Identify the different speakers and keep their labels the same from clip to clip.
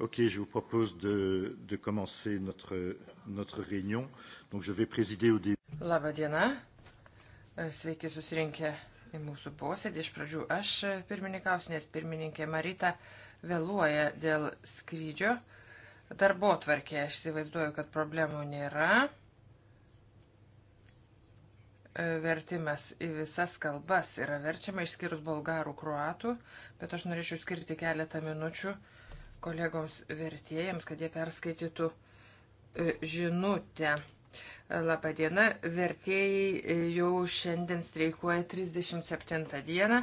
Speaker 1: Ok, je vous propose de, de commencer notre, notre réunion. Donc, je vais présider au début.
Speaker 2: Labą dieną. Sveiki susirinkę į mūsų posėdį. Iš pradžių aš pirmininkausiu, nes pirmininkė Marita vėluoja dėl skrydžio. Darbo tvarkė, aš įsivaizduoju, kad problemų nėra. Vertimas į visas kalbas yra verčiama išskyrus bulgarų, kruatų, bet aš norėčiau skirti keletą minučių uh, kolegoms vertėjams, kad jie perskaitytų e, žinutę. Labą dieną, vertėjai e, jau šiandien streikuoja 37 dieną.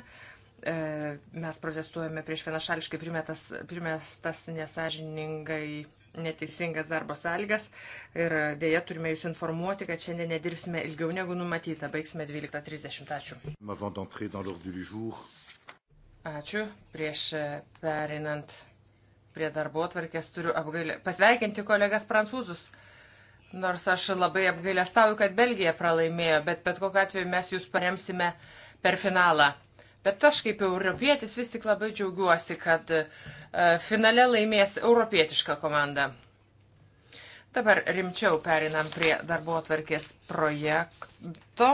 Speaker 2: E, mes protestuojame prieš vienašališkai primestas nesažiningai neteisingas darbo sąlygas ir dėja turime jūs informuoti, kad šiandien nedirbsime ilgiau negu numatyta. Baigsime 12.30. Ačiū. Ačiū. Prieš perinant prie darbo atvarkės, turiu apgailę... pasveikinti kolegas prancūzus. Nors aš labai apgailestauju, kad Belgija pralaimėjo, bet bet kokiu atveju mes jūs paremsime per finalą. Bet aš kaip europietis vis tik labai džiaugiuosi, kad e, finale laimės europietiška komanda. Dabar rimčiau perinam prie darbo atvarkės projekto.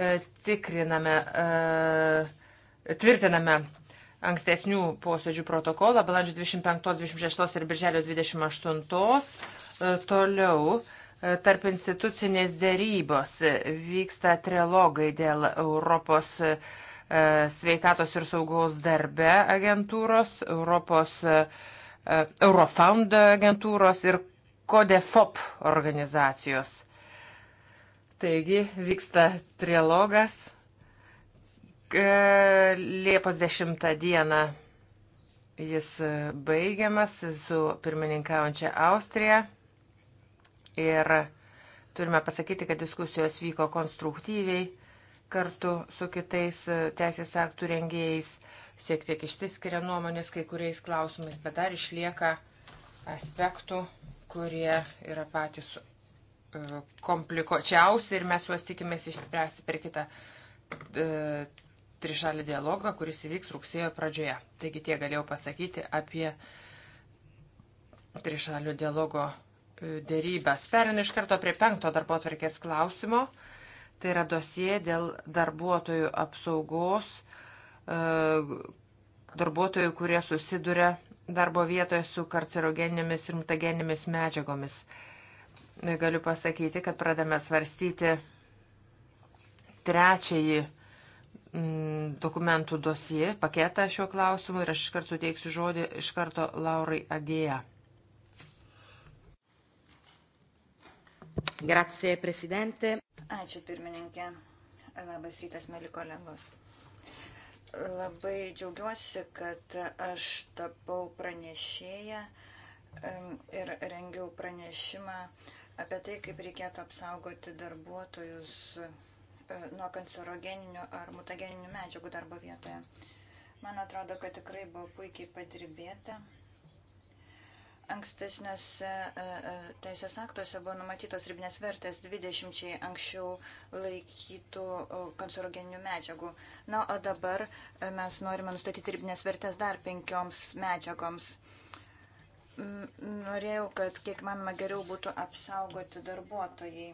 Speaker 2: E, tikriname, e, tvirtiname ankstesnių posėdžių protokolą, balandžio 25, 26 ir birželio 28. E, toliau e, tarp institucinės dėrybos e, vyksta trilogai dėl Europos sveikatos ir saugos darbe agentūros, Europos Eurofound agentūros ir Kodefop organizacijos. Taigi vyksta trilogas E, Liepos 10 dieną jis baigiamas su pirmininkaujančia Austrija ir turime pasakyti, kad diskusijos vyko konstruktyviai kartu su kitais e, teisės aktų rengėjais, siek tiek išsiskiria nuomonės kai kuriais klausimais, bet dar išlieka aspektų, kurie yra patys e, komplikuočiausi ir mes juos tikimės išspręsti per kitą trišalį dialogą, kuris įvyks rugsėjo pradžioje. Taigi tie galėjau pasakyti apie trišalio dialogo e, dėrybęs. Perinu iš karto prie penkto darbo atvarkės klausimo. Tai yra dosie dėl darbuotojų apsaugos, e, darbuotojų, kurie susiduria darbo vietoje su karcerogeninėmis ir mutageninėmis medžiagomis. E, galiu pasakyti, kad pradame svarstyti trečiąjį Mm, dokumentų dosie, paketą šiuo klausimu ir aš iškart suteiksiu žodį iš karto Laurai Agėja. Grazie, prezidente.
Speaker 3: Ačiū, pirmininkė. Labas rytas, mėly kolegos. Labai džiaugiuosi, kad aš tapau pranešėję ir rengiau pranešimą apie tai, kaip reikėtų apsaugoti darbuotojus nuo kancerogeninių ar mutageninių medžiagų darbo vietoje. Man atrodo, kad tikrai buvo puikiai padirbėta. Ankstesniuose e, teisės aktuose buvo numatytos ribinės vertės 20 anksčiau laikytų kancerogeninių medžiagų. Na, o dabar e, mes norime nustatyti ribinės vertės dar penkioms medžiagoms norėjau, kad kiek manoma geriau būtų apsaugoti darbuotojai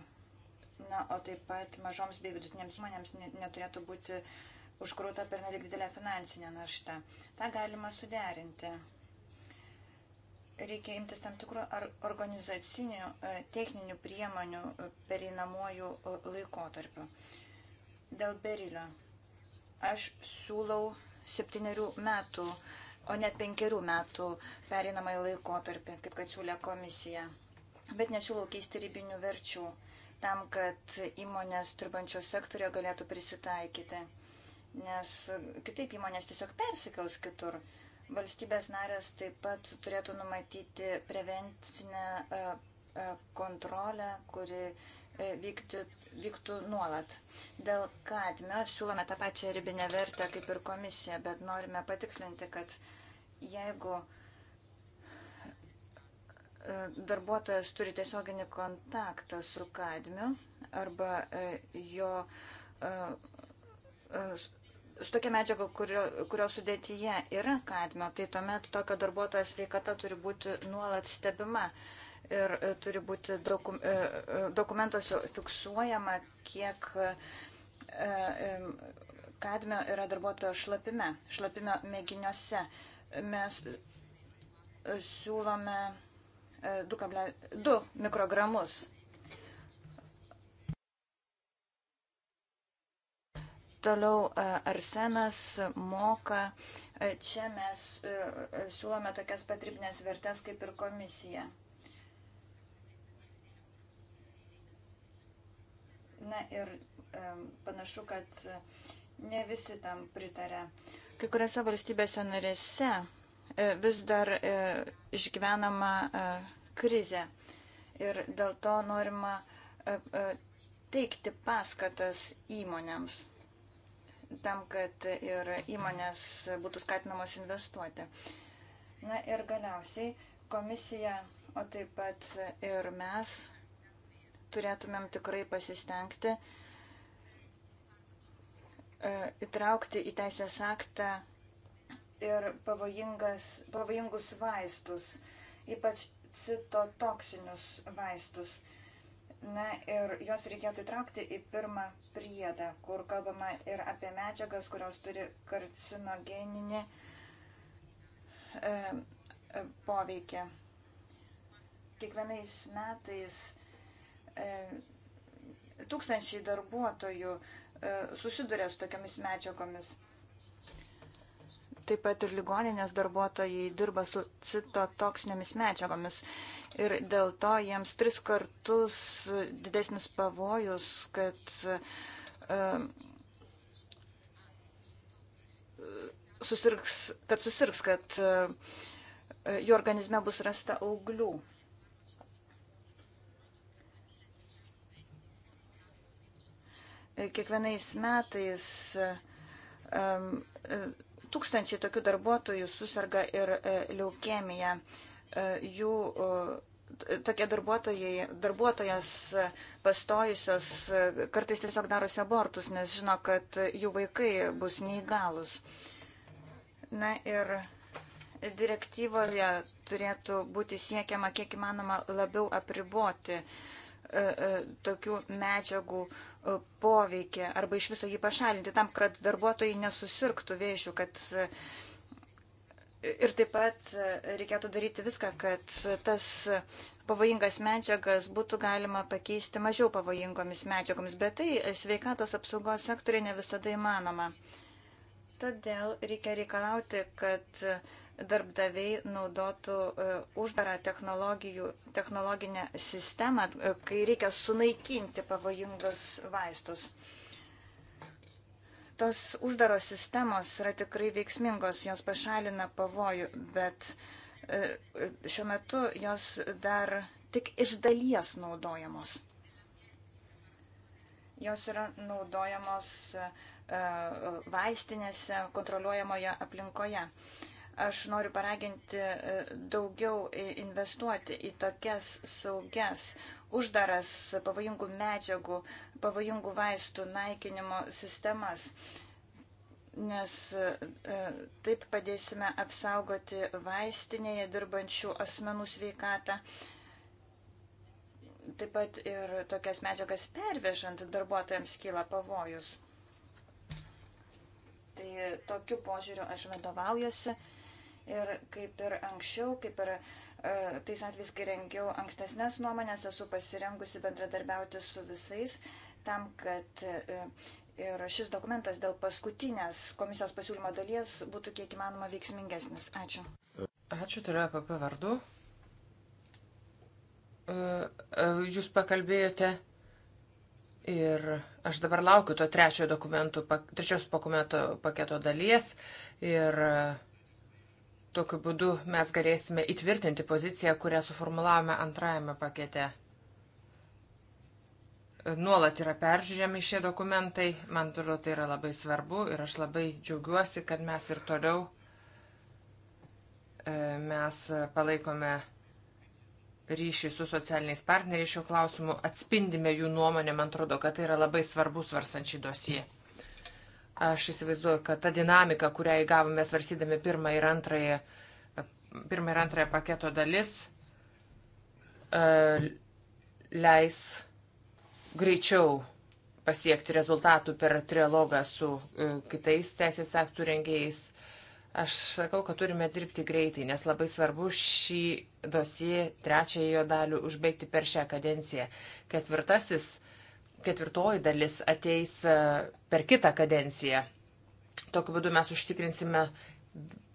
Speaker 3: na, o taip pat mažoms bei vidutinėms įmonėms neturėtų būti užkrūta per nelik didelę finansinę naštą. Ta galima suderinti. Reikia imtis tam tikrų organizacinių, e, techninių priemonių e, pereinamojų e, laikotarpių. Dėl berilio. Aš siūlau septyniarių metų, o ne penkerių metų pereinamąjį laikotarpį, kaip kad siūlė komisija. Bet nesiūlau keisti ribinių verčių tam, kad įmonės dirbančios sektorija galėtų prisitaikyti. Nes kitaip įmonės tiesiog persikels kitur. Valstybės narės taip pat turėtų numatyti prevencinę e, e, kontrolę, kuri e, vykti, vyktų nuolat. Dėl kadmio siūlome tą pačią ribinę vertę kaip ir komisija, bet norime patikslinti, kad jeigu uh, darbuotojas turi tiesioginį kontaktą su kadmiu arba e, jo e, e, su tokia medžiaga, kurio, kurio sudėtyje yra kadmio, tai tuomet tokio darbuotojo sveikata turi būti nuolat stebima ir turi būti dokum, dokumentuose fiksuojama, kiek kadmio yra darbuotojo šlapime, šlapime mėginiuose. Mes siūlome 2,2 mikrogramus. Toliau e, arsenas moka. E, čia mes e, siūlome tokias patribinės vertės kaip ir komisija. Na ir panašu, kad ne visi tam pritarė. Kai kuriuose valstybėse narėse vis dar išgyvenama krizę. Ir dėl to norima e, e, teikti paskatas įmonėms tam, kad ir įmonės būtų skatinamos investuoti. Na ir galiausiai komisija, o taip pat ir mes turėtumėm tikrai pasistengti e, įtraukti į teisės aktą ir pavojingus vaistus, ypač citotoksinius vaistus. Na ir juos reikėtų įtraukti į pirmą priedą, kur kalbama ir apie medžiagas, kurios turi karcinogeninį e, e poveikį. Kiekvienais metais e, tūkstančiai darbuotojų e, susiduria su tokiamis medžiagomis. Taip pat ir ligoninės darbuotojai dirba su citotoksinėmis medžiagomis ir dėl to jiems tris kartus didesnis pavojus, kad um, susirgs, kad, susirgs, kad um, jų organizme bus rasta auglių. Kiekvienais metais um, Tūkstančiai tokių darbuotojų susirga ir e, leukemija. E, jų e, tokie darbuotojai, darbuotojos pastojusios kartais tiesiog darosi abortus, nes žino, kad jų vaikai bus neįgalus. Na ir direktyvoje turėtų būti siekiama kiek įmanoma labiau apriboti uh, E, e, tokių medžiagų e, poveikį arba iš viso jį pašalinti tam, kad darbuotojai nesusirgtų vėžių, kad ir taip pat reikėtų daryti viską, kad tas pavojingas medžiagas būtų galima pakeisti mažiau pavojingomis medžiagomis, bet tai sveikatos apsaugos sektoriai ne visada įmanoma. Todėl reikia reikalauti, kad uh, darbdaviai naudotų e, uždarą technologinę sistemą, e, kai reikia sunaikinti pavojingus vaistus. Tos uždaros sistemos yra tikrai veiksmingos, jos pašalina pavojų, bet e, šiuo metu jos dar tik iš dalies naudojamos. Jos yra naudojamos vaistinėse kontroliuojamoje aplinkoje. Aš noriu paraginti e, daugiau investuoti į tokias saugias, uždaras pavojingų medžiagų, pavojingų vaistų naikinimo sistemas, nes e, taip padėsime apsaugoti vaistinėje dirbančių asmenų sveikatą taip pat ir tokias medžiagas pervežant darbuotojams kyla pavojus. Tai tokiu požiūriu aš vadovaujuosi Ir kaip ir anksčiau, kaip ir e, tais atvejais, kai rengiau ankstesnės nuomonės, esu pasirengusi bendradarbiauti su visais tam, kad e, ir šis dokumentas dėl paskutinės komisijos pasiūlymo dalies būtų kiek įmanoma veiksmingesnis. Ačiū.
Speaker 2: Ačiū, turiu APP e vardu. Jūs pakalbėjote ir aš dabar laukiu to trečiojo dokumentų, trečios dokumento paketo dalies ir uh, Tokiu būdu mes galėsime įtvirtinti poziciją, kurią suformulavome antrajame pakete. Nuolat yra peržiūrėmi šie dokumentai, man atrodo, tai yra labai svarbu ir aš labai džiaugiuosi, kad mes ir toliau e, mes palaikome ryšį su socialiniais partneriais šiuo klausimu, atspindime jų nuomonę, man atrodo, kad tai yra labai svarbu svarstant šį dosiją. Aš įsivaizduoju, kad ta dinamika, kurią įgavome svarsydami pirmą ir antrąją, pirmą ir antrąją paketo dalis, e, leis greičiau pasiekti rezultatų per trilogą su e, kitais teisės aktų rengėjais. Aš sakau, kad turime dirbti greitai, nes labai svarbu šį dosiją, trečiąją jo dalį užbaigti per šią kadenciją. Ketvirtasis ketvirtoji dalis ateis e, per kitą kadenciją. Tokiu būdu mes užtikrinsime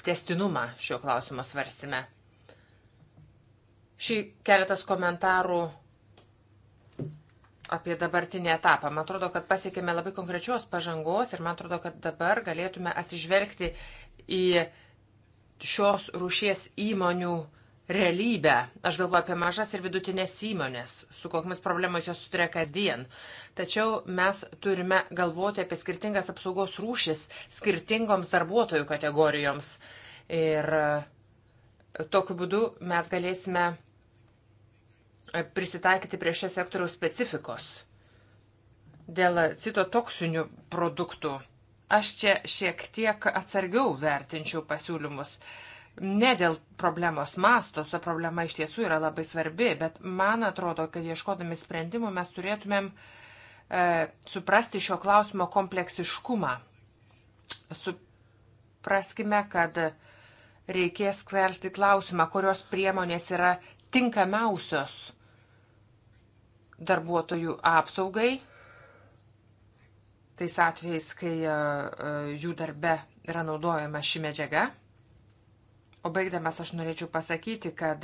Speaker 2: testinumą šio klausimo svarstime. Šį keletas komentarų apie dabartinį etapą. Man atrodo, kad pasiekėme labai konkrečios pažangos ir man atrodo, kad dabar galėtume atsižvelgti į šios rūšies įmonių uh, realybę. Aš galvoju apie mažas ir vidutinės įmonės, su kokiamis problemais jos suturia kasdien. Tačiau mes turime galvoti apie skirtingas apsaugos rūšis skirtingoms darbuotojų kategorijoms. Ir e, tokiu būdu mes galėsime e, prisitaikyti prie šio sektoriaus specifikos. Dėl citotoksinių produktų aš čia šiek tiek atsargiau vertinčiau pasiūlymus. Uh, ne dėl problemos mastos, o problema iš tiesų yra labai svarbi, bet man atrodo, kad ieškodami sprendimų mes turėtumėm e, suprasti šio klausimo kompleksiškumą. Supraskime, kad reikės kelti klausimą, kurios priemonės yra tinkamiausios darbuotojų apsaugai, tais atvejais, kai e, e, jų darbe yra naudojama ši medžiaga. O baigdamas aš norėčiau pasakyti, kad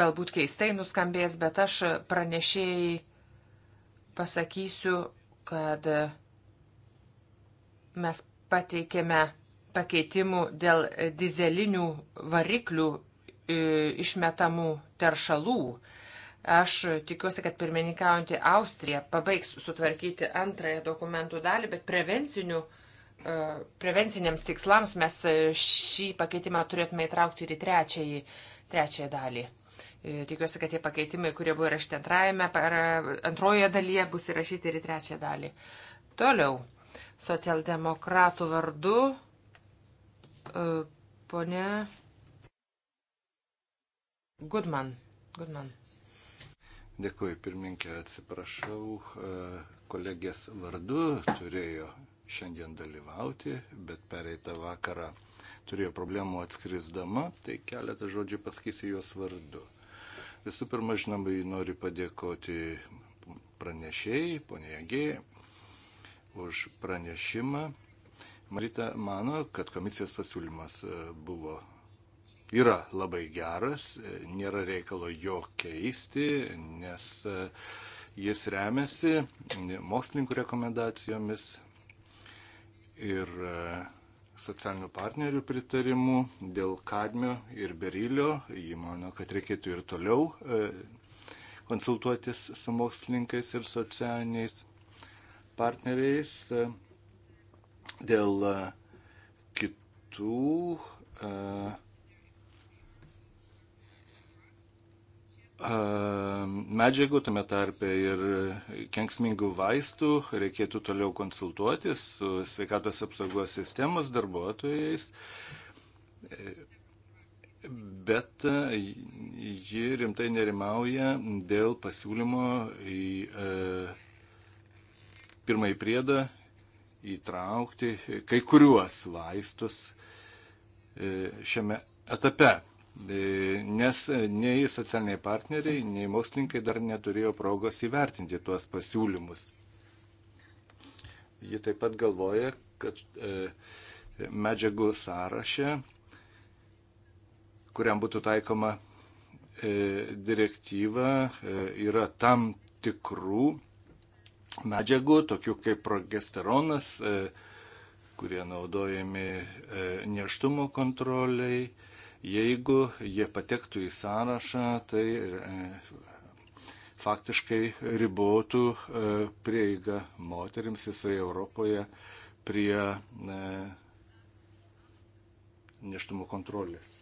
Speaker 2: galbūt keistai nuskambės, bet aš pranešėjai pasakysiu, kad mes pateikėme pakeitimų dėl dizelinių variklių e, išmetamų teršalų. Aš tikiuosi, kad pirmininkaujantį Austriją pabaigs sutvarkyti antrąją dokumentų dalį, bet prevencinių uh, E, prevenciniams tikslams mes e, šį pakeitimą turėtume įtraukti ir į trečiąjį, trečiąją dalį. E, tikiuosi, kad tie pakeitimai, kurie buvo įrašyti antrajame, antrojoje dalyje, bus įrašyti ir į trečią dalį. Toliau, socialdemokratų vardu, ponė Goodman. Goodman.
Speaker 1: Dėkui, pirmininkė, atsiprašau, kolegės vardu turėjo šiandien dalyvauti, bet pereitą vakarą turėjo problemų atskrisdama, tai keletą žodžių pasakysiu jos vardu. Visų pirma, žinoma, noriu padėkoti pranešėjai, ponė Jagėjai, už pranešimą. Marita mano, kad komisijos pasiūlymas e, buvo yra labai geras, e, nėra reikalo jo keisti, nes e, jis remiasi mokslininkų rekomendacijomis, ir e, socialinių partnerių pritarimų dėl kadmio ir berilio. Jį mano, kad reikėtų ir toliau e, konsultuotis su mokslininkais ir socialiniais partneriais e, dėl kitų uh, medžiagų, tame tarpe ir kenksmingų vaistų, reikėtų toliau konsultuotis su sveikatos apsaugos sistemos darbuotojais, bet ji rimtai nerimauja dėl pasiūlymo į e, pirmąjį priedą įtraukti kai kuriuos vaistus e, šiame etape. E, nes e, nei socialiniai partneriai, nei mokslininkai dar neturėjo progos įvertinti tuos pasiūlymus. Ji taip pat galvoja, kad e, medžiagų sąraše, kuriam būtų taikoma direktyva, yra tam tikrų medžiagų, tokių kaip progesteronas, kurie naudojami neštumo kontroliai, Jeigu jie patektų į sąrašą, tai e, faktiškai ribotų e, prieigą moteriams visoje Europoje prie e, neštumo kontrolės.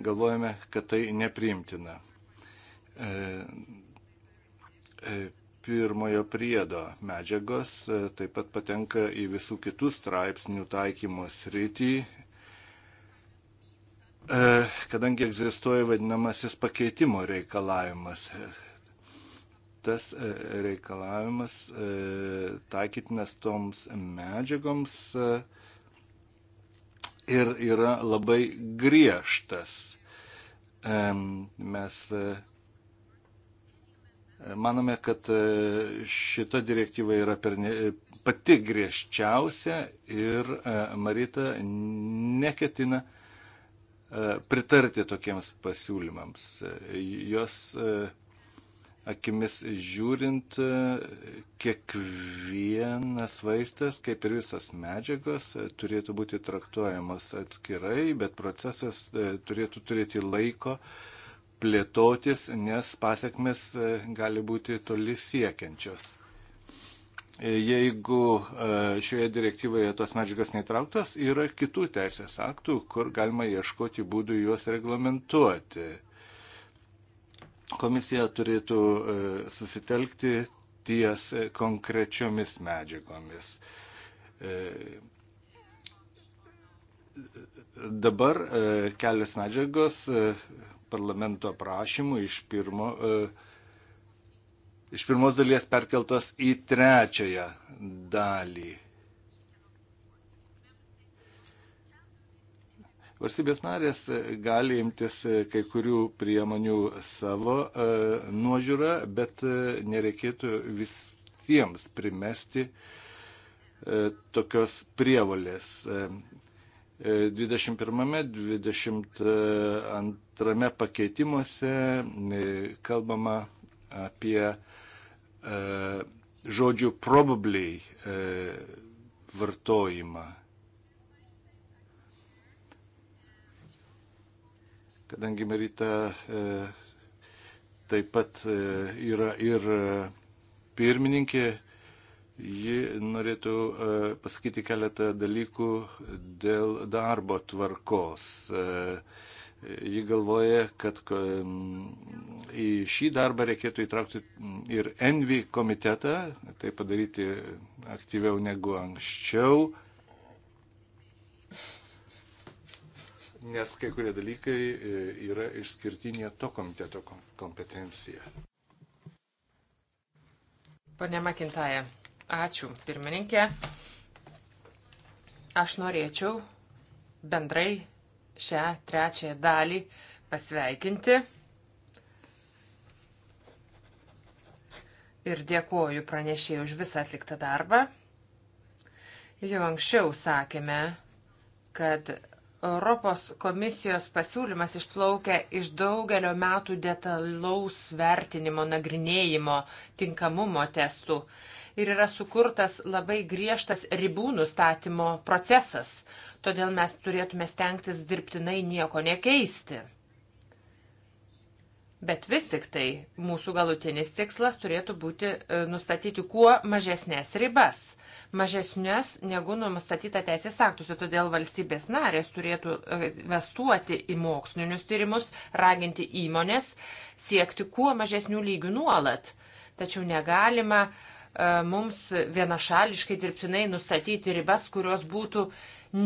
Speaker 1: Galvojame, kad tai nepriimtina. Pirmojo priedo medžiagos taip pat patenka į visų kitų straipsnių taikymo sritį E, kadangi egzistuoja vadinamasis pakeitimo reikalavimas. E, tas e, reikalavimas taikytinas toms medžiagoms ir yra labai griežtas. Mes manome, kad šita direktyva yra per, pati griežčiausia ir Marita neketina uh, E, pritarti tokiems pasiūlymams. E, jos e, akimis žiūrint, kiekvienas vaistas, kaip ir visos medžiagos, turėtų būti traktuojamas atskirai, bet procesas turėtų turėti laiko plėtotis, nes pasiekmes gali būti toli siekiančios jeigu e, šioje direktyvoje tos medžiagas netrauktos, yra kitų teisės aktų, kur galima ieškoti būdų juos reglamentuoti. Komisija turėtų e, susitelkti ties konkrečiomis medžiagomis. E, dabar kelios medžiagos parlamento prašymų iš pirmo uh, iš pirmos dalies perkeltos į trečiąją dalį. Varsybės narės gali imtis kai kurių priemonių savo e, nuožiūrą, bet e, nereikėtų visiems primesti e, tokios prievolės. E, 21-22 e, pakeitimuose e, kalbama apie Uh, žodžio probably uh, vartojimą. Kadangi Marita uh, taip pat yra ir pirmininkė, ji norėtų pasakyti keletą dalykų dėl darbo tvarkos. E, Ji galvoja, kad į šį darbą reikėtų įtraukti ir Envy komitetą, tai padaryti aktyviau negu anksčiau, nes kai kurie dalykai e, yra išskirtinė to komiteto kompetencija.
Speaker 2: Pane Makintaja, ačiū pirmininkė. Aš norėčiau bendrai šią trečiąją dalį pasveikinti. Ir dėkoju pranešėjai už visą atliktą darbą. Jau anksčiau sakėme, kad Europos komisijos pasiūlymas išplaukia iš daugelio metų detalaus vertinimo, nagrinėjimo, tinkamumo testų ir yra sukurtas labai griežtas ribų nustatymo procesas. Todėl mes turėtume stengtis dirbtinai nieko nekeisti. Bet vis tik tai mūsų galutinis tikslas turėtų būti e, nustatyti kuo mažesnės ribas, mažesnės negu nustatyta teisės aktuose. Todėl valstybės narės turėtų e, investuoti į mokslinius tyrimus, raginti įmonės siekti kuo mažesnių lygių nuolat. Tačiau negalima uh, E, mums vienašališkai dirbtinai nustatyti ribas, kurios būtų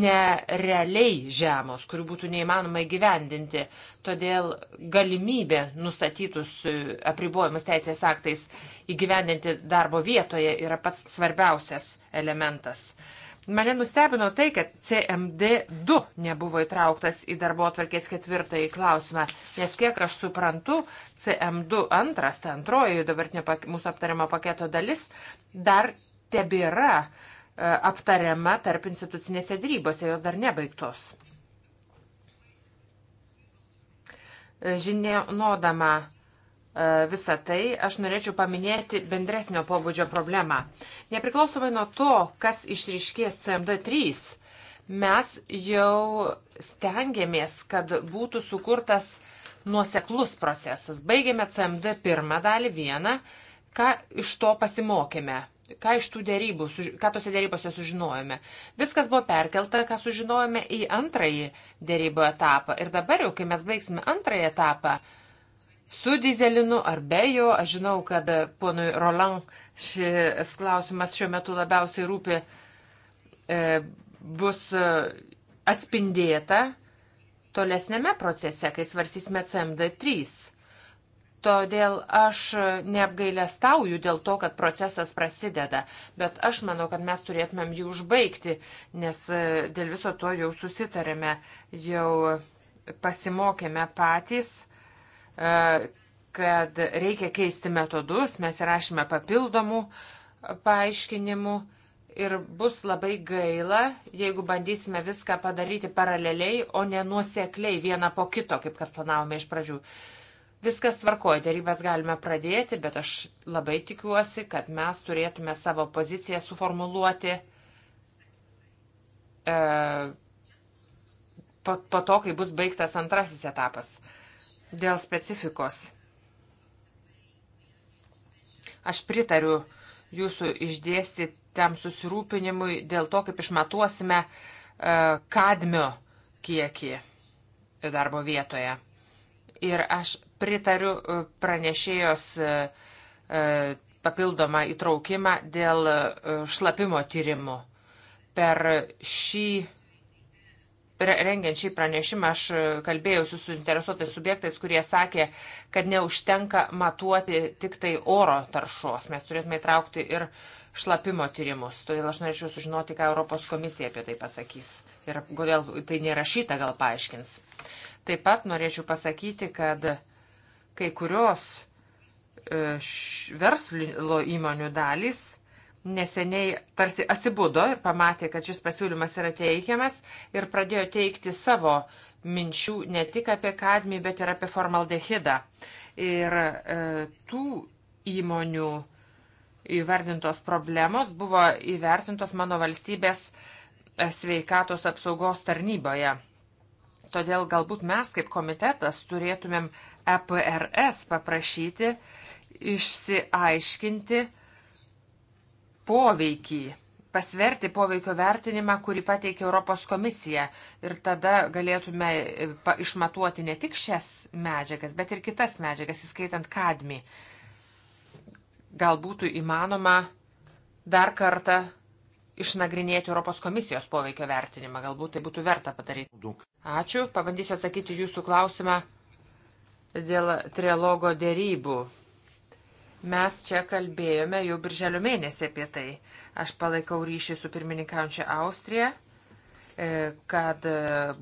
Speaker 2: nerealiai žemos, kurių būtų neįmanoma įgyvendinti. Todėl galimybė nustatytus e, apribojimus teisės aktais įgyvendinti darbo vietoje yra pats svarbiausias elementas. Uh, Mane nustebino tai, kad CMD2 nebuvo įtrauktas į darbo atvarkės ketvirtąjį klausimą, nes kiek aš suprantu, CM2 antras, ta antroji dabartinė mūsų aptariamo paketo dalis, dar tebėra e, aptariama tarp institucinėse dėrybose, jos dar nebaigtos. E, Žinodama E, visą tai, aš norėčiau paminėti bendresnio pobūdžio problemą. Nepriklausomai nuo to, kas išryškės CMD3, mes jau stengiamės, kad būtų sukurtas nuoseklus procesas. Baigėme CMD pirmą dalį vieną, ką iš to pasimokėme. Ką iš tų dėrybų, ką tose dėrybose sužinojome. Viskas buvo perkelta, ką sužinojome į antrąjį dėrybų etapą. Ir dabar jau, kai mes baigsime antrąjį etapą, uh, su dizelinu ar be jo. Aš žinau, kad ponui Roland šis klausimas šiuo metu labiausiai rūpi e, bus e, atspindėta tolesnėme procese, kai svarsysime CMD3. Todėl aš neapgailestauju dėl to, kad procesas prasideda, bet aš manau, kad mes turėtumėm jį užbaigti, nes e, dėl viso to jau susitarėme, jau pasimokėme patys Eh, kad reikia keisti metodus, mes rašėme papildomų paaiškinimų ir bus labai gaila, jeigu bandysime viską padaryti paraleliai, o ne nuosekliai vieną po kito, kaip kad planavome iš pradžių. Viskas tvarkoja, dėrybas galime pradėti, bet aš labai tikiuosi, kad mes turėtume savo poziciją suformuluoti e, po, po to, kai bus baigtas antrasis etapas. E, dėl specifikos. Aš pritariu jūsų išdėstytam susirūpinimui dėl to, kaip išmatuosime e, kadmio kiekį darbo vietoje. Ir aš pritariu e, pranešėjos e, papildomą įtraukimą dėl šlapimo tyrimų. Per šį rengiant šį pranešimą, aš e, kalbėjau su suinteresuotais subjektais, kurie sakė, kad neužtenka matuoti tik tai oro taršos. Mes turėtume įtraukti ir šlapimo tyrimus. Todėl aš norėčiau sužinoti, ką Europos komisija apie tai pasakys ir kodėl tai nerašyta, gal paaiškins. Taip pat norėčiau pasakyti, kad kai kurios e, verslo įmonių dalys neseniai tarsi atsibudo ir pamatė, kad šis pasiūlymas yra teikiamas ir pradėjo teikti savo minčių ne tik apie kadmį, bet ir apie formaldehidą. Ir e, tų įmonių įvardintos problemos buvo įvertintos mano valstybės e, sveikatos apsaugos tarnyboje. Todėl galbūt mes kaip komitetas turėtumėm EPRS paprašyti išsiaiškinti, poveikį, pasverti poveikio vertinimą, kurį pateikė Europos komisija. Ir tada galėtume e, išmatuoti ne tik šias medžiagas, bet ir kitas medžiagas, įskaitant kadmį. Gal būtų įmanoma dar kartą išnagrinėti Europos komisijos poveikio vertinimą. Galbūt tai būtų verta padaryti. Ačiū. Pabandysiu atsakyti jūsų klausimą dėl trilogo dėrybų. Mes čia kalbėjome jau birželio mėnesį apie tai. Aš palaikau ryšį su pirmininkaujančia Austrija, e, kad e,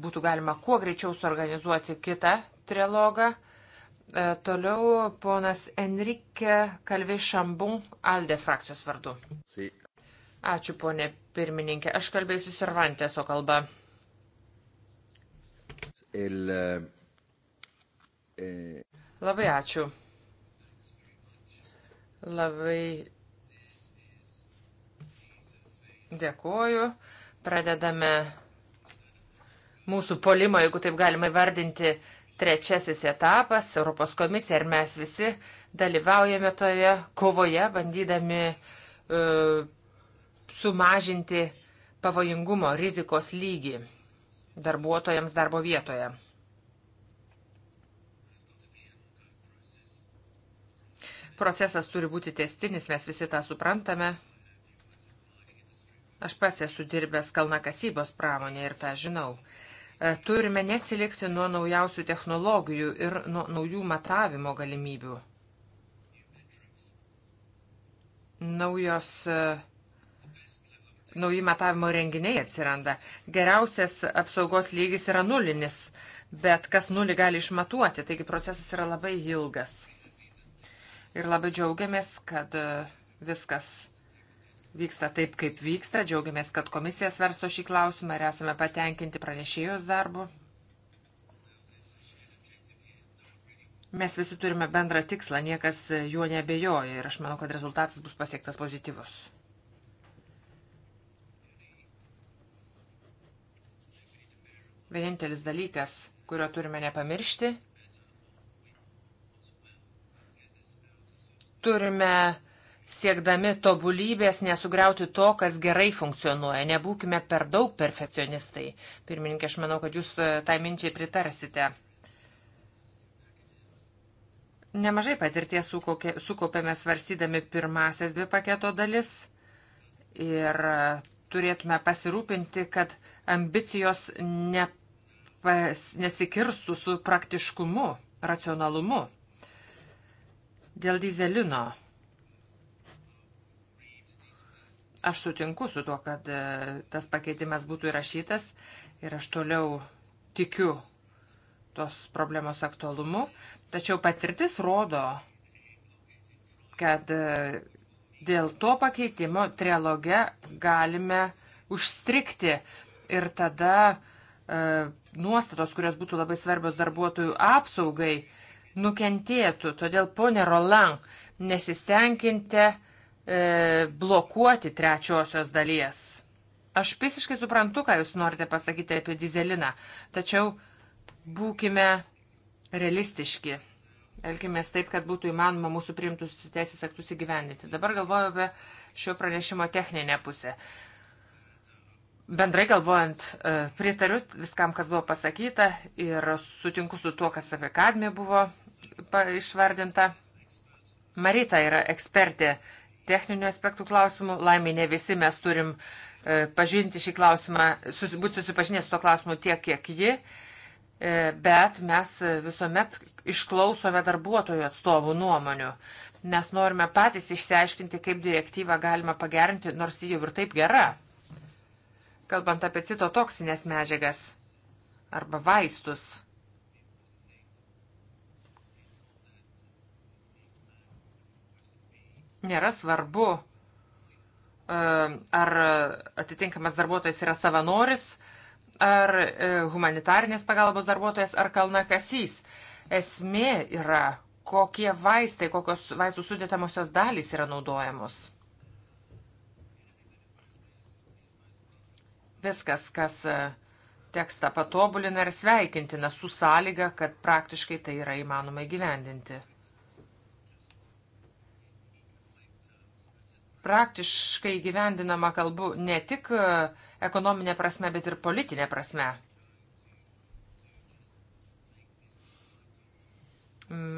Speaker 2: būtų galima kuo greičiau suorganizuoti kitą trilogą. E, toliau ponas Enrique Kalvė Šambun Alde frakcijos vardu. Ačiū, ponė pirmininkė. Aš kalbėsiu Servanteso kalba. El, e... Labai ačiū. Labai dėkoju. Pradedame mūsų polimo, jeigu taip galima įvardinti, trečiasis etapas. Europos komisija ir mes visi dalyvaujame toje kovoje, bandydami uh, sumažinti pavojingumo rizikos lygį darbuotojams darbo vietoje. Procesas turi būti testinis, mes visi tą suprantame. Aš pats esu dirbęs kalnakasybos pramonė ir tą žinau. E, turime neatsilikti nuo naujausių technologijų ir nuo naujų matavimo galimybių. Naujos e, nauji matavimo renginiai atsiranda. Geriausias apsaugos lygis yra nulinis, bet kas nulį gali išmatuoti, taigi procesas yra labai ilgas ir labai džiaugiamės, kad e, viskas vyksta taip, kaip vyksta. Džiaugiamės, kad komisija svarsto šį klausimą ir esame patenkinti pranešėjus darbu. Mes visi turime bendrą tikslą, niekas e, juo nebejoja ir aš manau, kad rezultatas bus pasiektas pozityvus. Vienintelis dalykas, kurio turime nepamiršti, turime siekdami tobulybės nesugriauti to, kas gerai funkcionuoja. Nebūkime per daug perfekcionistai. Pirmininkė, aš manau, kad jūs e, tai minčiai pritarsite. Nemažai patirties sukaupėme svarstydami pirmasias dvi paketo dalis ir e, turėtume pasirūpinti, kad ambicijos ne, pas, nesikirstų su praktiškumu, racionalumu. Dėl dizelino. Aš sutinku su tuo, kad e, tas pakeitimas būtų įrašytas ir aš toliau tikiu tos problemos aktualumu. Tačiau patirtis rodo, kad e, dėl to pakeitimo trialoge galime užstrikti ir tada e, nuostatos, kurios būtų labai svarbios darbuotojų apsaugai, e, nukentėtų. Todėl, ponė Roland, nesistenkinti e, blokuoti trečiosios dalies. Aš visiškai suprantu, ką jūs norite pasakyti apie dizeliną, tačiau būkime realistiški. Elkimės taip, kad būtų įmanoma mūsų priimtus teisės aktus įgyvendinti. Dabar galvoju apie šio pranešimo techninę pusę. Bendrai galvojant, e, pritariu viskam, kas buvo pasakyta ir sutinku su tuo, kas apie kadmį buvo išvardinta. Marita yra ekspertė techninių aspektų klausimų. Laimė ne visi mes turim e, pažinti šį klausimą, būti susipažinę su to klausimu tiek, kiek ji, e, bet mes visuomet išklausome darbuotojų atstovų nuomonių. Mes norime patys išsiaiškinti, kaip direktyvą galima pagerinti, nors ji jau ir taip gera. Kalbant apie citotoksinės medžiagas arba vaistus Nėra svarbu, e, ar atitinkamas darbuotojas yra savanoris, ar e, humanitarnės pagalbos darbuotojas, ar kalnakasys. Esmė yra, kokie vaistai, kokios vaistų sudėtamosios dalys yra naudojamos. Viskas, kas e, tekstą patobulina ir sveikintina su sąlyga, kad praktiškai tai yra įmanoma įgyvendinti. praktiškai gyvendinama kalbu ne tik e, ekonominė prasme, bet ir politinė prasme.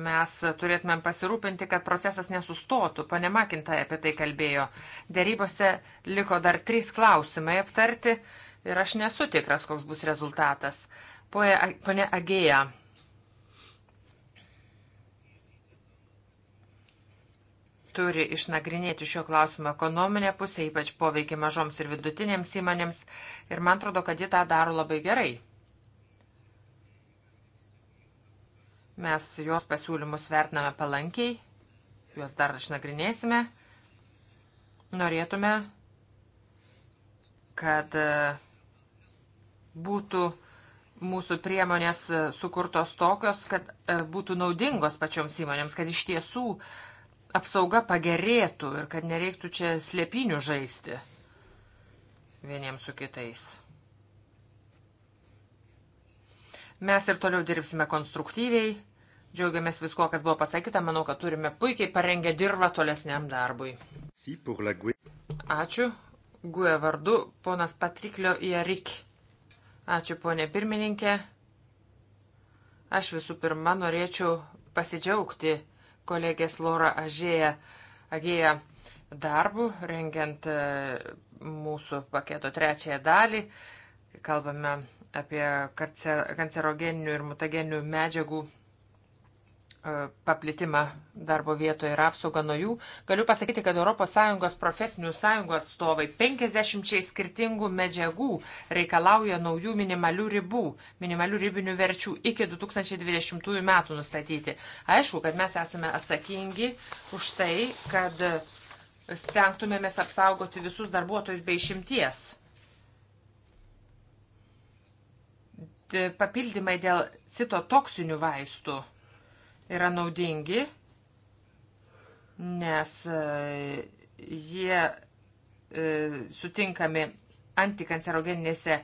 Speaker 2: Mes turėtumėm pasirūpinti, kad procesas nesustotų. Pane Makintai apie tai kalbėjo. Dėrybose liko dar trys klausimai aptarti ir aš nesu tikras, koks bus rezultatas. Pone Agėja, turi išnagrinėti šio klausimo ekonominę pusę, ypač poveikį mažoms ir vidutinėms įmonėms. Ir man atrodo, kad ji tą daro labai gerai. Mes jos pasiūlymus vertiname palankiai, juos dar išnagrinėsime. Norėtume, kad e, būtų mūsų priemonės e, sukurtos tokios, kad e, būtų naudingos pačioms įmonėms, kad iš tiesų uh, apsauga pagerėtų ir kad nereiktų čia slėpinių žaisti vieniems su kitais. Mes ir toliau dirbsime konstruktyviai, džiaugiamės viskuo, kas buvo pasakyta, manau, kad turime puikiai parengę dirbą tolesniam darbui. Ačiū. Gue vardu, ponas Patriklio Jarik. Ačiū, ponė pirmininkė. Aš visų pirma norėčiau pasidžiaugti kolegės Laura Ažėja, Agėja darbų, rengiant e, mūsų paketo trečiąją dalį. Kalbame apie kancerogeninių ir mutageninių medžiagų E, paplitimą darbo vietoje ir apsaugą nuo jų. Galiu pasakyti, kad ES profesinių sąjungų atstovai 50 skirtingų medžiagų reikalauja naujų minimalių ribų, minimalių ribinių verčių iki 2020 metų nustatyti. Aišku, kad mes esame atsakingi už tai, kad stengtumėmės apsaugoti visus darbuotojus bei šimties. Papildymai dėl citotoksinių vaistų yra naudingi, nes e, jie e, sutinkami antikancerogeninėse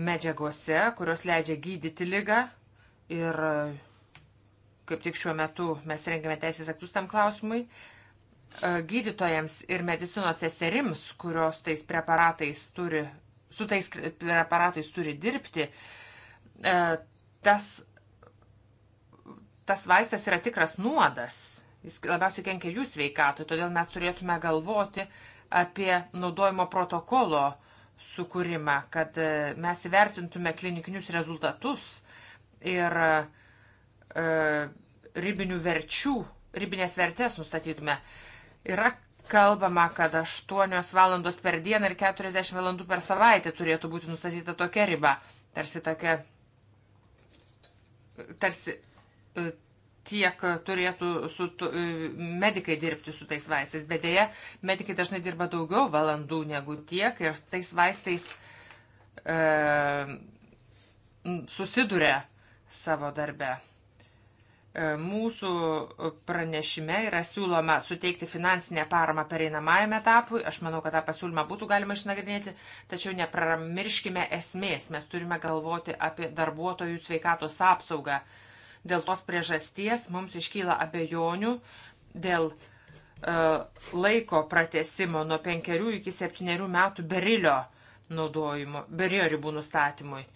Speaker 2: medžiagose, kurios leidžia gydyti lygą ir e, kaip tik šiuo metu mes rengiame teisės aktus tam klausimui. Gydytojams ir medicinos eserims, kurios tais preparatais turi, su tais preparatais turi dirbti, tas tas vaistas yra tikras nuodas. Jis labiausiai kenkia jų sveikatai, todėl mes turėtume galvoti apie naudojimo protokolo sukūrimą, kad e, mes įvertintume klinikinius rezultatus ir e, ribinių verčių, ribinės vertės nustatytume. Yra kalbama, kad 8 valandos per dieną ir 40 valandų per savaitę turėtų būti nustatyta tokia riba. Tarsi tokia. Tarsi tiek turėtų su, tu, e, medikai dirbti su tais vaistais, bet dėja, medikai dažnai dirba daugiau valandų negu tiek ir tais vaistais e, susiduria savo darbe. E, mūsų pranešime yra siūloma suteikti finansinę paramą pereinamajam etapui. Aš manau, kad tą pasiūlymą būtų galima išnagrinėti, tačiau nepramirškime esmės. Mes turime galvoti apie darbuotojų sveikatos apsaugą. E, Dėl tos priežasties mums iškyla abejonių dėl e, laiko pratesimo nuo penkerių iki septyniarių metų berilio naudojimo, berilio ribų nustatymui.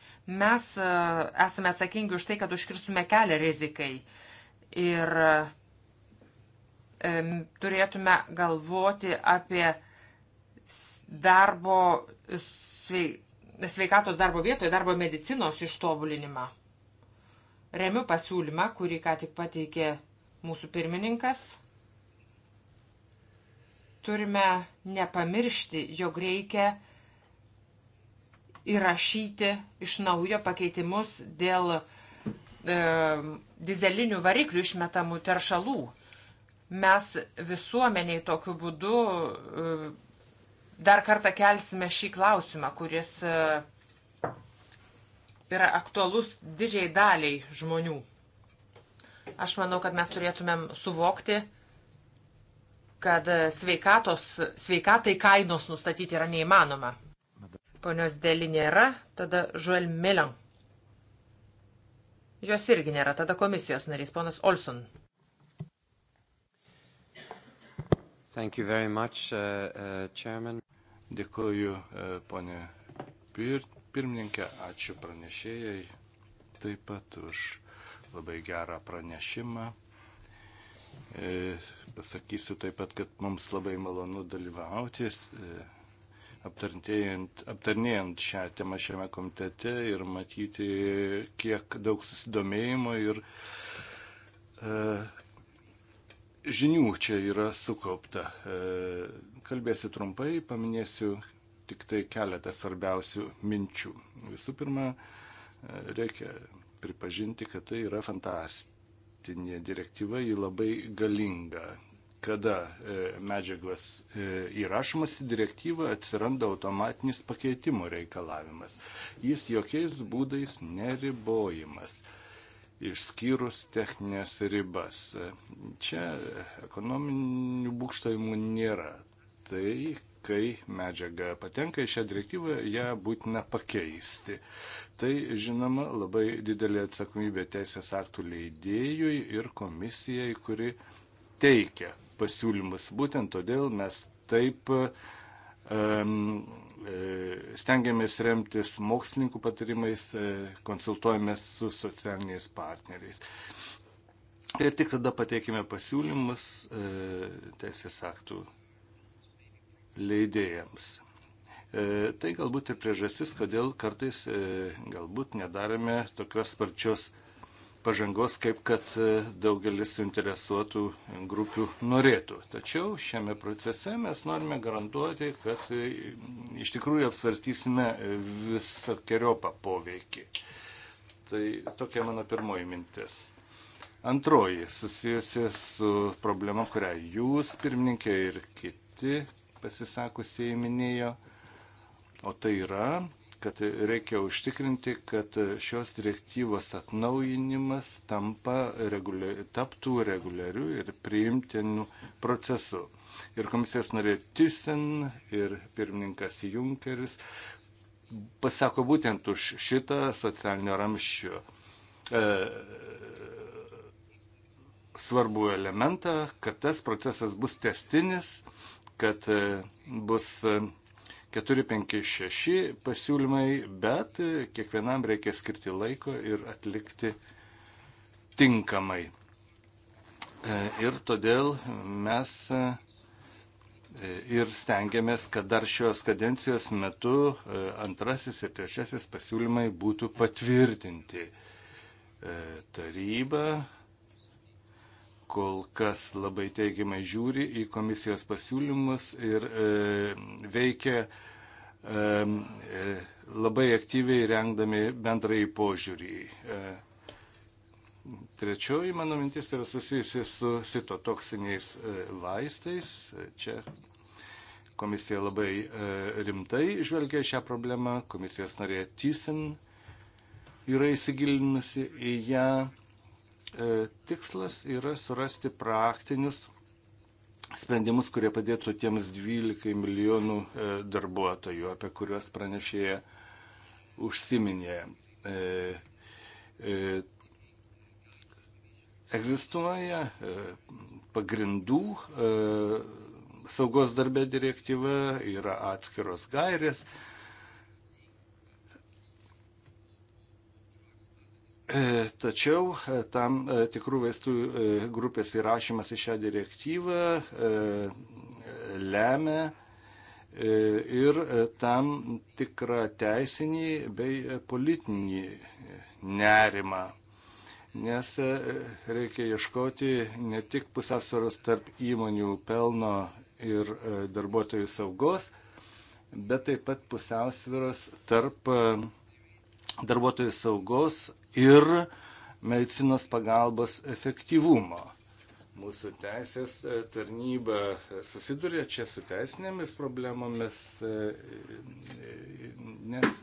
Speaker 2: Mes e, esame atsakingi už tai, kad užkirstume kelią rizikai ir e, turėtume galvoti apie darbo, sveikatos darbo vietoje, darbo medicinos ištobulinimą. Remiu pasiūlymą, kurį ką tik pateikė mūsų pirmininkas. Turime nepamiršti, jog reikia įrašyti iš naujo pakeitimus dėl e, dizelinių variklių išmetamų teršalų. Mes visuomeniai tokiu būdu e, dar kartą kelsime šį klausimą, kuris e, yra aktualus didžiai daliai žmonių. Aš manau, kad mes turėtumėm suvokti, kad sveikatos, sveikatai kainos nustatyti yra neįmanoma. Ponios dėlį nėra, tada Žuel Milan. Jos irgi nėra, tada komisijos narys, ponas Olson.
Speaker 4: Much, uh,
Speaker 1: uh, Dėkuoju, uh, ponė Pirt. Pirmininkė, ačiū pranešėjai taip pat už labai gerą pranešimą. E, pasakysiu taip pat, kad mums labai malonu dalyvauti e, aptarnėjant šią temą šiame komitete ir matyti, kiek daug susidomėjimo ir e, žinių čia yra sukaupta. E, kalbėsiu trumpai, paminėsiu tik tai keletą svarbiausių minčių. Visų pirma, reikia pripažinti, kad tai yra fantastinė direktyva, ji labai galinga. Kada e, medžiagos e, įrašomas į direktyvą, atsiranda automatinis pakeitimo reikalavimas. Jis jokiais būdais neribojimas išskyrus techninės ribas. Čia ekonominių būkštavimų nėra. Tai, kai medžiaga patenka į šią direktyvą, ją būtina pakeisti. Tai, žinoma, labai didelė atsakomybė teisės aktų leidėjui ir komisijai, kuri teikia pasiūlymus. Būtent todėl mes taip um, stengiamės remtis mokslininkų patarimais, e, konsultuojamės su socialiniais partneriais. Ir tik tada pateikime pasiūlymus e, teisės aktų leidėjams. E, tai galbūt ir priežastis, kodėl kartais e, galbūt nedarėme tokios sparčios pažangos, kaip kad e, daugelis suinteresuotų grupių norėtų. Tačiau šiame procese mes norime garantuoti, kad iš tikrųjų apsvarstysime visokiojopą poveikį. Tai tokia mano pirmoji mintis. Antroji susijusi su problema, kurią jūs, pirmininkė ir kiti pasisakusieji minėjo, o tai yra, kad reikia užtikrinti, kad šios direktyvos atnaujinimas tampa reguliari, taptų reguliariu ir priimtinu procesu. Ir komisijos narė Tysen ir pirmininkas Junkeris pasako būtent už šitą socialinio ramščio e, svarbų elementą, kad tas procesas bus testinis kad e, bus 4, 5, 6 pasiūlymai, bet e, kiekvienam reikia skirti laiko ir atlikti tinkamai. E, ir todėl mes ir stengiamės, kad dar šios kadencijos metu antrasis ir trečiasis pasiūlymai būtų patvirtinti. Taryba kol kas labai teigiamai žiūri į komisijos pasiūlymus ir e, veikia e, e, labai aktyviai rengdami bendrąjį požiūrį. E, trečioji mano mintis yra susijusi su sitotoksiniais e, vaistais. Čia komisija labai e, rimtai žvelgia šią problemą. Komisijos narė Tysin yra įsigilinusi į ją. Ja E, tikslas yra surasti praktinius sprendimus, kurie padėtų tiems 12 milijonų e, darbuotojų, apie kuriuos pranešėja užsiminė. E, egzistuoja pagrindų saugos darbė direktyva, yra atskiros gairės, E, tačiau e, tam e, tikrų vaistų grupės įrašymas į šią direktyvą lemia ir tam tikrą teisinį bei politinį nerimą, nes reikia ieškoti ne tik pusiausvėros tarp įmonių pelno ir darbuotojų saugos, bet taip pat pusiausvėros tarp darbuotojų saugos ir medicinos pagalbos efektyvumo. Mūsų teisės e, tarnyba e, susiduria čia su teisinėmis problemomis, e, nes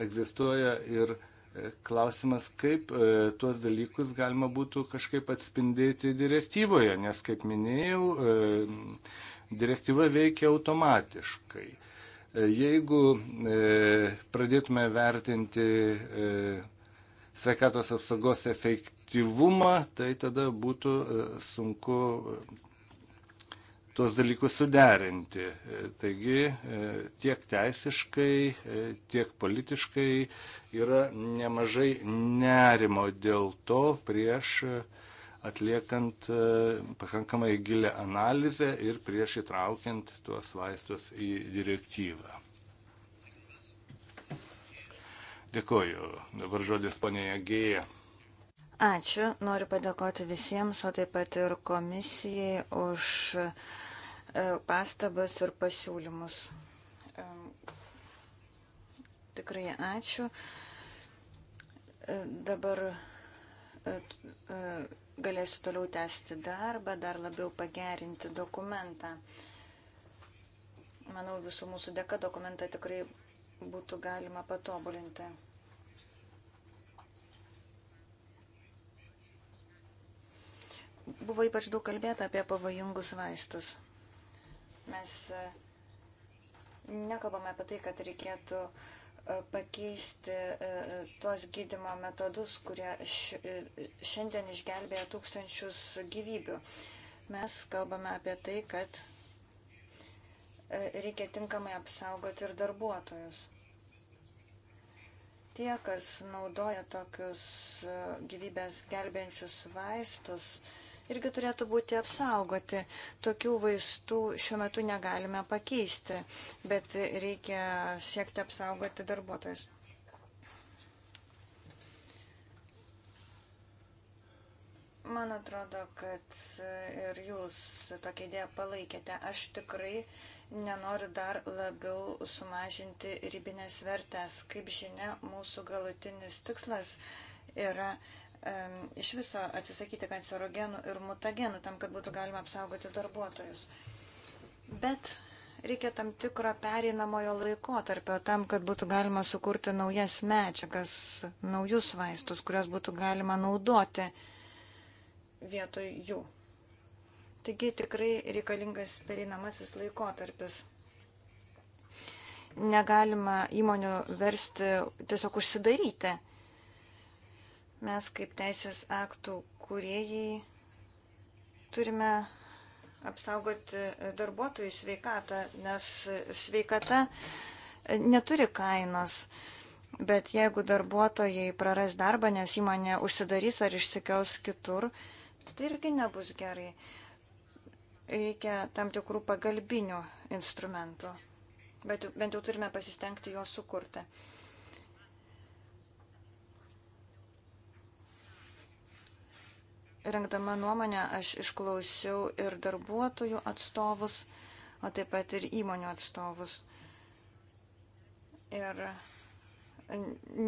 Speaker 1: egzistuoja ir klausimas, kaip e, tuos dalykus galima būtų kažkaip atspindėti direktyvoje, nes, kaip minėjau, e, direktyva veikia automatiškai. E, jeigu e, pradėtume vertinti e, sveikatos apsaugos efektyvumą, tai tada būtų e, sunku e, tuos dalykus suderinti. E, taigi tiek teisiškai, tiek politiškai yra nemažai nerimo dėl to prieš atliekant pakankamai gilę analizę ir prieš įtraukiant tuos vaistus į direktyvą. Dėkoju. Dabar žodis ponėje Gėja.
Speaker 3: Ačiū. Noriu padėkoti visiems, o taip pat ir komisijai už e, pastabas ir pasiūlymus. E, tikrai ačiū. E, dabar galėsiu toliau tęsti darbą, dar labiau pagerinti dokumentą. Manau, visų mūsų dėka dokumentą tikrai būtų galima patobulinti. Buvo ypač daug kalbėta apie pavojingus vaistus. Mes e, nekalbame apie tai, kad reikėtų e, pakeisti e, tuos gydimo metodus, kurie šiandien išgelbėja tūkstančius gyvybių. Mes kalbame apie tai, kad reikia tinkamai apsaugoti ir darbuotojus. Tie, kas naudoja tokius e, gyvybės gelbėjančius vaistus, irgi turėtų būti apsaugoti. Tokių vaistų šiuo metu negalime pakeisti, bet reikia siekti apsaugoti darbuotojus. Man atrodo, kad e, ir jūs tokią idėją palaikėte. Aš tikrai nenoriu dar labiau sumažinti ribinės vertės. Kaip žinia, mūsų galutinis tikslas yra um, iš viso atsisakyti kancerogenų ir mutagenų tam, kad būtų galima apsaugoti darbuotojus. Bet reikia tam tikro pereinamojo laikotarpio tam, kad būtų galima sukurti naujas medžiagas, naujus vaistus, kuriuos būtų galima naudoti. Uh, vietoj jų. Taigi tikrai reikalingas pereinamasis laikotarpis. Negalima įmonių versti tiesiog užsidaryti. Mes kaip teisės aktų kuriejai turime apsaugoti darbuotojų sveikatą, nes sveikata neturi kainos. Bet jeigu darbuotojai praras darbą, nes įmonė užsidarys ar išsikels kitur, uh, tai irgi nebus gerai. Reikia tam tikrų pagalbinių instrumentų, bet bent jau turime pasistengti juos sukurti. Rengdama nuomonę, aš išklausiau ir darbuotojų atstovus, o taip pat ir įmonių atstovus. Ir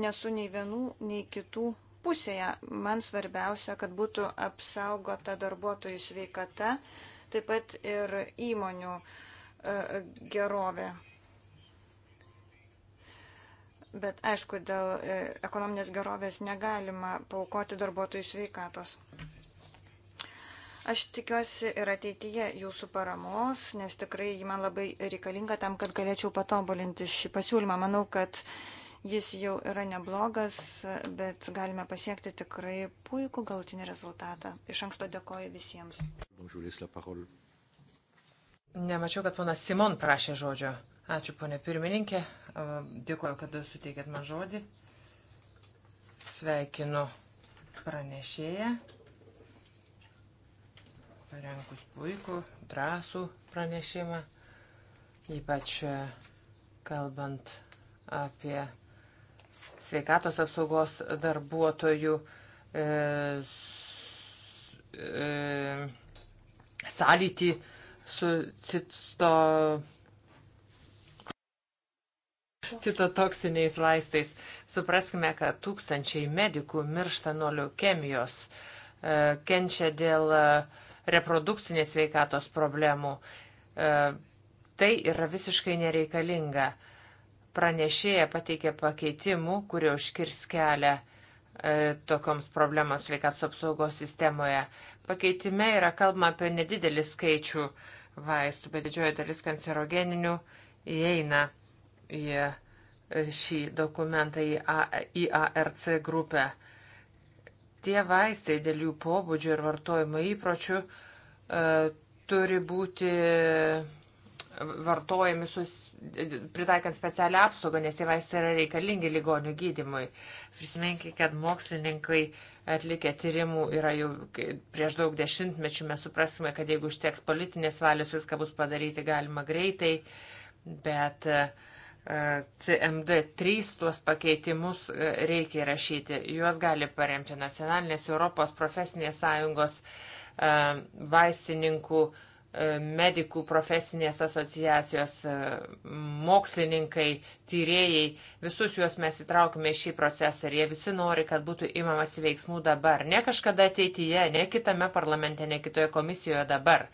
Speaker 3: nesu nei vienų, nei kitų pusėje. Man svarbiausia, kad būtų apsaugota darbuotojų sveikata, taip pat ir įmonių e, gerovė. Bet aišku, dėl e, ekonominės gerovės negalima paukoti darbuotojų sveikatos. Aš tikiuosi ir ateityje jūsų paramos, nes tikrai ji man labai reikalinga tam, kad galėčiau patobulinti šį pasiūlymą. Manau, kad uh, Jis jau yra neblogas, bet galime pasiekti tikrai puikų galutinį rezultatą. Iš anksto dėkoju visiems.
Speaker 2: Nemačiau, kad ponas Simon prašė žodžio. Ačiū, ponė pirmininkė. Dėkuoju, kad suteikėt man žodį. Sveikinu pranešėją. Parenkus puikų, drąsų pranešimą. Ypač e, kalbant apie sveikatos apsaugos darbuotojų e, e, sąlytį su cito, citotoksiniais vaistais. Supraskime, kad tūkstančiai medikų miršta nuo leukemijos, e, kenčia dėl e, reprodukcinės sveikatos problemų. E, tai yra visiškai nereikalinga. E, Pranešėja pateikė pakeitimų, kurie užkirs kelią e, tokioms problemams sveikatos apsaugos sistemoje. Pakeitime yra kalbama apie nedidelį skaičių vaistų, bet didžioji dalis kancerogeninių įeina į e, šį dokumentą, į, A, į ARC grupę. Tie vaistai dėl jų pobūdžio ir vartojimo įpročių e, turi būti vartojami sus, pritaikant specialią apsaugą, nes jie vaistai yra reikalingi ligonių gydimui. Prisiminkite, kad mokslininkai atlikę tyrimų yra jau prieš daug dešimtmečių, mes suprasime, kad jeigu užteks politinės valios, viską bus padaryti galima greitai, bet e, CMD3 tuos pakeitimus e, reikia įrašyti. Juos gali paremti nacionalinės Europos profesinės sąjungos e, vaistininkų E, medikų profesinės asociacijos, e, mokslininkai, tyrėjai, visus juos mes įtraukime į šį procesą ir jie visi nori, kad būtų imamasi veiksmų dabar, ne kažkada ateityje, ne kitame parlamente, ne kitoje komisijoje dabar.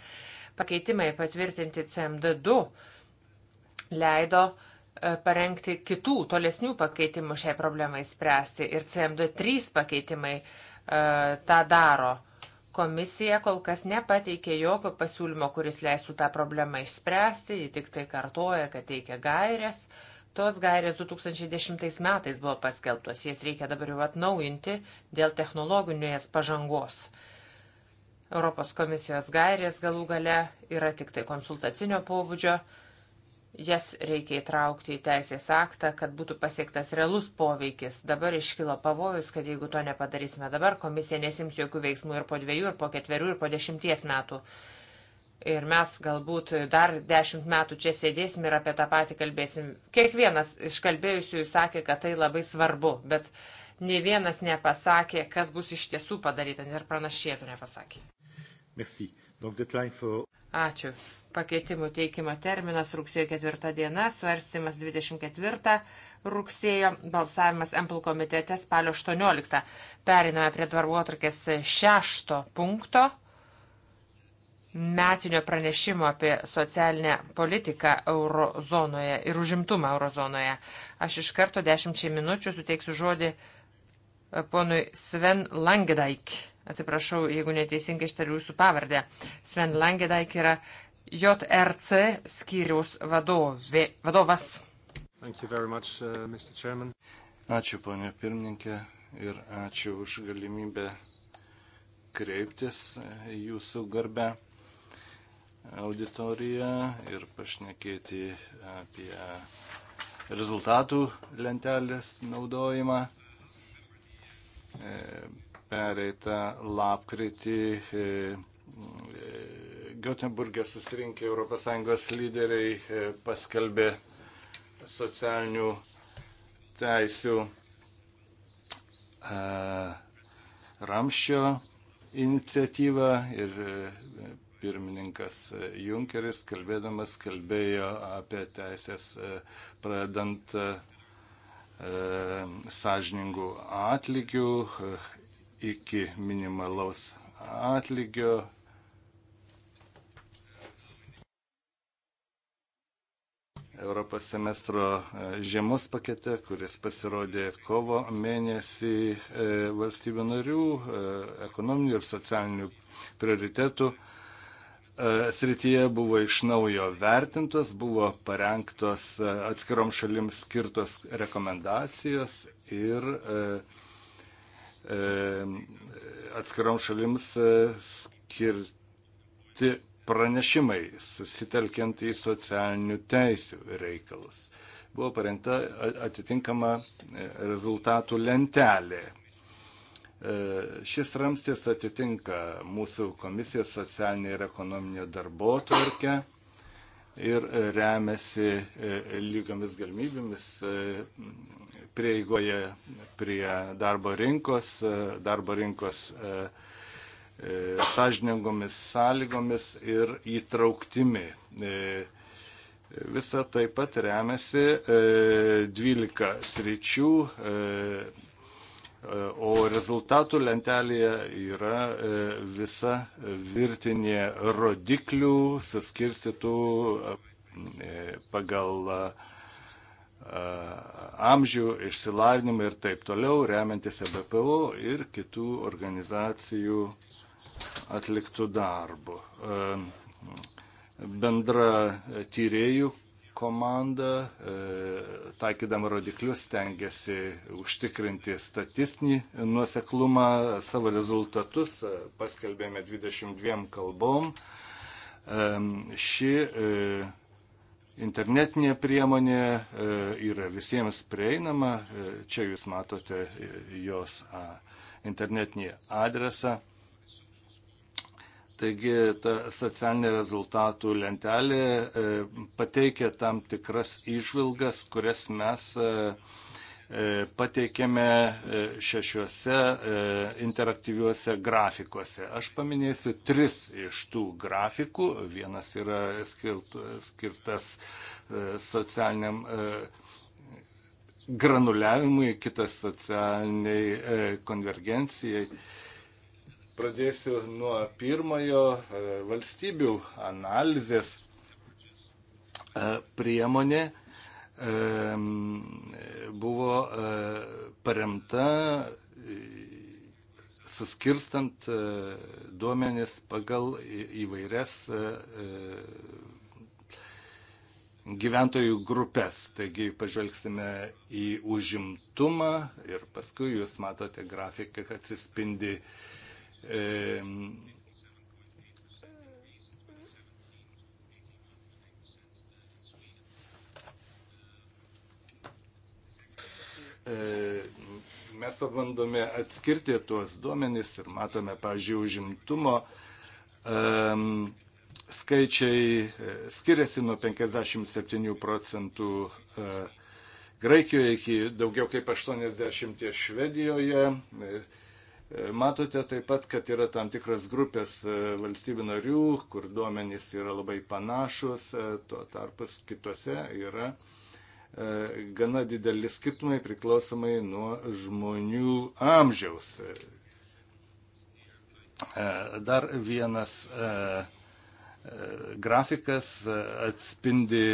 Speaker 2: Pakeitimai patvirtinti CMD2 leido e, parengti kitų tolesnių pakeitimų šiai problemai spręsti ir CMD3 pakeitimai uh, tą daro Komisija kol kas nepateikė jokio pasiūlymo, kuris leistų tą problemą išspręsti, ji tik tai kartoja, kad teikia gairės. Tos gairės 2010 metais buvo paskelbtos, jas reikia dabar jau atnaujinti dėl technologinės pažangos. Europos komisijos gairės galų gale yra tik tai konsultacinio pobūdžio, Jas reikia įtraukti į teisės aktą, kad būtų pasiektas realus poveikis. Dabar iškilo pavojus, kad jeigu to nepadarysime dabar, komisija nesims jokių veiksmų ir po dviejų, ir po ketverių, ir po dešimties metų. Ir mes galbūt dar dešimt metų čia sėdėsim ir apie tą patį kalbėsim. Kiekvienas iš kalbėjusiųjų sakė, kad tai labai svarbu, bet ne vienas nepasakė, kas bus iš tiesų padaryta, ir pranašėtų nepasakė. Merci. Donc, deadline for... Ačiū. Pakeitimų teikimo terminas rugsėjo 4 diena, svarstymas 24 rugsėjo, balsavimas MPL komitete spalio 18. Periname prie darbuotrukės 6 punkto metinio pranešimo apie socialinę politiką eurozonoje ir užimtumą eurozonoje. Aš iš karto 10 minučių suteiksiu žodį ponui Sven Langedaik. Atsiprašau, jeigu neteisingai ištariu jūsų pavardę. Sven Langedaik yra JRC skyriaus vadovė, vadovas.
Speaker 1: Much, uh, ačiū, ponė pirmininkė, ir ačiū už galimybę kreiptis jūsų garbę auditoriją ir pašnekėti apie rezultatų lentelės naudojimą. E, pereitą lapkritį e, e, Göteborgė susirinkę ES lyderiai e, paskelbė socialinių teisių ramščio iniciatyvą ir pirmininkas Junkeris kalbėdamas kalbėjo apie teisės pradant sąžiningų atlygių, iki minimalaus atlygio. Europos semestro e, žiemos pakete, kuris pasirodė kovo mėnesį e, valstybių narių e, ekonominių ir socialinių prioritetų srityje buvo iš naujo vertintos, buvo parengtos atskirom šalims skirtos rekomendacijos ir e, E, atskirom šalims e, skirti pranešimai, susitelkiant į socialinių teisių reikalus. Buvo parengta atitinkama e, rezultatų lentelė. Šis ramstis atitinka mūsų komisijos socialinė ir ekonominė darbo tvarkė ir remiasi lygiomis galimybėmis prieigoje prie darbo rinkos, e, darbo rinkos e, e, sąžiningomis sąlygomis ir įtrauktimi. Visa taip pat remiasi 12 sričių, o rezultatų lentelėje yra visa virtinė rodiklių suskirstytų pagal uh, amžių, išsilavinimą ir taip toliau, remiantis EBPO ir kitų organizacijų atliktų darbų. Bendra tyriejų komanda, taikydama rodiklius, stengiasi užtikrinti statistinį nuoseklumą, savo rezultatus paskelbėme 22 kalbom. Ši internetinė priemonė e, yra visiems prieinama. E, čia jūs matote e, jos internetinį adresą. Taigi ta socialinė rezultatų lentelė pateikia tam tikras išvilgas, kurias mes E, pateikėme e, šešiuose e, interaktyviuose grafikuose. Aš paminėsiu tris iš tų grafikų. Vienas yra skirtas socialiniam granuliavimui, kitas socialiniai konvergencijai. Pradėsiu nuo pirmojo valstybių analizės priemonė buvo paremta suskirstant e, duomenis pagal įvairias e, e, gyventojų grupės. Taigi pažvelgsime į užimtumą ir paskui jūs matote grafiką, kad atsispindi E, mes pabandome atskirti tuos duomenys ir matome, pavyzdžiui, užimtumo skaičiai e, skiriasi nuo 57 procentų e, Graikijoje iki daugiau kaip 80 Švedijoje. Matote taip pat, kad yra tam tikras grupės valstybių narių, kur duomenys yra labai panašus, tuo tarpus kitose yra uh, E, gana dideli skirtumai priklausomai nuo žmonių amžiaus. E, dar vienas e, grafikas atspindi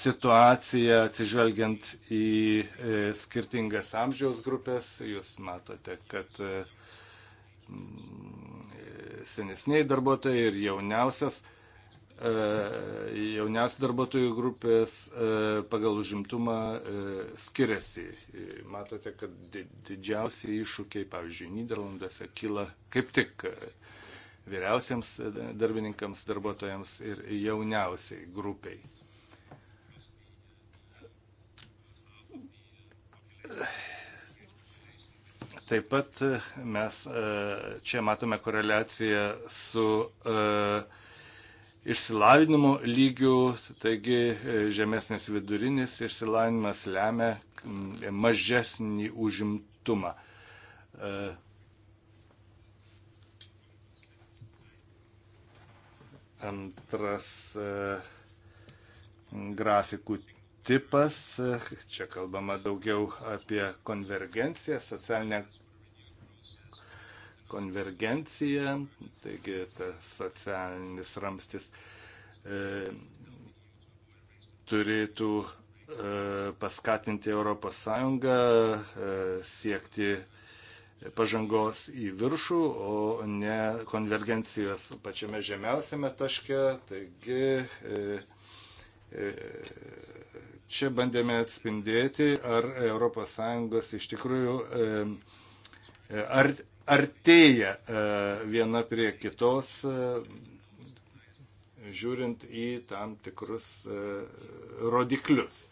Speaker 1: situaciją atsižvelgiant į skirtingas amžiaus grupės. Jūs matote, kad senesniai darbuotojai ir jauniausias E, jauniausių darbuotojų grupės e, pagal užimtumą e, skiriasi. Matote, kad didžiausiai iššūkiai, pavyzdžiui, Niderlanduose kyla kaip tik vyriausiams darbininkams, darbuotojams ir jauniausiai grupiai. Taip pat mes čia matome koreliaciją su uh, išsilavinimo lygių, taigi e, žemesnis vidurinis išsilavinimas lemia mm, mažesnį užimtumą. E, antras e, grafikų tipas, čia kalbama daugiau apie konvergenciją, socialinę konvergencija, taigi tas socialinis ramstis e, turėtų e, paskatinti ES e, siekti pažangos į viršų, o ne konvergencijos pačiame žemiausiame taške. Taigi e, e, čia bandėme atspindėti, ar ES iš tikrųjų e, e ar artėja e, viena prie kitos, e, žiūrint į tam tikrus e, rodiklius.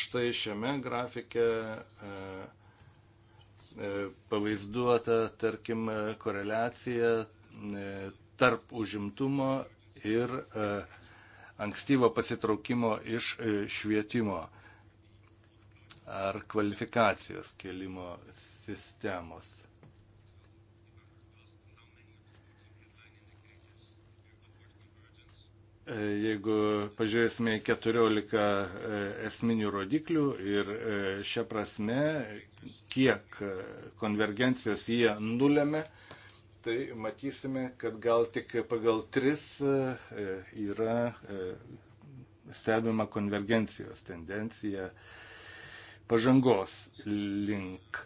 Speaker 1: Štai šiame grafike pavaizduota, tarkim, koreliacija tarp užimtumo ir ankstyvo pasitraukimo iš švietimo ar kvalifikacijos kelimo sistemos. E, jeigu pažiūrėsime 14 e, esminių rodiklių ir e, šią prasme, kiek konvergencijos jie nulėmė, tai matysime, kad gal tik pagal 3 yra stebima konvergencijos tendencija pažangos link.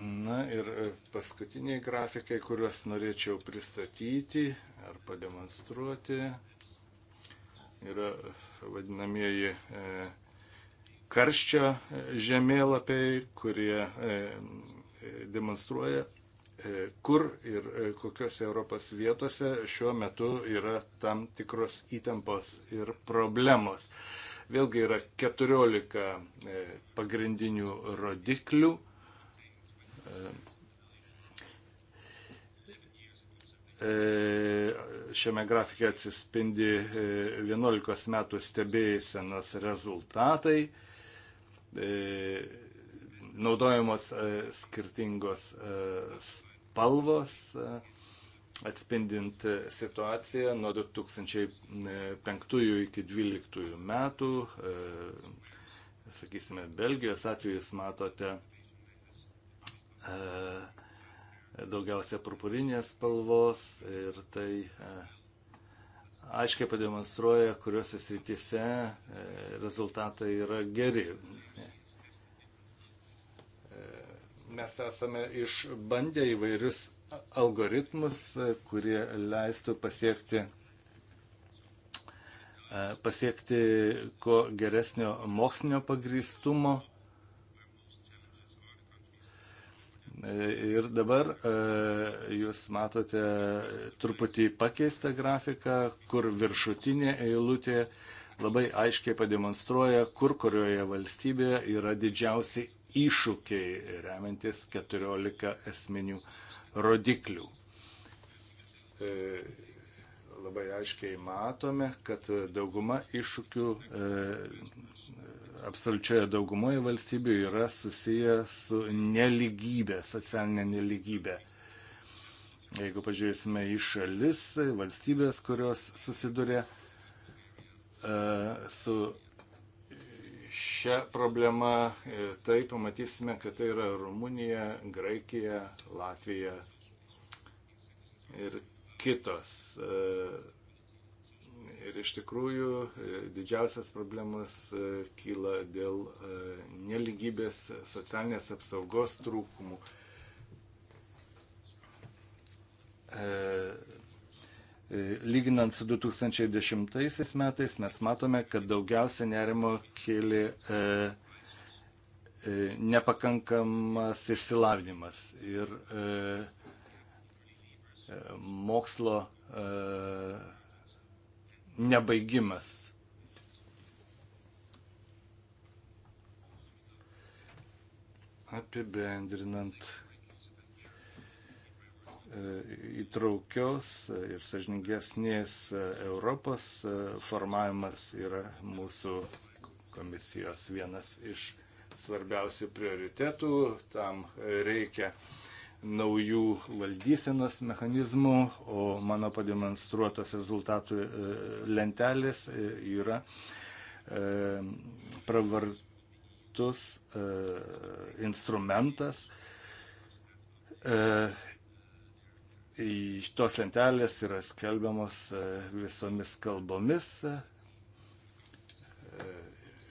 Speaker 1: Na ir e, paskutiniai grafikai, kuriuos norėčiau pristatyti ar pademonstruoti, yra vadinamieji e, karščio e, žemėlapiai, kurie demonstruoja, kur ir kokiose Europos vietose šiuo metu yra tam tikros įtampos ir problemos. Vėlgi yra 14 e, pagrindinių rodiklių. E, e, šiame grafike atsispindi 11 metų stebėjusenos rezultatai naudojamos skirtingos spalvos atspindint e, situaciją nuo 2005 iki 2012 metų. E, sakysime, Belgijos atvejus matote e, daugiausia purpurinės spalvos ir tai aiškiai pademonstruoja, kuriuose srityse rezultatai yra geri. Mes esame išbandę įvairius algoritmus, kurie leistų pasiekti, e, pasiekti ko geresnio mokslinio pagrystumo. E, ir dabar e, jūs matote truputį pakeistą grafiką, kur viršutinė eilutė labai aiškiai pademonstruoja, kur kurioje valstybėje yra didžiausi iššūkiai, remiantis 14 esminių rodiklių. E, labai aiškiai matome, kad dauguma iššūkių e, absoliučioje daugumoje valstybių yra susiję su neligybė, socialinė neligybė. Jeigu pažiūrėsime į šalis, valstybės, kurios susiduria e, su šią problemą, e, tai pamatysime, kad tai yra Rumunija, Graikija, Latvija ir kitos. E, ir iš tikrųjų e, didžiausias problemas kyla dėl neligybės socialinės apsaugos trūkumų. Lyginant su 2010 metais mes matome, kad daugiausia nerimo kėlė e, e, nepakankamas išsilavinimas ir e, e mokslo e, nebaigimas. Apibendrinant įtraukios ir sažiningesnės Europos formavimas yra mūsų komisijos vienas iš svarbiausių prioritetų. Tam reikia naujų valdysenos mechanizmų, o mano pademonstruotos rezultatų e, lentelės e, yra e, pravartus instrumentas tos lentelės yra skelbiamos e, visomis kalbomis. E,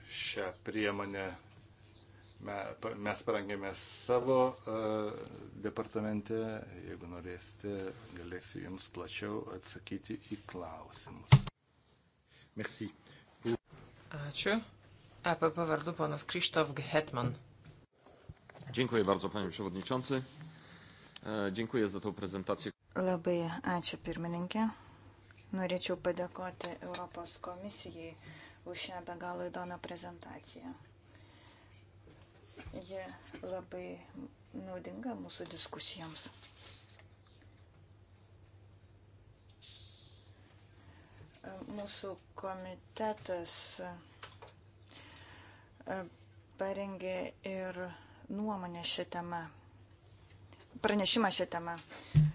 Speaker 1: šią priemonę mes parengėme savo e, departamente. Jeigu norėsite, galėsiu Jums plačiau atsakyti į klausimus. Merci.
Speaker 2: Ačiū. EPP vardu ponas Krzysztof Hetman. Dziękuję bardzo, panie przewodniczący. E, Džinkuja za to prezentaciją.
Speaker 3: Labai ačiū pirmininkė. Norėčiau padėkoti Europos komisijai už šią be galo įdomią prezentaciją. Ji labai naudinga mūsų diskusijoms. Mūsų komitetas e, parengė ir nuomonę šią temą pranešimą šią temą,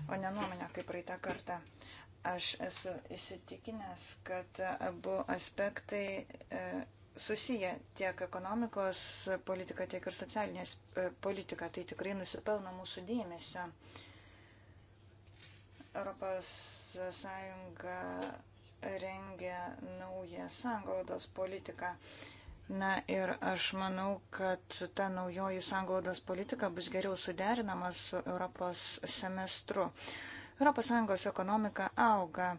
Speaker 3: o ne nuomonę kaip praeitą kartą. Aš esu įsitikinęs, kad abu aspektai e, susiję tiek ekonomikos politika, tiek ir socialinės e, politika. Tai tikrai nusipelno mūsų dėmesio. Europos Sąjunga rengia naują sanglaudos politiką. Na ir aš manau, kad ta naujoji sanglaudos politika bus geriau suderinama su Europos semestru. ES ekonomika auga.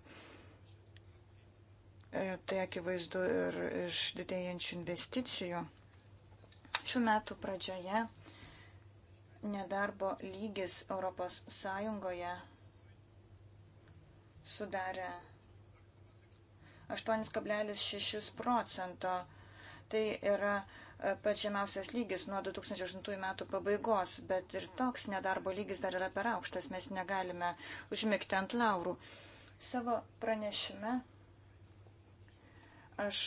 Speaker 3: E, tai akivaizdu ir iš didėjančių investicijų. Šių metų pradžioje nedarbo lygis ES sudarė 8,6 procento Tai yra e, pats žemiausias lygis nuo 2008 metų pabaigos, bet ir toks nedarbo lygis dar yra per aukštas, mes negalime užmigti ant laurų. Savo pranešime aš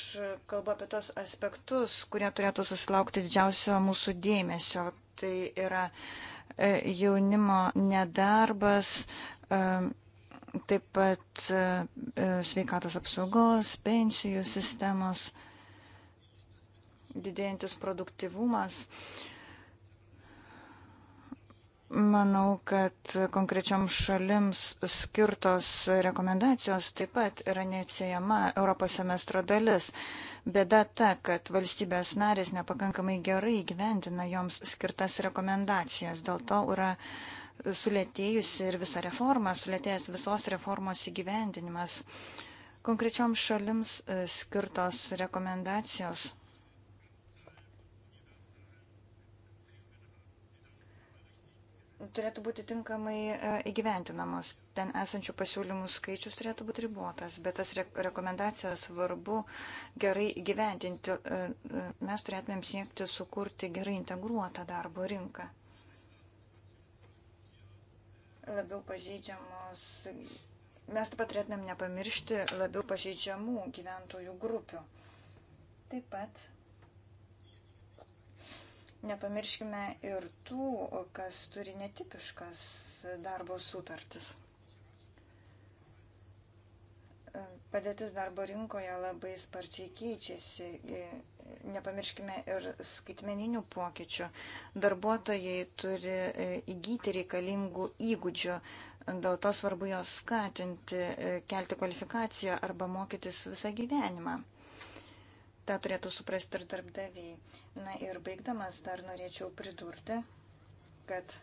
Speaker 3: kalbu apie tos aspektus, kurie turėtų susilaukti didžiausio mūsų dėmesio. Tai yra e, jaunimo nedarbas, e, taip pat sveikatos apsaugos, pensijų sistemos didėjantis produktivumas. Manau, kad konkrečiam šalims skirtos rekomendacijos taip pat yra neatsiejama Europos semestro dalis. Bėda ta, kad valstybės narės nepakankamai gerai gyventina joms skirtas rekomendacijas. Dėl to yra sulėtėjusi ir visa reforma, sulėtėjęs visos reformos įgyvendinimas. Konkrečioms šalims e, skirtos rekomendacijos turėtų būti tinkamai e, įgyventinamos. Ten esančių pasiūlymų skaičius turėtų būti ribotas, bet tas re rekomendacijas svarbu gerai įgyventinti. E, e, mes turėtumėm siekti sukurti gerai integruotą darbo rinką. Labiau pažeidžiamos. Mes taip pat turėtumėm nepamiršti labiau pažeidžiamų gyventojų grupių. Taip pat Nepamirškime ir tų, kas turi netipiškas darbo sutartis. Padėtis darbo rinkoje labai sparčiai keičiasi. Nepamirškime ir skaitmeninių pokyčių. Darbuotojai turi įgyti reikalingų įgūdžių, dėl to svarbu juos skatinti, kelti kvalifikaciją arba mokytis visą gyvenimą. Ta turėtų suprasti ir darbdaviai. Na ir baigdamas dar norėčiau pridurti, kad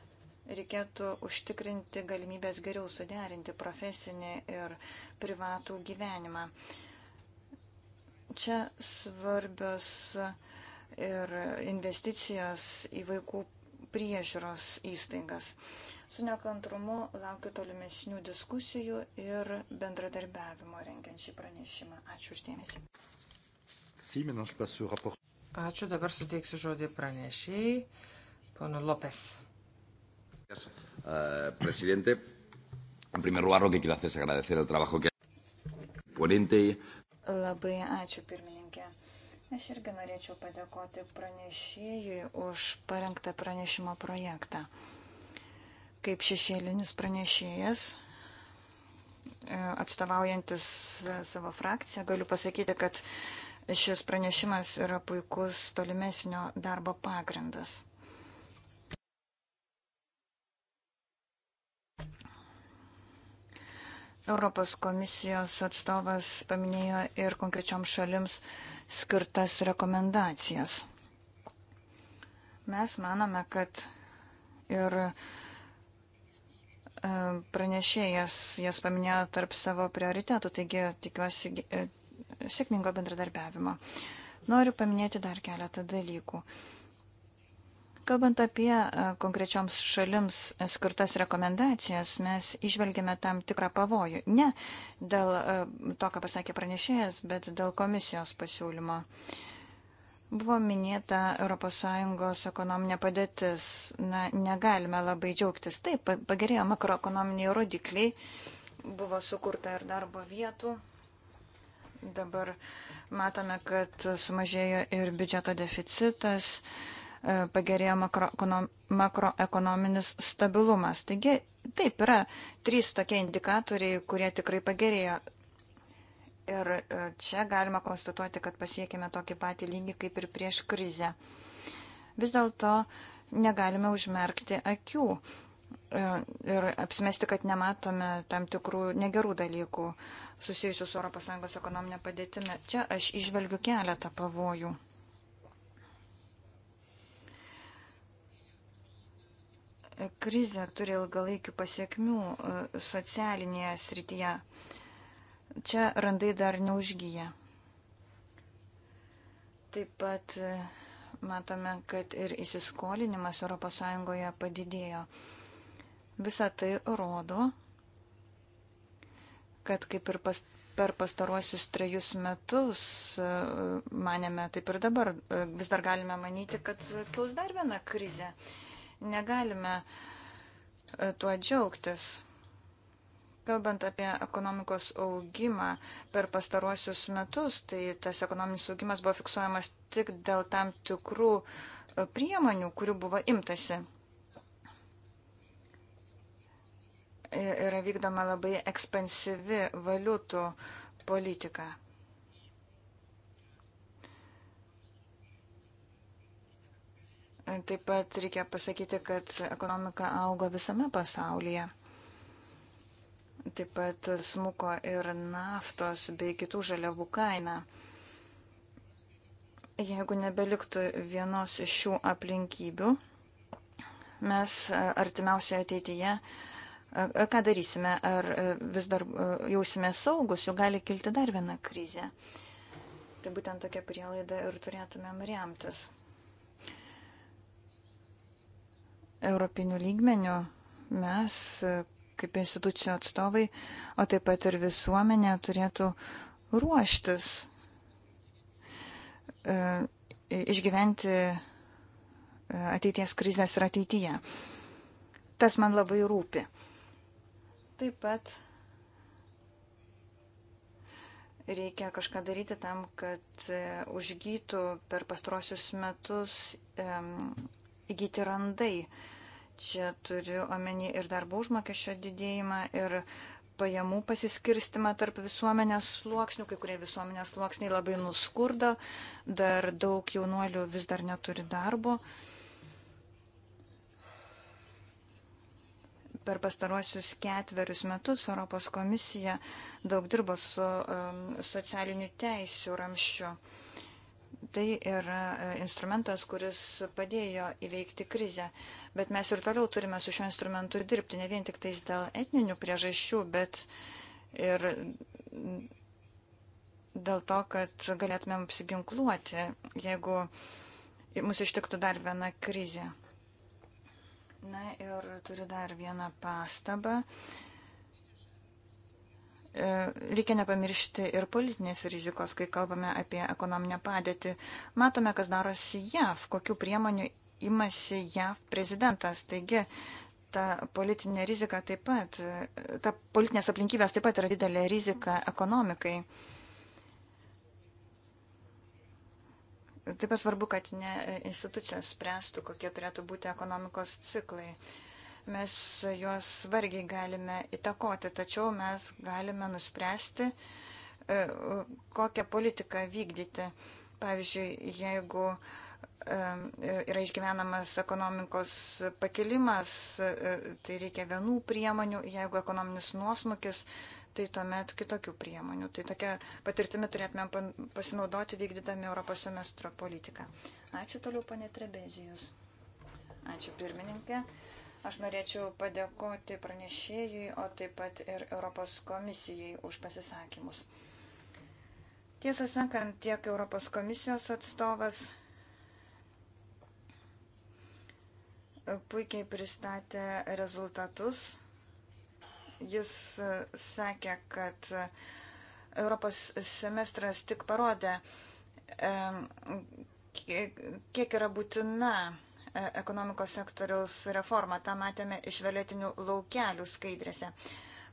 Speaker 3: reikėtų užtikrinti galimybės geriau suderinti profesinį ir privatų gyvenimą. Čia svarbios ir investicijos į vaikų priežiūros įstaigas. Su nekantrumu laukiu tolimesnių diskusijų ir bendradarbiavimo rengiant šį pranešimą. Ačiū uždėmesi. Merci,
Speaker 2: maintenant je passe au rapport. Ačiū, dabar suteiksiu žodį pranešėjai, pono Lopes.
Speaker 3: Uh, presidente, en primer lugar, lo que quiero hacer es agradecer el trabajo que ha ponente. Labai ačiū, pirmininkė. Aš irgi norėčiau padėkoti pranešėjui už parengtą pranešimo projektą. Kaip šešėlinis pranešėjas, e, atstovaujantis savo frakciją, galiu pasakyti, kad uh, Šis pranešimas yra puikus tolimesnio darbo pagrindas. Europos komisijos atstovas paminėjo ir konkrečiom šalims skirtas rekomendacijas. Mes manome, kad ir e, pranešėjas jas paminėjo tarp savo prioritetų, taigi tikiuosi e, sėkmingo bendradarbiavimo. Noriu paminėti dar keletą dalykų. Kalbant apie e, konkrečioms šalims skirtas rekomendacijas, mes išvelgėme tam tikrą pavojų. Ne dėl e, to, ką pasakė pranešėjas, bet dėl komisijos pasiūlymo. Buvo minėta ES ekonominė padėtis. Na, negalime labai džiaugtis. Taip, pagerėjo makroekonominiai rodikliai, buvo sukurta ir darbo vietų, Dabar matome, kad sumažėjo ir biudžeto deficitas, e, pagerėjo makroekonominis stabilumas. Taigi, taip yra trys tokie indikatoriai, kurie tikrai pagerėjo. Ir e, čia galima konstatuoti, kad pasiekime tokį patį lygį kaip ir prieš krizę. Vis dėlto negalime užmerkti akių e, ir apsimesti, kad nematome tam tikrų negerų dalykų susijusių su ES ekonominė padėtimi. Čia aš išvelgiu keletą pavojų. Krizė turi ilgalaikių pasiekmių e, socialinėje srityje. Čia randai dar neužgyja. Taip pat e, matome, kad ir įsiskolinimas ES padidėjo. Visa tai rodo, kad kaip ir pas, per pastaruosius trejus metus e, manėme, taip ir dabar e, vis dar galime manyti, kad kils dar viena krizė. Negalime e, tuo džiaugtis. Kalbant apie ekonomikos augimą per pastaruosius metus, tai tas ekonominis augimas buvo fiksuojamas tik dėl tam tikrų priemonių, kurių buvo imtasi. yra vykdoma labai ekspansyvi valiutų politika. Taip pat reikia pasakyti, kad ekonomika augo visame pasaulyje. Taip pat smuko ir naftos bei kitų žaliavų kaina. Jeigu nebeliktų vienos iš šių aplinkybių, mes artimiausioje ateityje uh, Ką darysime? Ar e, vis dar e, jausime saugus, jau gali kilti dar viena krizė? Tai būtent tokia prielaida ir turėtumėm remtis. Europinių lygmenių mes, e, kaip institucijų atstovai, o taip pat ir visuomenė turėtų ruoštis išgyventi ateities krizės ir ateityje. Tas man labai rūpi. Taip pat reikia kažką daryti tam, kad e, užgytų per pastrosius metus įgyti randai. Čia turiu omeny ir darbo užmokesčio didėjimą, ir pajamų pasiskirstimą tarp visuomenės sluoksnių. Kai kurie visuomenės sluoksniai labai nuskurdo, dar daug jaunuolių vis dar neturi darbo. Per pastaruosius ketverius metus Europos komisija daug dirbo su um, socialiniu teisių ramščiu. Tai yra e, instrumentas, kuris padėjo įveikti krizę, bet mes ir toliau turime su šiuo instrumentu dirbti ne vien tik tais dėl etninių priežasčių, bet ir dėl to, kad galėtumėm apsiginkluoti, jeigu mus ištiktų dar viena krizė. Na ir turiu dar vieną pastabą. E, reikia nepamiršti ir politinės rizikos, kai kalbame apie ekonominę padėtį. Matome, kas darosi JAV, kokiu priemonių imasi JAV prezidentas. Taigi, ta politinė rizika taip pat, ta politinės aplinkybės taip pat yra didelė rizika ekonomikai. Mm. Taip pat svarbu, kad ne institucijos spręstų, kokie turėtų būti ekonomikos ciklai. Mes juos vargiai galime įtakoti, tačiau mes galime nuspręsti, e, kokią politiką vykdyti. Pavyzdžiui, jeigu e, yra išgyvenamas ekonomikos pakilimas, e, tai reikia vienų priemonių, jeigu ekonominis nuosmukis, tai tuomet kitokių priemonių. Tai tokia patirtimi turėtumėm pasinaudoti vykdydami Europos semestro politiką. Ačiū toliau, panė Trebezijus. Ačiū pirmininkė. Aš norėčiau padėkoti pranešėjui, o taip pat ir Europos komisijai už pasisakymus. Tiesą sakant, tiek Europos komisijos atstovas puikiai pristatė rezultatus Jis e, sakė, kad e, Europos semestras tik parodė, e, kiek yra būtina ekonomikos sektoriaus reforma. Ta matėme iš vėlėtinių laukelių skaidrėse.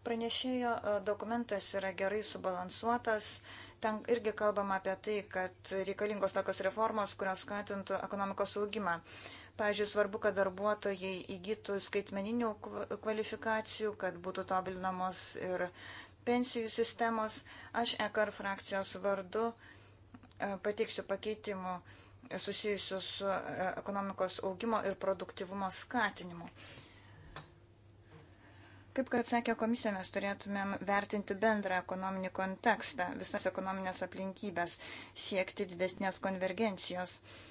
Speaker 3: Pranešėjo dokumentas yra gerai subalansuotas. Ten irgi kalbama apie tai, kad reikalingos tokios reformos, kurios skatintų ekonomikos augimą. Uh, Pavyzdžiui, svarbu, kad darbuotojai įgytų skaitmeninių kvalifikacijų, kad būtų tobulinamos ir pensijų sistemos. Aš EKR frakcijos vardu e, pateiksiu pakeitimų susijusių su e, ekonomikos augimo ir produktivumo skatinimu. Kaip kad sakė komisija, mes turėtumėm vertinti bendrą ekonominį kontekstą, visas ekonominės aplinkybės, siekti didesnės konvergencijos. Uh,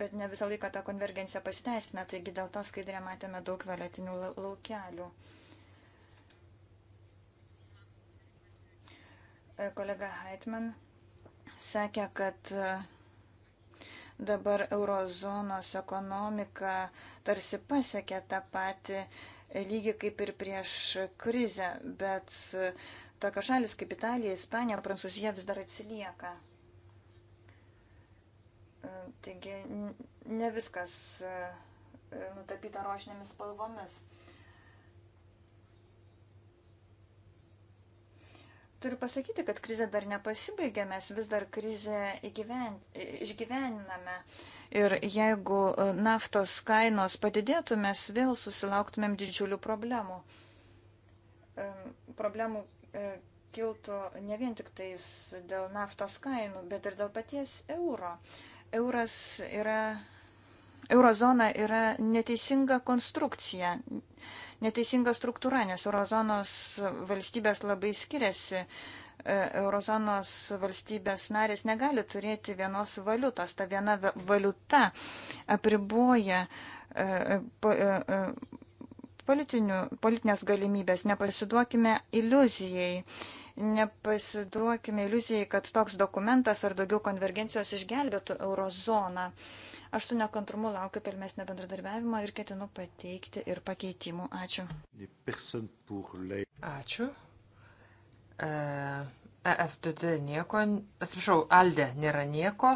Speaker 3: bet ne visą laiką ta konvergencija pasiteisina, taigi dėl to skaidrė matėme daug violetinių laukelių. E, kolega Heitman sakė, kad e, dabar eurozonos ekonomika tarsi pasiekė tą patį lygį kaip ir prieš krizę, bet e, tokios šalis kaip Italija, Ispanija, Prancūzija vis dar atsilieka. Taigi ne viskas e, nutapyta rožinėmis spalvomis. Turiu pasakyti, kad krizė dar nepasibaigė, mes vis dar krizę įgyven... išgyveniname. Ir jeigu e, naftos kainos padidėtų, mes vėl susilauktumėm didžiulių problemų. E, problemų kiltų ne vien tik tais dėl naftos kainų, bet ir dėl paties euro euras yra, eurozona yra neteisinga konstrukcija, neteisinga struktūra, nes eurozonos valstybės labai skiriasi. E, eurozonos valstybės narės negali turėti vienos valiutos. Ta viena valiuta apriboja e, e, politinių, politinės galimybės, nepasiduokime iliuzijai. Nepasiduokime iliuzijai, kad toks dokumentas ar daugiau konvergencijos išgelbėtų eurozoną. Aš su nekantrumu laukiu tolimesnio bendradarbiavimo ir ketinu pateikti ir pakeitimų. Ačiū. Ačiū. EFDD e nieko, atsiprašau,
Speaker 2: Alde nėra nieko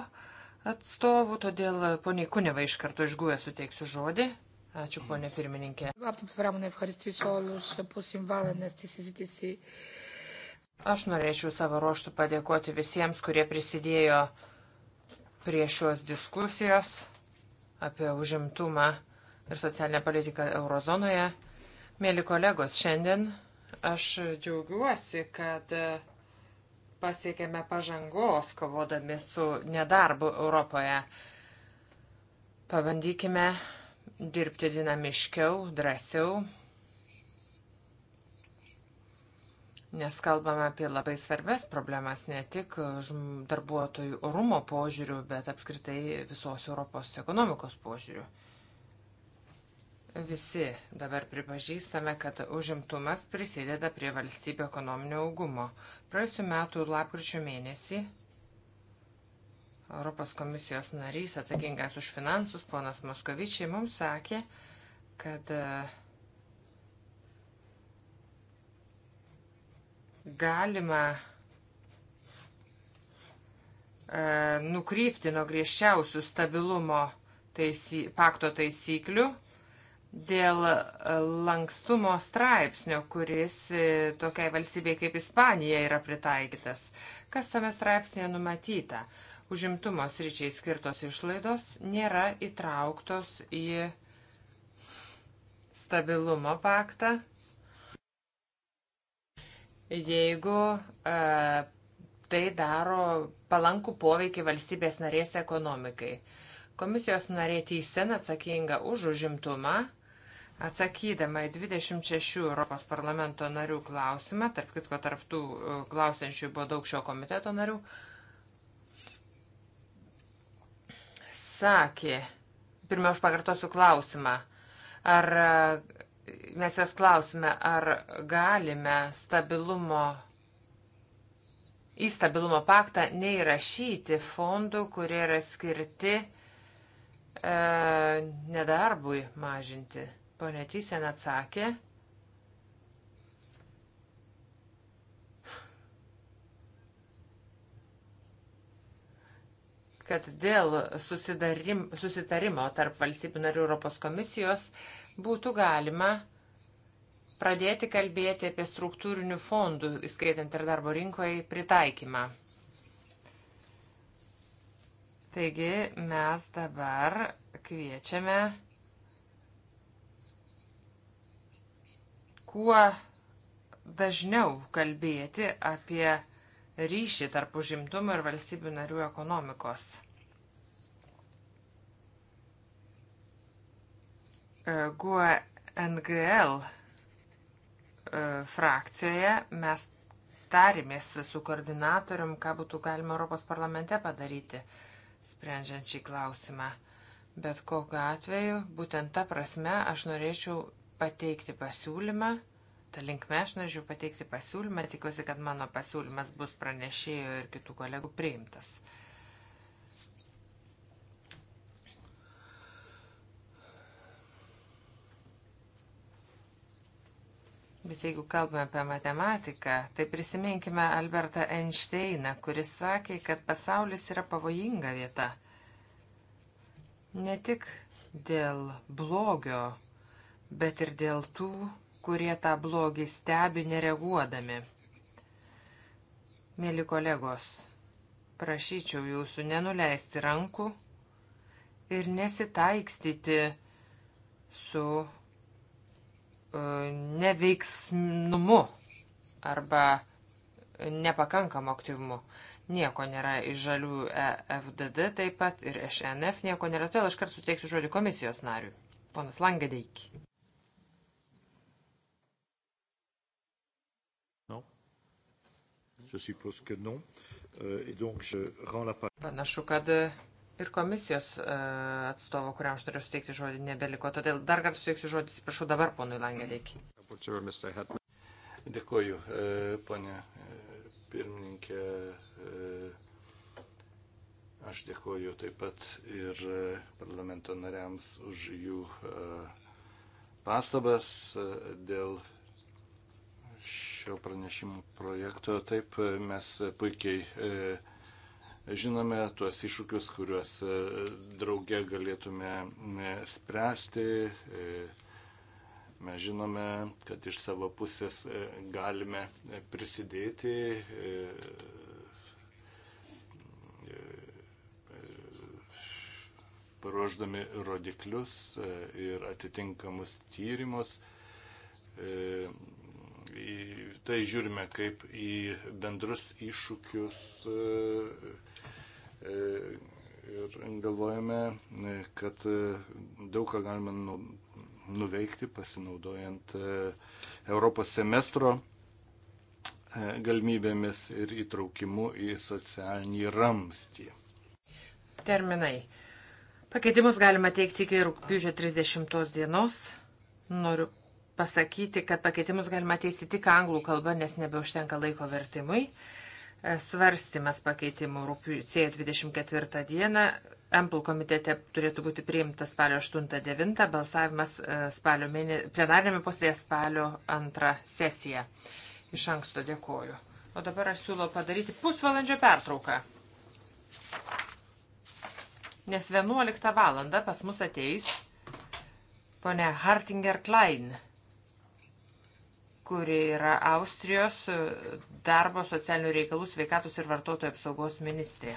Speaker 2: atstovų, todėl poniai Kuneva iš karto išguoja e suteiksiu žodį. Ačiū, ponė pirmininkė. Aš norėčiau savo ruoštų padėkoti visiems, kurie prisidėjo prie šios diskusijos apie užimtumą ir socialinę politiką eurozonoje. Mėly kolegos, šiandien aš džiaugiuosi, kad pasiekėme pažangos kovodami su nedarbu Europoje. Pabandykime dirbti dinamiškiau, drąsiau, nes kalbame apie labai svarbes problemas, ne tik e, darbuotojų orumo požiūrių, bet apskritai visos Europos ekonomikos požiūrių. Visi dabar pripažįstame, kad užimtumas prisideda prie valstybių ekonominio augumo. Praėjusiu metu lapkričio mėnesį Europos komisijos narys atsakingas už finansus, ponas Moskovičiai, mums sakė, kad uh, galima e, nukrypti nuo griežčiausių stabilumo taisy, pakto taisyklių dėl e, lankstumo straipsnio, kuris e, tokiai valstybei kaip Ispanija yra pritaikytas. Kas tame straipsnėje numatyta? Užimtumo sričiai skirtos išlaidos nėra įtrauktos į stabilumo paktą jeigu e, tai daro palankų poveikį valstybės narės ekonomikai. Komisijos narė Tysen atsakinga už užimtumą, atsakydama į 26 Europos parlamento narių klausimą, tarp kitko tarptų e, klausiančių buvo daug šio komiteto narių, sakė, pirmiau aš pakartosiu klausimą, ar mes jos klausime, ar galime stabilumo, į stabilumo paktą neįrašyti fondų, kurie yra skirti e, nedarbui mažinti. Pone Tysen atsakė. kad dėl susitarimo tarp valstybių narių Europos komisijos uh, būtų galima pradėti kalbėti apie struktūrinių fondų, įskaitant ir darbo rinkoje, pritaikymą. Taigi mes dabar kviečiame kuo dažniau kalbėti apie ryšį tarp užimtumo ir valstybių narių ekonomikos. GUE NGL e, frakcijoje mes tarėmės su koordinatorium, ką būtų galima Europos parlamente padaryti, sprendžiant šį klausimą. Bet kokiu atveju, būtent ta prasme, aš norėčiau pateikti pasiūlymą, ta linkme aš norėčiau pateikti pasiūlymą, tikiuosi, kad mano pasiūlymas bus pranešėjo ir kitų kolegų priimtas. Uh, Bet jeigu kalbame apie matematiką, tai prisiminkime Albertą Einšteiną, kuris sakė, kad pasaulis yra pavojinga vieta. Ne tik dėl blogio, bet ir dėl tų, kurie tą blogį stebi nereaguodami. Mėly kolegos, prašyčiau jūsų nenuleisti rankų ir nesitaikstyti su E, neveiksnumu arba nepakankamu aktyvumu. Nieko nėra iš žalių EFDD taip pat ir iš e NF nieko nėra. Todėl aš kart suteiksiu žodį komisijos nariui. Ponas Langadeikį.
Speaker 1: No. Je suppose que non. Euh, et donc je
Speaker 2: rends la parole. Panašu, kad ir komisijos e, atstovo, kuriam aš turiu suteikti žodį, nebeliko. Todėl dar kartą suteiksiu žodį, atsiprašau, dabar ponui Langedeikį.
Speaker 1: Dėkuoju, e, ponė e, pirmininkė. Aš dėkuoju taip pat ir parlamento nariams už jų pastabas dėl šio pranešimų projekto. Taip, mes puikiai žinome tuos iššūkius, kuriuos e, drauge galėtume e, spręsti. E, mes žinome, kad iš savo pusės galime prisidėti paruoždami rodiklius ir atitinkamus tyrimus į tai žiūrime kaip į bendrus iššūkius e, e, ir galvojame, e, kad daug ką galime nu, nuveikti pasinaudojant Europos semestro galimybėmis ir įtraukimu į socialinį
Speaker 2: ramstį. Terminai. Pakeitimus galima teikti iki rūpiužio 30 dienos. Noriu pasakyti, kad pakeitimus galima teisti tik anglų kalba, nes nebeužtenka laiko vertimui. E, svarstymas pakeitimų rūpiučio 24 dieną. Ample komitete turėtų būti priimtas spalio 8-9, balsavimas e, spalio mėne... plenarinėme posėdėje spalio 2 sesiją. Iš anksto dėkoju. O dabar aš siūlau padaryti pusvalandžio pertrauką. Nes 11 val. pas mus ateis ponia Hartinger Klein kuri yra Austrijos darbo socialinių reikalų sveikatos ir vartotojų apsaugos ministrė.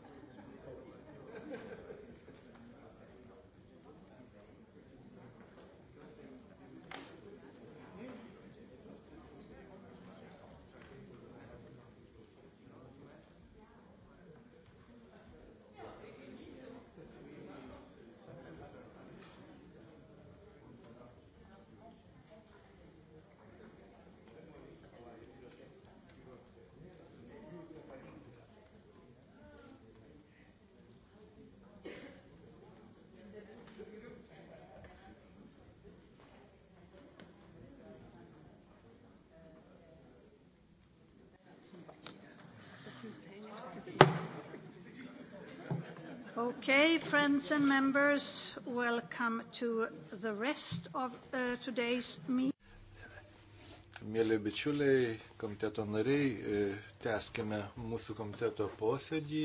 Speaker 3: Okay, friends and members, welcome to the rest of uh, today's meeting.
Speaker 1: Mėly bičiuliai, komiteto nariai, e, tęskime mūsų komiteto posėdį.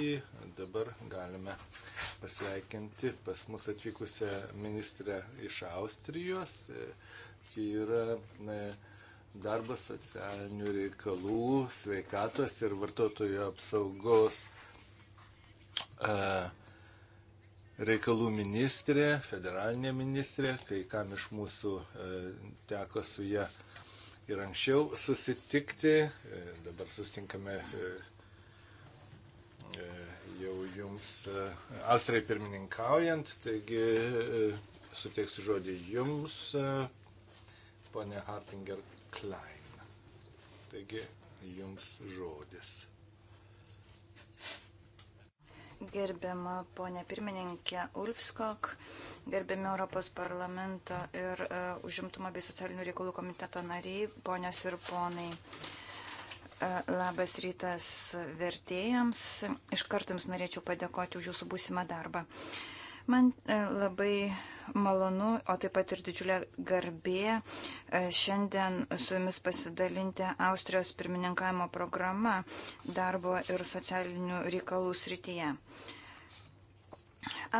Speaker 1: Dabar galime pasveikinti pas mus atvykusią ministrę iš Austrijos. E, ji yra e, darbo socialinių reikalų, sveikatos ir vartotojų apsaugos uh, reikalų ministrė, federalinė ministrė, kai kam iš mūsų e, teko su ją ir anksčiau susitikti. E, dabar sustinkame e, jau jums Austrai pirmininkaujant, taigi suteiksiu žodį jums, ponė Hartinger Klein. Taigi jums žodis
Speaker 3: gerbiama ponė pirmininkė Ulfskok, gerbiami Europos parlamento ir uh, užimtumo bei socialinių reikalų komiteto nariai, ponios ir ponai. Uh, labas rytas vertėjams. Iš karto jums norėčiau padėkoti už jūsų būsimą darbą. Uh, Man e, labai malonu, o taip pat ir didžiulė garbė e, šiandien su jumis pasidalinti Austrijos pirmininkavimo programą darbo ir socialinių reikalų srityje.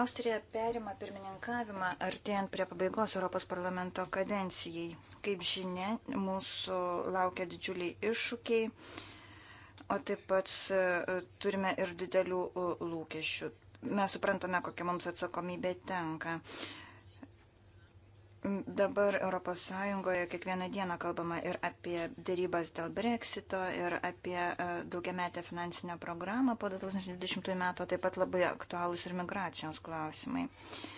Speaker 3: Austrija perima pirmininkavimą artėjant prie pabaigos Europos parlamento kadencijai. Kaip žinia, mūsų laukia didžiuliai iššūkiai, o taip pat e, turime ir didelių lūkesčių mes suprantame, kokia mums atsakomybė tenka. Dabar ES kiekvieną dieną kalbama ir apie dėrybas dėl breksito, ir apie e, daugiametę finansinę programą po 2020 metų, taip pat labai aktualūs ir migracijos klausimai. Uh,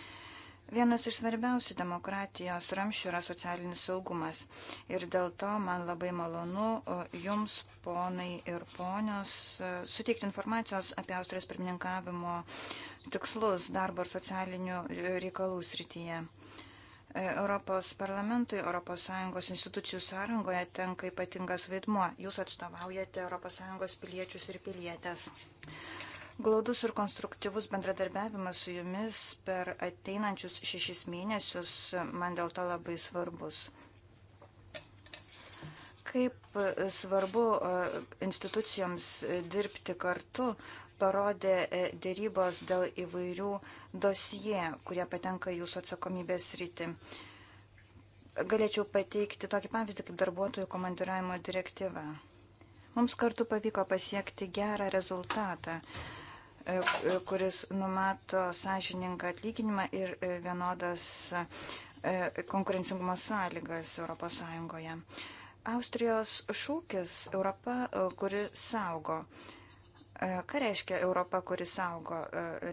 Speaker 3: Vienas iš svarbiausių demokratijos ramščių yra socialinis saugumas. Ir dėl to man labai malonu jums, ponai ir ponios, e, suteikti informacijos apie Austrijos pirmininkavimo tikslus darbo ir socialinių e, reikalų srityje. E, Europos parlamentui, ES institucijų sąrangoje tenka ypatingas vaidmuo. Jūs atstovaujate ES piliečius ir pilietės. Glaudus ir konstruktyvus bendradarbiavimas su jumis per ateinančius šešis mėnesius man dėl to labai svarbus. Kaip svarbu e, institucijoms dirbti kartu, parodė e, dėrybos dėl įvairių dosijė, kurie patenka jūsų atsakomybės rytį. Galėčiau pateikti tokį pavyzdį kaip darbuotojų komandiravimo direktyva. Mums kartu pavyko pasiekti gerą rezultatą. E, e, kuris numato sąžininką atlyginimą ir e, vienodas konkurencingumo sąlygas ES. Austrijos šūkis Europa, kuri saugo. Ką reiškia Europa, kuri saugo?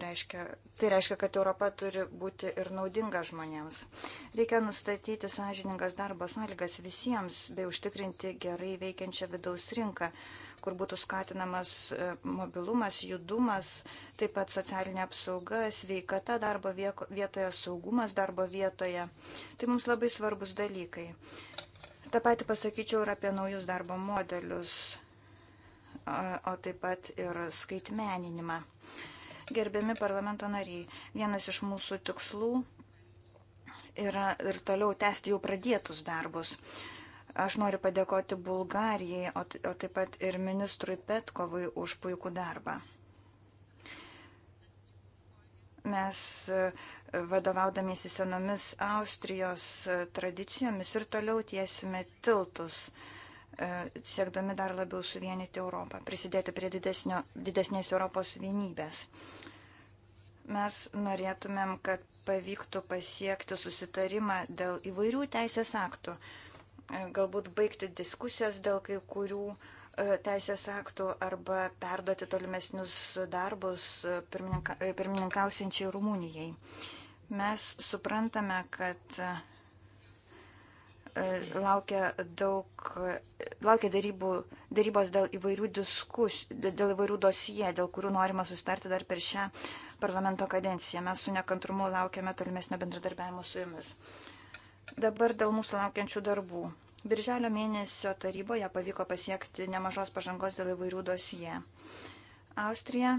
Speaker 3: Reiškia, tai reiškia, kad Europa turi būti ir naudinga žmonėms. Reikia nustatyti sąžiningas darbo sąlygas visiems bei užtikrinti gerai veikiančią vidaus rinką kur būtų skatinamas e, mobilumas, judumas, taip pat socialinė apsauga, sveikata darbo vietoje, saugumas darbo vietoje. Tai mums labai svarbus dalykai. Ta pati pasakyčiau ir apie naujus darbo modelius, o taip pat ir skaitmeninimą. Gerbiami parlamento nariai, vienas iš mūsų tikslų yra ir toliau tęsti jau pradėtus darbus. Uh, Aš noriu padėkoti Bulgarijai, o, o taip pat ir ministrui Petkovui už puikų darbą. Mes e, vadovaudamiesi senomis Austrijos e, tradicijomis ir toliau tiesime tiltus e, siekdami dar labiau suvienyti Europą, prisidėti prie didesnio, didesnės Europos vienybės. Mes norėtumėm, kad pavyktų pasiekti susitarimą dėl įvairių teisės aktų. E, galbūt baigti diskusijas dėl kai kurių e, teisės aktų arba perduoti tolimesnius darbus e, pirmininka, pirmininkausiančiai Rumunijai. Mes suprantame, kad laukia daug, laukia darybų, darybos dėl įvairių diskusijų, dėl įvairių dosie, dėl kurių norima sustarti dar per šią parlamento kadenciją. Mes su nekantrumu laukiame tolimesnio bendradarbiavimo su jumis. Uh, Dabar dėl mūsų laukiančių darbų. Birželio mėnesio taryboje pavyko pasiekti nemažos pažangos dėl įvairių dosijų. Austrija,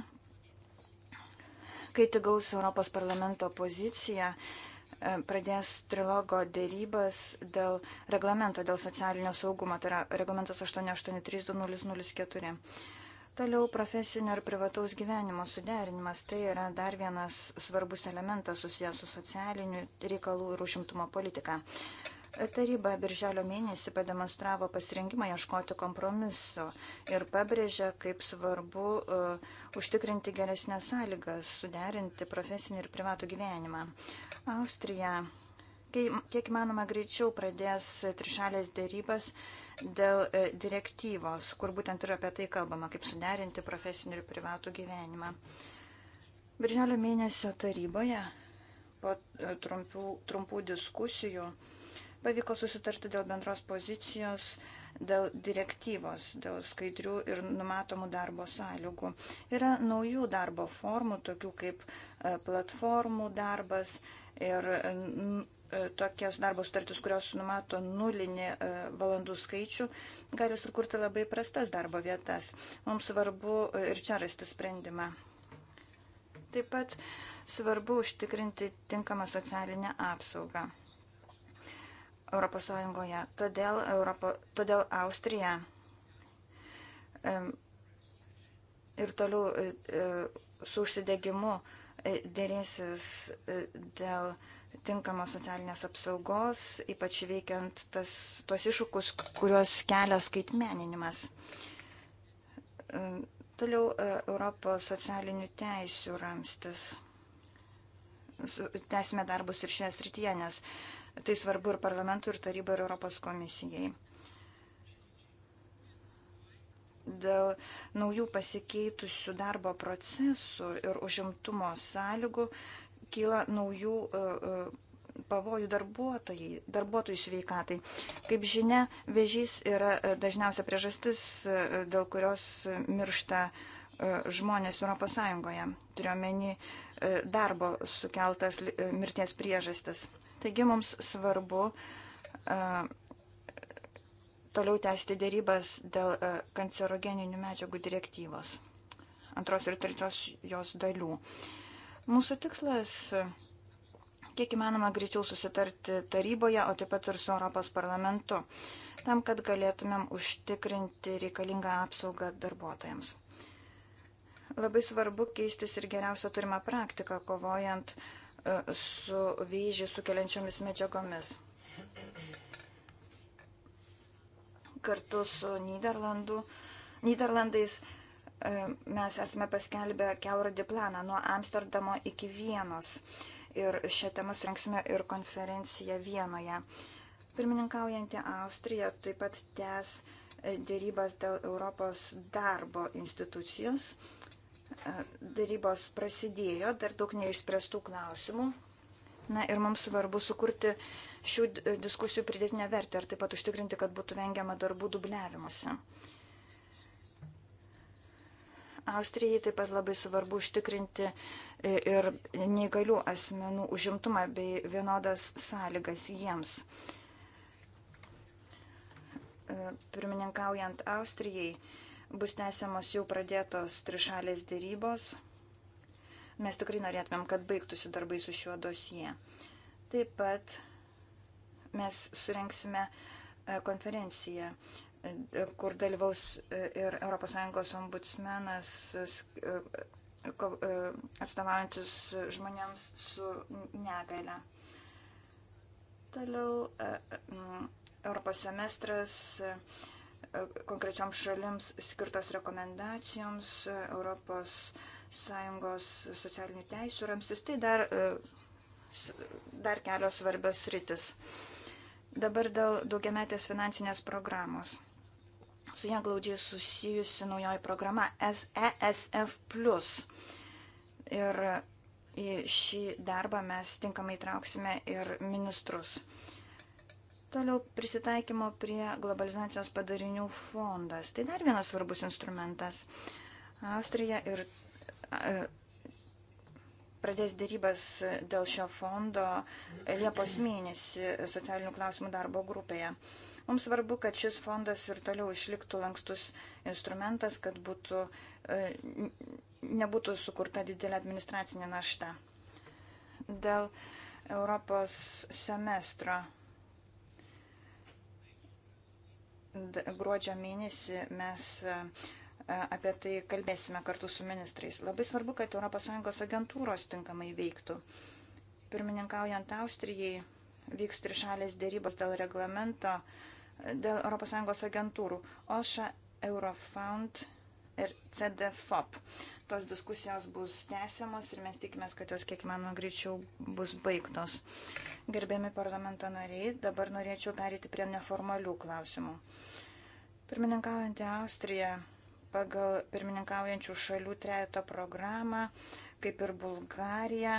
Speaker 3: kai tik gaus Europos parlamento poziciją, e, pradės trilogo dėrybas dėl reglamento dėl socialinio saugumo, tai yra reglamentas 883-2004. Toliau profesinio ir privataus gyvenimo suderinimas. Tai yra dar vienas svarbus elementas susijęs su socialiniu reikalų ir užimtumo politika. Taryba birželio mėnesį pademonstravo pasirinkimą ieškoti kompromiso ir pabrėžė, kaip svarbu uh, užtikrinti geresnės sąlygas, suderinti profesinį ir privatų gyvenimą. Austrija, kiek įmanoma greičiau, pradės trišalės dėrybas. Uh, dėl e, direktyvos, kur būtent yra apie tai kalbama, kaip suderinti profesinį ir privatų gyvenimą. Birželio mėnesio taryboje po e, trumpių, trumpų diskusijų pavyko susitarti dėl bendros pozicijos, dėl direktyvos, dėl skaidrių ir numatomų darbo sąlygų. Yra naujų darbo formų, tokių kaip e, platformų darbas ir E, tokias darbo sutartis, kurios numato nulinį e, valandų skaičių, gali sukurti labai prastas darbo vietas. Mums svarbu e, ir čia rasti sprendimą. Taip pat svarbu užtikrinti tinkamą socialinę apsaugą ES. Todėl, Europo, todėl Austrija ir toliau su užsidegimu dėrėsis dėl tinkamos socialinės apsaugos, ypač veikiant tas, tuos iššūkus, kuriuos kelia skaitmeninimas. E, toliau e, Europos socialinių teisių ramstis. Tęsime darbus ir šioje srityje, nes tai svarbu ir parlamentui, ir tarybai, ir Europos komisijai. Dėl naujų pasikeitusių darbo procesų ir užimtumo sąlygų kyla naujų e, e, pavojų darbuotojai, darbuotojų sveikatai. Kaip žinia, vėžys yra e, dažniausia priežastis, dėl kurios miršta žmonės Europos Sąjungoje. Turiuomenį darbo sukeltas mirties priežastis. Taigi mums svarbu toliau tęsti dėrybas dėl kancerogeninių medžiagų direktyvos antros ir trečios jos dalių. Uh, Mūsų tikslas kiek įmanoma greičiau susitarti taryboje, o taip pat ir su Europos parlamentu, tam, kad galėtumėm užtikrinti reikalingą apsaugą darbuotojams. Labai svarbu keistis ir geriausia turima praktika, kovojant e, su vėžį sukeliančiomis medžiagomis. Kartu su Niderlandų, Niderlandais E, mes esame paskelbę kelrodį planą nuo Amsterdamo iki Vienos. Ir šią temą surinksime ir konferenciją Vienoje. Pirmininkaujantį Austriją taip pat tęs e, dėrybas dėl Europos darbo institucijos. E, dėrybos prasidėjo, dar daug neišspręstų klausimų. Na ir mums svarbu sukurti šių diskusijų pridėtinę vertę ir taip pat užtikrinti, kad būtų vengiama darbų dubliavimuose. Austrijai taip pat labai svarbu užtikrinti e, ir neįgalių asmenų užimtumą bei vienodas sąlygas jiems. E, pirmininkaujant Austrijai bus tęsiamos jau pradėtos trišalės dėrybos. Mes tikrai norėtumėm, kad baigtųsi darbai su šiuo dosie. Taip pat mes surenksime e, konferenciją kur dalyvaus e, ir ES ombudsmenas e, e, atstovaujantis žmonėms su negale. Toliau Europos semestras konkrečioms šalims skirtos rekomendacijoms, ES socialinių teisų ramstis, tai dar, dar kelios svarbios rytis. Dabar dėl daugiametės finansinės programos. Su ją glaudžiai susijusi naujoji programa ESF. Ir į šį darbą mes tinkamai trauksime ir ministrus. Toliau prisitaikymo prie globalizacijos padarinių fondas. Tai dar vienas svarbus instrumentas. Austrija ir e, pradės dėrybas dėl šio fondo Liepos mėnesį socialinių klausimų darbo grupėje. Mums svarbu, kad šis fondas ir toliau išliktų lankstus instrumentas, kad būtų, e, nebūtų sukurta didelė administracinė našta. Dėl Europos semestro gruodžio mėnesį mes e, e, apie tai kalbėsime kartu su ministrais. Labai svarbu, kad ES agentūros tinkamai veiktų. Pirmininkaujant Austrijai vyks trišalės dėrybos dėl reglamento dėl ES agentūrų OŠA, Eurofound ir CDFOP. Tos diskusijos bus tęsiamos ir mes tikimės, kad jos kiek manoma greičiau bus baigtos. Gerbėmi parlamento nariai, dabar norėčiau perėti prie neformalių klausimų. Pirmininkaujantį Austriją pagal pirmininkaujančių šalių trejato programą, kaip ir Bulgarija,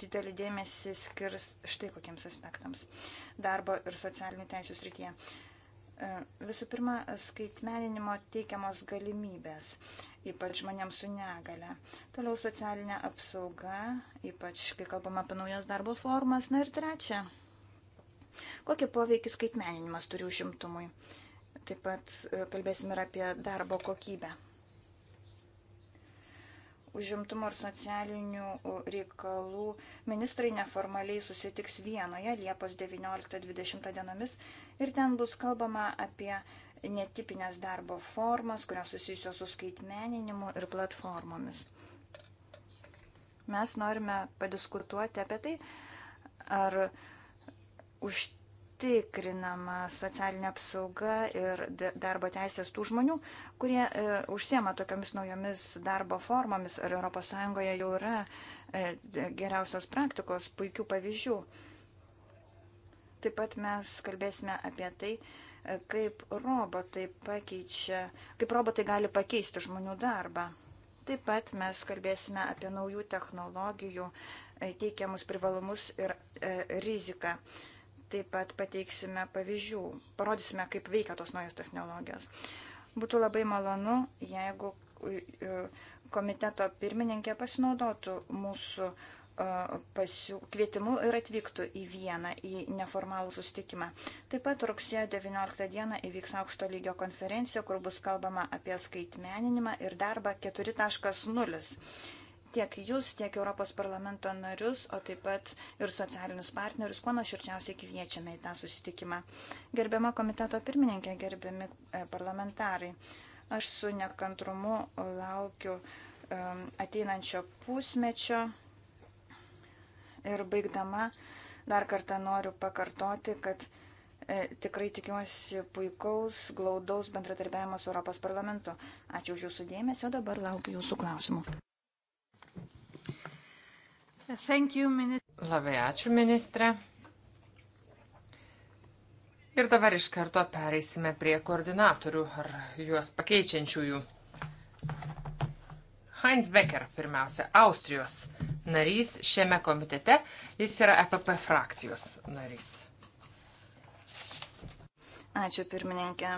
Speaker 3: didelį dėmesį skirs štai kokiems aspektams darbo ir socialinių teisų srityje. E, visų pirma, skaitmeninimo teikiamos galimybės, ypač žmonėms su negale. Toliau socialinė apsauga, ypač kai kalbama apie naujas darbo formas. Na ir trečia, kokį poveikį skaitmeninimas turi užimtumui. Taip pat e, kalbėsim ir apie darbo kokybę užimtumo ir socialinių reikalų ministrai neformaliai susitiks vienoje Liepos 19-20 dienomis ir ten bus kalbama apie netipinės darbo formas, kurios susijusios su skaitmeninimu ir platformomis. Mes norime padiskutuoti apie tai, ar už užtikrinama socialinė apsauga ir darbo teisės tų žmonių, kurie e, užsiema tokiamis naujomis darbo formomis. Ar ES jau yra e, geriausios praktikos, puikių pavyzdžių. Taip pat mes kalbėsime apie tai, e, kaip robotai, pakeičia, kaip robotai gali pakeisti žmonių darbą. Taip pat mes kalbėsime apie naujų technologijų e, teikiamus privalumus ir e, riziką. E, Taip pat pateiksime pavyzdžių, parodysime, kaip veikia tos naujos technologijos. Būtų labai malonu, jeigu e, e, komiteto pirmininkė pasinaudotų mūsų e, pasiū... kvietimu ir atvyktų į vieną, į neformalų susitikimą. Taip pat rugsėjo 19 dieną įvyks aukšto lygio konferencija, kur bus kalbama apie skaitmeninimą ir darbą 4.0 tiek jūs, tiek Europos parlamento narius, o taip pat ir socialinius partnerius, kuo nuoširčiausiai kviečiame į tą susitikimą. Gerbiama komiteto pirmininkė, gerbiami e, parlamentarai, aš su nekantrumu laukiu e, ateinančio pusmečio ir baigdama dar kartą noriu pakartoti, kad e, tikrai tikiuosi puikaus, glaudaus bendradarbiavimo su Europos parlamentu. Ačiū už Jūsų dėmesį, o dabar laukiu Jūsų klausimų. Thank you, ministr.
Speaker 2: Labai ačiū, ministrė. Ir dabar iš karto pereisime prie koordinatorių ar juos pakeičiančiųjų. Heinz Becker, pirmiausia, Austrijos narys šiame komitete,
Speaker 3: jis yra EPP frakcijos narys. Ačiū pirmininkė.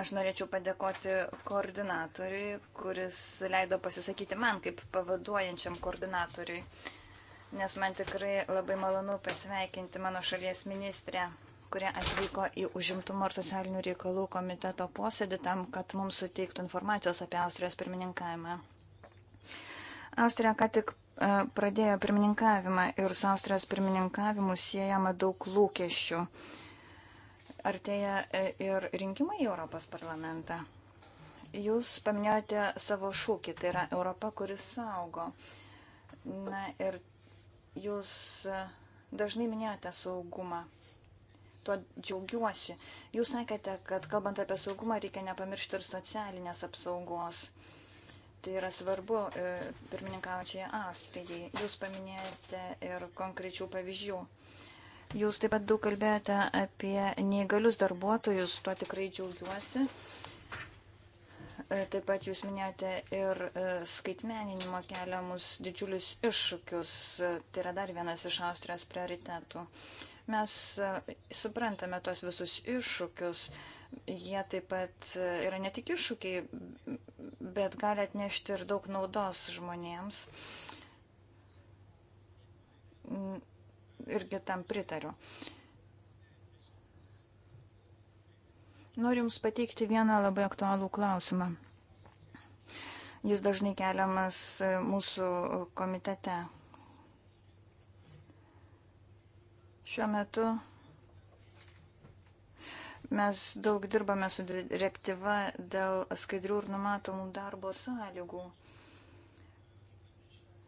Speaker 3: Aš norėčiau padėkoti koordinatoriui, kuris leido pasisakyti man kaip pavaduojančiam koordinatoriui, nes man tikrai labai malonu pasveikinti mano šalies ministrę, kurie atvyko į užimtumo ir socialinių reikalų komiteto posėdį tam, kad mums suteiktų informacijos apie Austrijos pirmininkavimą. Austrija ką tik e, pradėjo pirmininkavimą ir su Austrijos pirmininkavimu siejama daug lūkesčių. Artėja e, ir rinkimai į Europos parlamentą. Jūs paminėjote savo šūkį, tai yra Europa, kuris saugo. Na ir jūs e, dažnai minėjote saugumą. Tuo džiaugiuosi. Jūs sakėte, kad kalbant apie saugumą reikia nepamiršti ir socialinės apsaugos. Tai yra svarbu e, pirmininkaučiai Austrijai. Jūs paminėjote ir konkrečių pavyzdžių. Jūs taip pat daug kalbėjote apie neįgalius darbuotojus, tuo tikrai džiaugiuosi. Taip pat jūs minėjote ir e, skaitmeninimo keliamus didžiulius iššūkius. Tai yra dar vienas iš Austrijos prioritetų. Mes e, suprantame tos visus iššūkius. Jie taip pat e, yra ne tik iššūkiai, bet gali atnešti ir daug naudos žmonėms irgi tam pritariu. Noriu Jums pateikti vieną labai aktualų klausimą. Jis dažnai keliamas e, mūsų komitete. Šiuo metu mes daug dirbame su direktyva dėl skaidrių ir numatomų darbo sąlygų.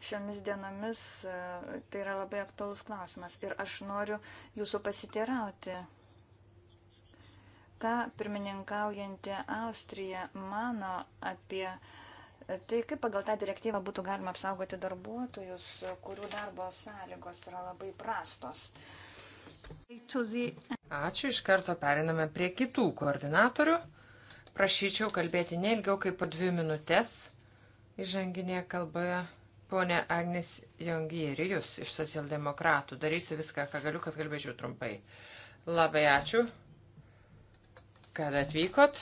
Speaker 3: Šiomis dienomis e, tai yra labai aktuolus klausimas ir aš noriu jūsų pasitėrauti, ką pirmininkaujantį Austriją mano apie e, tai, kaip pagal tą direktyvą būtų galima apsaugoti darbuotojus, kurių darbo sąlygos yra labai prastos.
Speaker 2: Ačiū, iš karto periname prie kitų koordinatorių. Prašyčiau kalbėti neilgiau kaip po dvi minutės įžanginėje kalboje Pone Agnes Jongieri, jūs iš socialdemokratų. Darysiu viską, ką galiu, kad kalbėčiau trumpai. Labai ačiū, kad atvykot.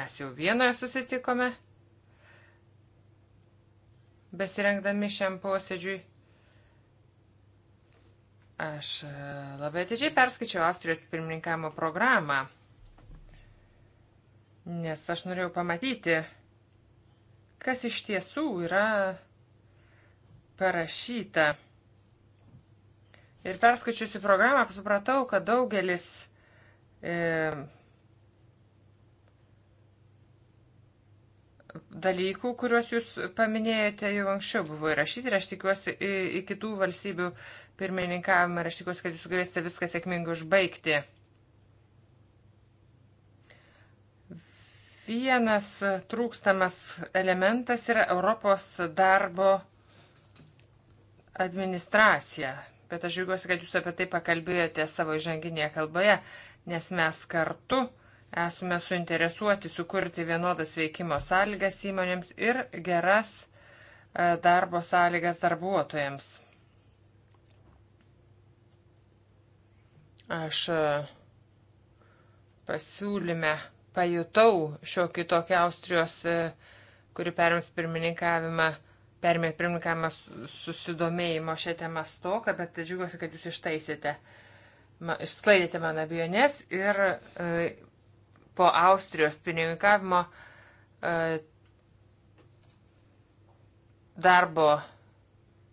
Speaker 2: Mes jau vienoje susitikome. Besirengdami šiam posėdžiui. Aš e, labai atidžiai perskaičiau Austrijos pirmininkavimo programą, nes aš norėjau pamatyti, kas iš tiesų yra parašyta. Ir perskaičiusi programą, supratau, kad daugelis e, dalykų, kuriuos jūs paminėjote, jau anksčiau buvo įrašyti ir aš tikiuosi į, į kitų valstybių pirmininkavimą ir aš tikiuosi, kad jūs galėsite viską sėkmingai užbaigti. Vienas trūkstamas elementas yra Europos darbo administracija. Bet aš žiūriuosi, kad jūs apie tai pakalbėjote savo įžanginėje kalboje, nes mes kartu esame suinteresuoti sukurti vienodas veikimo sąlygas įmonėms ir geras e, darbo sąlygas darbuotojams. Aš e, pasiūlyme pajutau šiokį tokį Austrijos, e, kuri perims pirmininkavimą, permėt pirmininkavimą susidomėjimo šią temą stoką, bet džiugiuosi, kad jūs ištaisėte, ma, išsklaidėte mano abejonės ir e, po Austrijos pirmininkavimo e, darbo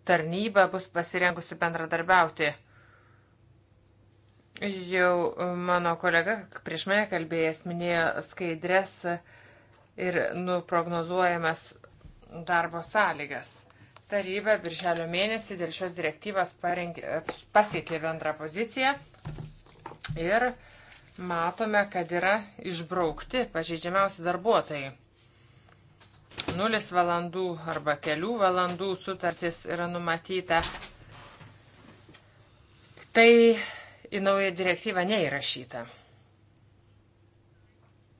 Speaker 2: tarnyba bus pasirengusi bendradarbiauti. Jau mano kolega prieš mane kalbėjęs minėjo skaidres ir nuprognozuojamas darbo sąlygas. Taryba birželio mėnesį dėl šios direktyvos parengė, pasiekė bendrą poziciją ir matome, kad yra išbraukti pažeidžiamiausi darbuotojai. Nulis valandų arba kelių valandų sutartis yra numatyta. Tai į naują direktyvą neįrašyta.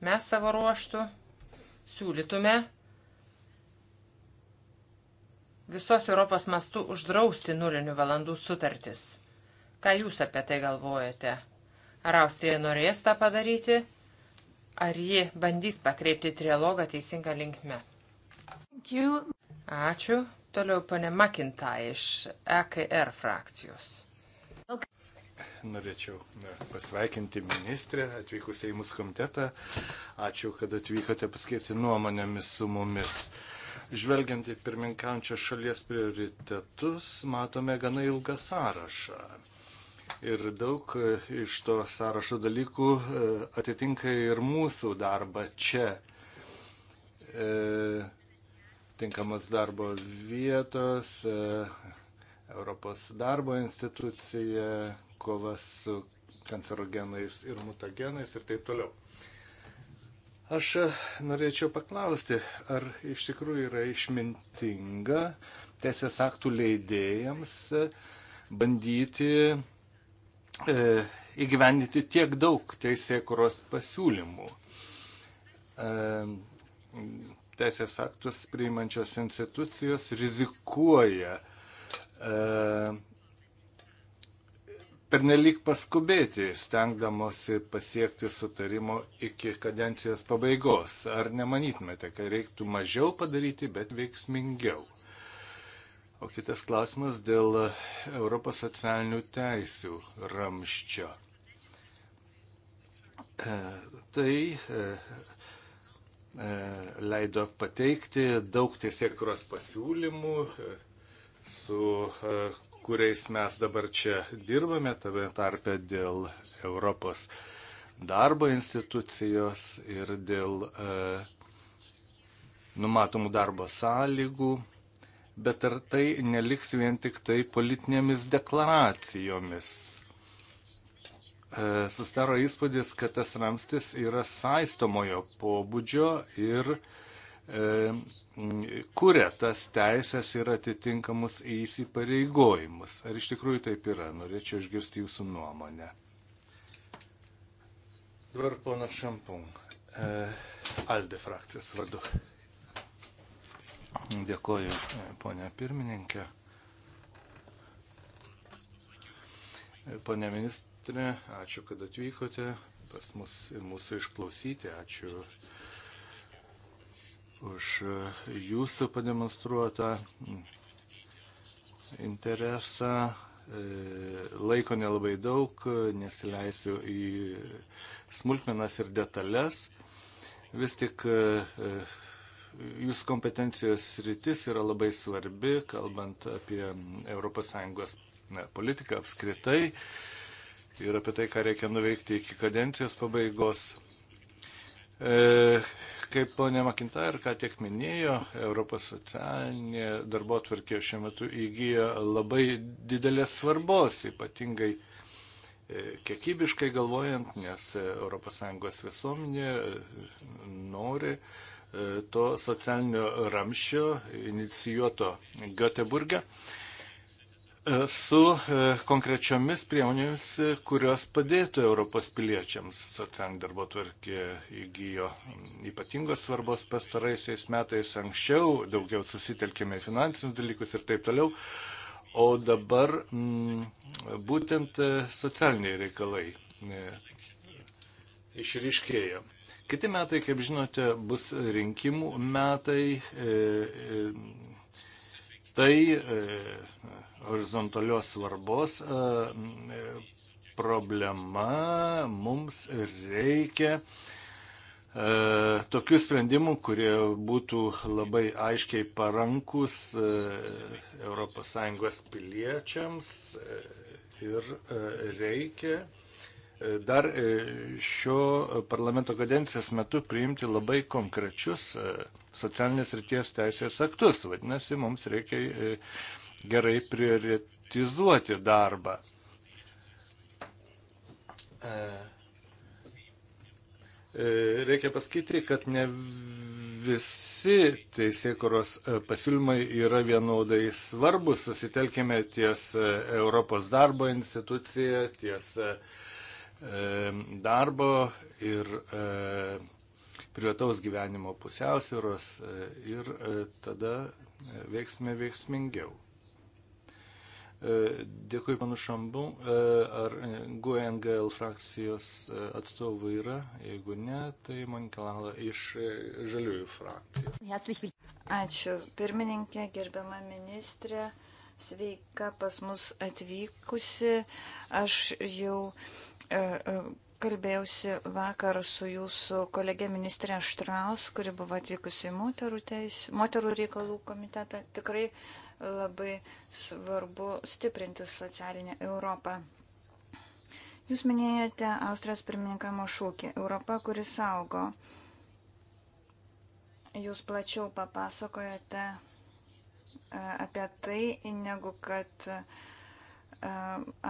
Speaker 2: Mes savo ruoštų siūlytume visos Europos mastų uždrausti nulinių valandų sutartis. Ką Jūs apie tai galvojate? Ar Austrija norės tą padaryti, ar ji bandys pakreipti trialogą teisingą linkme? Ačiū. Toliau ponė Makintai iš EKR frakcijos.
Speaker 1: Norėčiau e, pasveikinti ministrę atvykusią į mūsų komitetą. Ačiū, kad atvykote paskėsti nuomonėmis su mumis. Uh, Žvelgiant į pirminkančią šalies prioritetus, matome gana ilgą sąrašą. Ir daug e, iš to sąrašo dalykų e, atitinka ir mūsų darbą čia. E, tinkamas darbo vietos, e, Europos darbo institucija, kova su kancerogenais ir mutagenais ir taip toliau. Aš norėčiau paklausti, ar iš tikrųjų yra išmintinga teisės aktų leidėjams e, bandyti e, įgyvendinti tiek daug teisėkuros pasiūlymų. E, teisės aktus priimančios institucijos rizikuoja e, pernelik paskubėti, stengdamosi pasiekti sutarimo iki kadencijos pabaigos. Ar nemanytumėte, kad reiktų mažiau padaryti, bet veiksmingiau? O kitas klausimas dėl Europos socialinių teisių ramščio. E, tai e, e, leido pateikti daug tiesiekros pasiūlymų e, su e, kuriais mes dabar čia dirbame, tame tarpe dėl Europos darbo institucijos ir dėl e, numatomų darbo sąlygų, bet ar tai neliks vien tik tai politinėmis deklaracijomis. E, sustaro įspūdis, kad tas ramstis yra saistomojo pobūdžio ir e, E, kuria tas teisės ir atitinkamus įsipareigojimus. Ar iš tikrųjų taip yra? Norėčiau išgirsti jūsų nuomonę. Dabar pono Šampung, e, Alde frakcijos vardu. Dėkoju, e, ponia pirmininkė. Pone ministrė, ačiū, kad atvykote pas mus ir mūsų išklausyti. Ačiū už e, jūsų pademonstruotą interesą. E, laiko nelabai daug, nesileisiu į smulkmenas ir detalės. Vis tik e, jūsų kompetencijos rytis yra labai svarbi, kalbant apie ES politiką apskritai ir apie tai, ką reikia nuveikti iki kadencijos pabaigos. E, kaip ponė Makintair ką tiek minėjo, Europos socialinė darbo atvarkė šiuo metu įgyja labai didelės svarbos, ypatingai e, kiekybiškai galvojant, nes ES visuomenė e, nori to socialinio ramščio inicijuoto Göteburgė. E su e, konkrečiomis priemonėmis, e, kurios padėtų Europos piliečiams. Socialinė darbo tvarkė įgyjo ypatingos svarbos pastaraisiais metais, anksčiau daugiau susitelkėme į finansinius dalykus ir taip toliau, o dabar m, mm, būtent e, socialiniai reikalai išryškėjo. Kiti metai, kaip žinote, bus rinkimų metai. E, e, tai e, horizontalios svarbos e, problema, mums reikia e, tokių sprendimų, kurie būtų labai aiškiai parankus ES piliečiams e, ir reikia dar šio parlamento kadencijos metu priimti labai konkrečius socialinės ryties teisės aktus. Vadinasi, mums reikia gerai prioritizuoti darbą. E, e, reikia pasakyti, kad ne visi teisėkuros e, pasiūlymai yra vienodai svarbus. Susitelkime ties Europos darbo institucija, ties darbo ir privataus gyvenimo pusiausvėros ir tada veiksime veiksmingiau. E, dėkui, panu Šambu. E, ar GUNGL frakcijos e, atstovų yra? Jeigu ne, tai Mankelala iš Žaliųjų frakcijos.
Speaker 3: Ačiū, pirmininkė, gerbiama ministrė. Sveika pas mus atvykusi. Aš jau kalbėjausi vakar su jūsų kolegė ministrė Štraus, kuri buvo atvykusi į moterų, teis, moterų reikalų komitetą. Tikrai labai svarbu stiprinti socialinę Europą. Jūs minėjote Austrijos pirmininkamo šūkį Europa, kuris augo. Jūs plačiau papasakojate e, apie tai, negu kad e,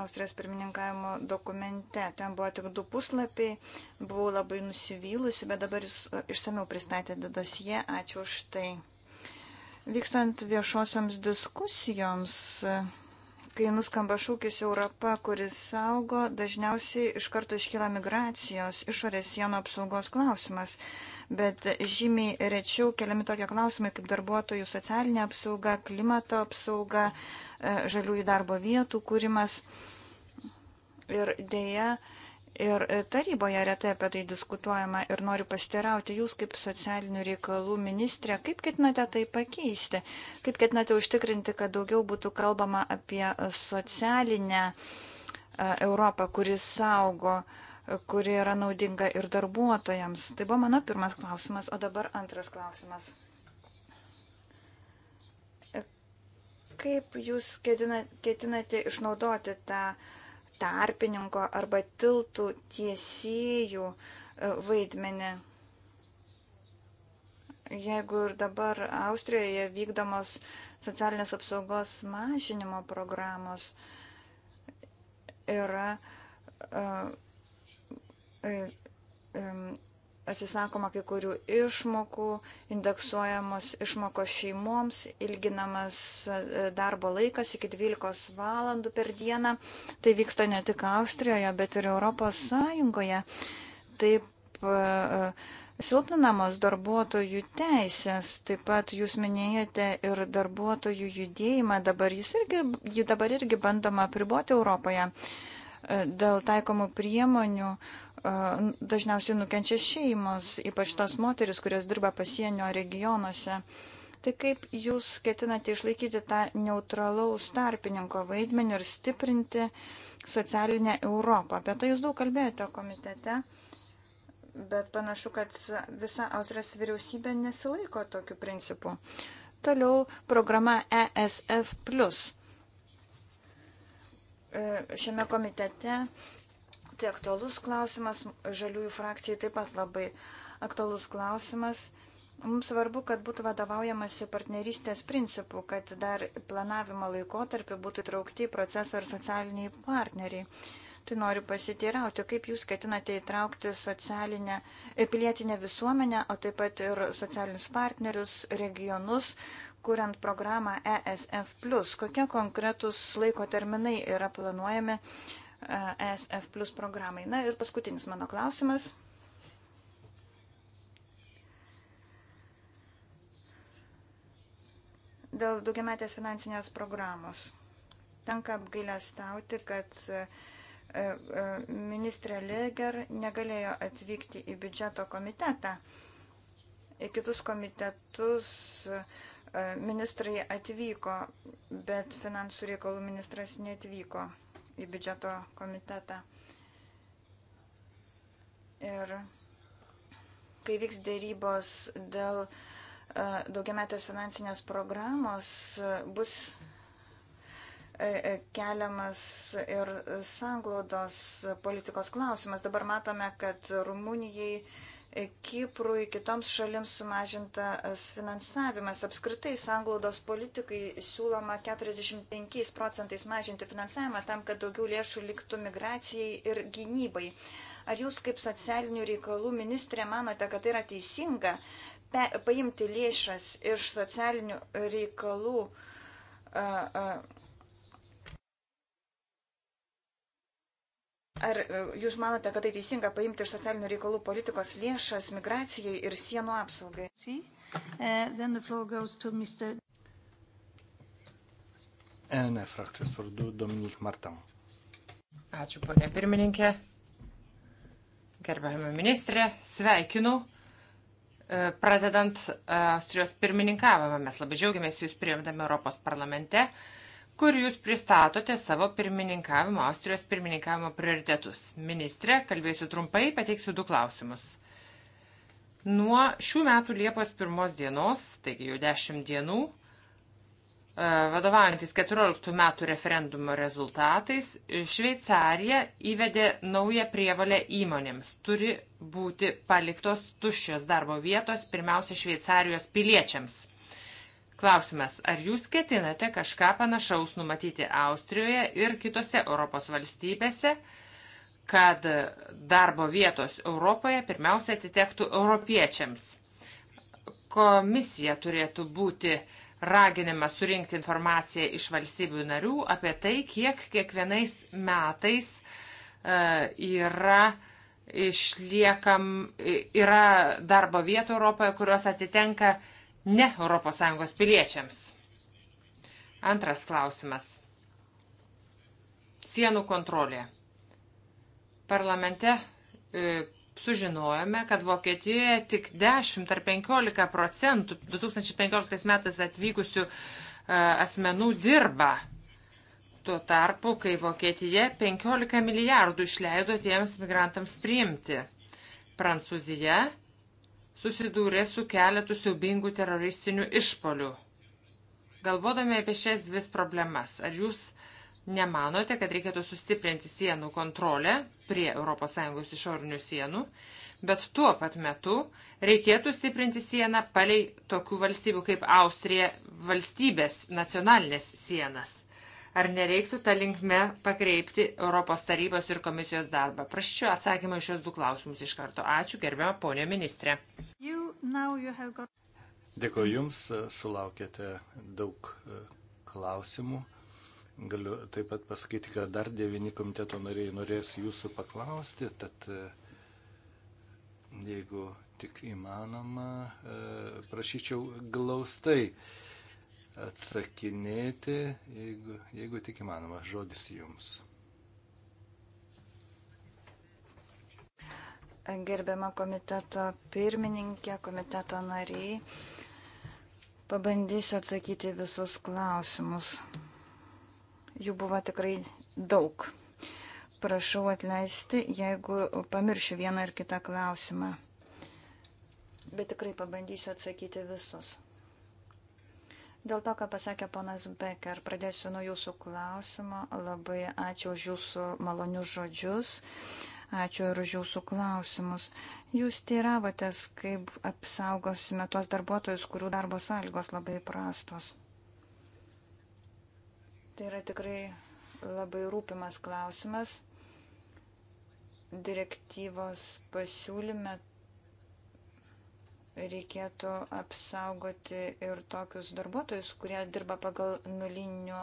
Speaker 3: Austrijos pirmininkavimo dokumente. Ten buvo tik du puslapiai, buvau labai nusivylusi, bet dabar jūs e, išsameu pristatėte dosiją. Ačiū už tai. Vykstant viešosioms diskusijoms, kai nuskamba šūkis Europa, kuris saugo, dažniausiai iš karto iškyla migracijos išorės sienų apsaugos klausimas, bet žymiai rečiau keliami tokie klausimai kaip darbuotojų socialinė apsauga, klimato apsauga, e, žaliųjų darbo vietų kūrimas. Ir dėja, Ir e, taryboje retai apie tai diskutuojama ir noriu pasiterauti jūs kaip socialinių reikalų ministrė, kaip ketinate tai pakeisti, kaip ketinate užtikrinti, kad daugiau būtų kalbama apie socialinę e, Europą, kuri saugo, e, kuri yra naudinga ir darbuotojams. Tai buvo mano pirmas klausimas, o dabar antras klausimas. Kaip jūs ketinate išnaudoti tą uh, tarpininko arba tiltų tiesėjų e, vaidmenį. Jeigu ir dabar Austrijoje vykdomos socialinės apsaugos mažinimo programos yra uh, uh, um, atsisakoma kai kurių išmokų, indeksuojamos išmokos šeimoms, ilginamas e, darbo laikas iki 12 valandų per dieną. Tai vyksta ne tik Austrijoje, bet ir Europos Sąjungoje. Taip e, e, silpninamos darbuotojų teisės, taip pat jūs minėjote ir darbuotojų judėjimą, dabar jis irgi, jį dabar irgi bandoma priboti Europoje dėl taikomų priemonių dažniausiai nukenčia šeimos, ypač tos moteris, kurios dirba pasienio regionuose. Tai kaip jūs ketinate išlaikyti tą neutralaus tarpininko vaidmenį ir stiprinti socialinę Europą? Apie tai jūs daug kalbėjote komitete, bet panašu, kad visa Austrijos vyriausybė nesilaiko tokių principų. Toliau programa ESF. E, šiame komitete tai aktualus klausimas, žaliųjų frakcijai taip pat labai aktualus klausimas. Mums svarbu, kad būtų vadovaujamasi partnerystės principų, kad dar planavimo laikotarpį būtų traukti į procesą ir socialiniai partneriai. Tai noriu pasiteirauti, kaip jūs ketinate įtraukti socialinę, e, pilietinę visuomenę, o taip pat ir socialinius partnerius, regionus, kuriant programą ESF. Kokie konkretūs laiko terminai yra planuojami ESF plus programai. Na ir paskutinis mano klausimas. Dėl daugiametės finansinės programos. Tenka apgailestauti, kad e, e, e, ministrė Leger negalėjo atvykti į biudžeto komitetą. Į kitus komitetus ministrai atvyko, bet finansų reikalų ministras netvyko į biudžeto komitetą. Ir kai vyks dėrybos dėl e, daugiametės finansinės programos, bus e, e, keliamas ir sanglaudos politikos klausimas. Dabar matome, kad Rumunijai E, Kiprui, kitoms šalims sumažintas e, finansavimas. Apskritai, sanglaudos politikai siūloma 45 procentais mažinti finansavimą tam, kad daugiau lėšų liktų migracijai ir gynybai. Ar jūs kaip socialinių reikalų ministrė manote, kad tai yra teisinga pe, paimti lėšas iš socialinių reikalų? Uh, uh, Ar e, jūs manote, kad tai teisinga paimti iš socialinių reikalų politikos lėšas migracijai ir sienų apsaugai? Eh,
Speaker 1: ENE frakcijos vardu Dominik Martam.
Speaker 2: Ačiū, ponė pirmininkė. Gerbiamą ministrę, sveikinu. E, pradedant e, Austrijos pirmininkavimą, mes labai džiaugiamės jūs priimdami Europos parlamente. Uh, kur jūs pristatote savo pirmininkavimo, Austrijos pirmininkavimo prioritetus. Ministre, kalbėsiu trumpai, pateiksiu du klausimus. Nuo šių metų Liepos pirmos dienos, taigi jau dešimt dienų, e, vadovaujantis 14 metų referendumo rezultatais, Šveicarija įvedė naują prievalę įmonėms. Turi būti paliktos tuščios darbo vietos pirmiausia Šveicarijos piliečiams. Klausimas, ar jūs ketinate kažką panašaus numatyti Austrijoje ir kitose Europos valstybėse, kad darbo vietos Europoje pirmiausia atitektų europiečiams? Komisija turėtų būti raginama surinkti informaciją iš valstybių narių apie tai, kiek kiekvienais metais uh, yra uh, išliekam, yra darbo vietų Europoje, kurios atitenka ne ES piliečiams. Antras klausimas. Sienų kontrolė. Parlamente e, sužinojome, kad Vokietijoje tik 10 ar 15 procentų 2015 metais atvykusių e, asmenų dirba. Tuo tarpu, kai Vokietija 15 milijardų išleido tiems migrantams priimti. Prancūzija susidūrė su keletu siubingų teroristinių išpolių. Galvodami apie šias dvi problemas, ar jūs nemanote, kad reikėtų sustiprinti sienų kontrolę prie ES išorinių sienų, bet tuo pat metu reikėtų stiprinti sieną palei tokių valstybių kaip Austrija valstybės nacionalinės sienas? Ar nereiktų tą linkmę pakreipti Europos tarybos ir komisijos darbą? Prašyčiau atsakymą iš šios du klausimus iš karto. Ačiū, gerbiama ponė ministrė.
Speaker 3: You, you got...
Speaker 1: Dėkuoju Jums, sulaukėte daug e, klausimų. Galiu taip pat pasakyti, kad dar devyni komiteto nariai norės Jūsų paklausti, tad e, jeigu tik įmanoma, e, prašyčiau glaustai atsakinėti, jeigu, jeigu tik įmanoma. Žodis jums.
Speaker 3: Gerbiama komiteto pirmininkė, komiteto nariai, pabandysiu atsakyti visus klausimus. Jų buvo tikrai daug. Prašau atleisti, jeigu pamiršiu vieną ar kitą klausimą. Bet tikrai pabandysiu atsakyti visus. Dėl to, ką pasakė ponas Becker, pradėsiu nuo jūsų klausimo. Labai ačiū už jūsų malonius žodžius. Ačiū ir už jūsų klausimus. Jūs teiravotės, kaip apsaugosime tuos darbuotojus, kurių darbo sąlygos labai prastos. Tai yra tikrai labai rūpimas klausimas. Direktyvos pasiūlyme reikėtų apsaugoti ir tokius darbuotojus, kurie dirba pagal nulinio,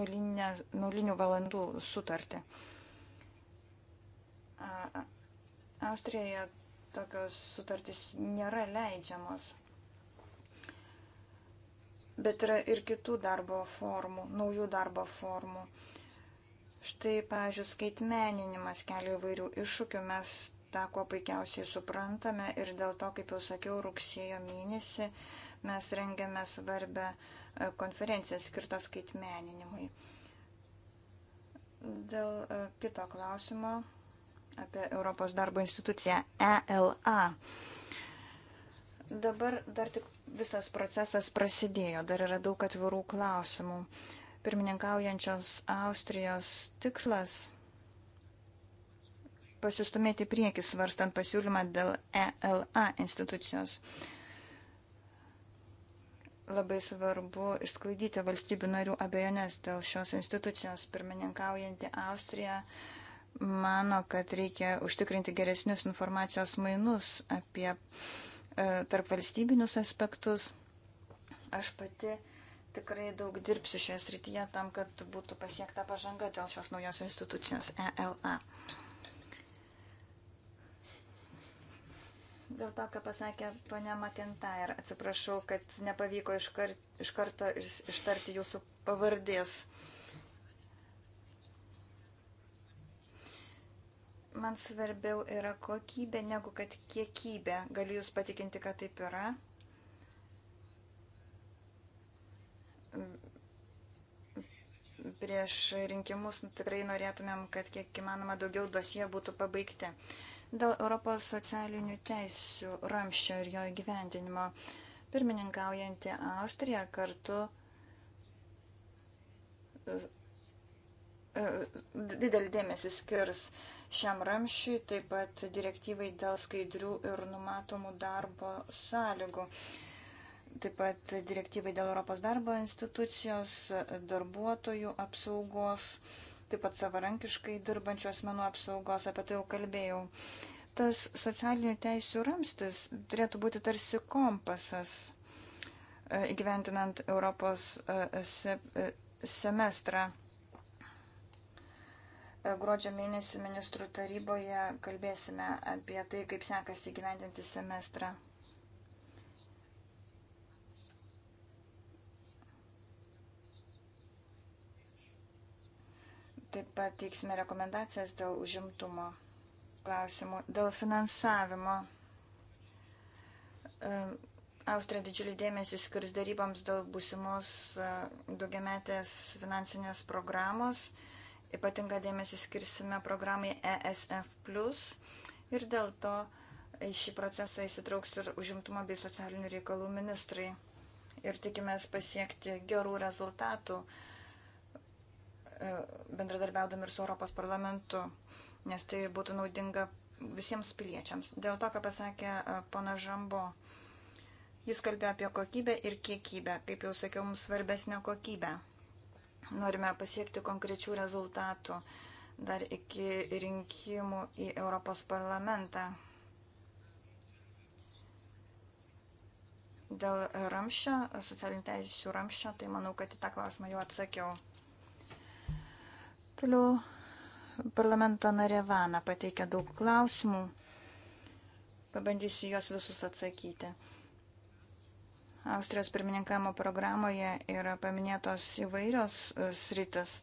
Speaker 3: nulinę, nulinių valandų sutartį. Austrijoje tokios sutartys nėra leidžiamos. Bet yra ir kitų darbo formų, naujų darbo formų. Štai, pavyzdžiui, skaitmeninimas kelia įvairių iššūkių, mes tą kuo puikiausiai suprantame ir dėl to, kaip jau sakiau, rugsėjo mėnesį mes rengiame svarbę e, konferenciją skirtą skaitmeninimui. Dėl e, kito klausimo apie Europos darbo instituciją ELA. Dabar dar tik visas procesas prasidėjo, dar yra daug atvirų klausimų. Pirmininkaujančios Austrijos tikslas pasistumėti prieki svarstant pasiūlymą dėl ELA institucijos. Labai svarbu išsklaidyti valstybių narių abejonės dėl šios institucijos pirmininkaujantį Austriją mano, kad reikia užtikrinti geresnius informacijos mainus apie e, tarp valstybinius aspektus. Aš pati tikrai daug dirbsiu šioje srityje tam, kad būtų pasiekta pažanga dėl šios naujos institucijos ELA. dėl to, ką pasakė ponia McIntyre. Atsiprašau, kad nepavyko iš, kar, iš karto iš, ištarti jūsų pavardės. Man svarbiau yra kokybė negu kad kiekybė. Galiu jūs patikinti, kad taip yra. Prieš rinkimus tikrai norėtumėm, kad kiek įmanoma daugiau dosie būtų pabaigti. Uh, dėl Europos socialinių teisių ramščio ir jo įgyvendinimo. Pirmininkaujanti Austrija kartu e, didelį dėmesį skirs šiam ramšiui, taip pat direktyvai dėl skaidrių ir numatomų darbo sąlygų. Taip pat direktyvai dėl Europos darbo institucijos, darbuotojų apsaugos, taip pat savarankiškai dirbančių asmenų apsaugos, apie tai jau kalbėjau. Tas socialinių teisių ramstis turėtų būti tarsi kompasas e, įgyventinant Europos e, se e, semestrą. Gruodžio mėnesį ministrų taryboje kalbėsime apie tai, kaip sekasi įgyventinti semestrą. Taip pat teiksime rekomendacijas dėl užimtumo klausimų, dėl finansavimo. Austrija didžiulį dėmesį skirs darybams dėl būsimos e, daugiametės finansinės programos. Ypatinga dėmesį skirsime programai ESF. Ir dėl to į šį procesą įsitrauks ir užimtumo bei socialinių reikalų ministrai. Ir tikimės pasiekti gerų rezultatų E, bendradarbiaudami ir su Europos parlamentu, nes tai būtų naudinga visiems piliečiams. Dėl to, ką pasakė e, pana Žambo, jis kalbėjo apie kokybę ir kiekybę, kaip jau sakiau, mums svarbesnė kokybė. Norime pasiekti konkrečių rezultatų dar iki rinkimų į Europos parlamentą. Dėl ramščio, socialinių teisų ramščio, tai manau, kad į tą klausimą jau atsakiau. Toliau parlamento narė Vana pateikė daug klausimų. Pabandysiu juos visus atsakyti. Austrijos pirmininkamo programoje yra paminėtos įvairios e, sritis.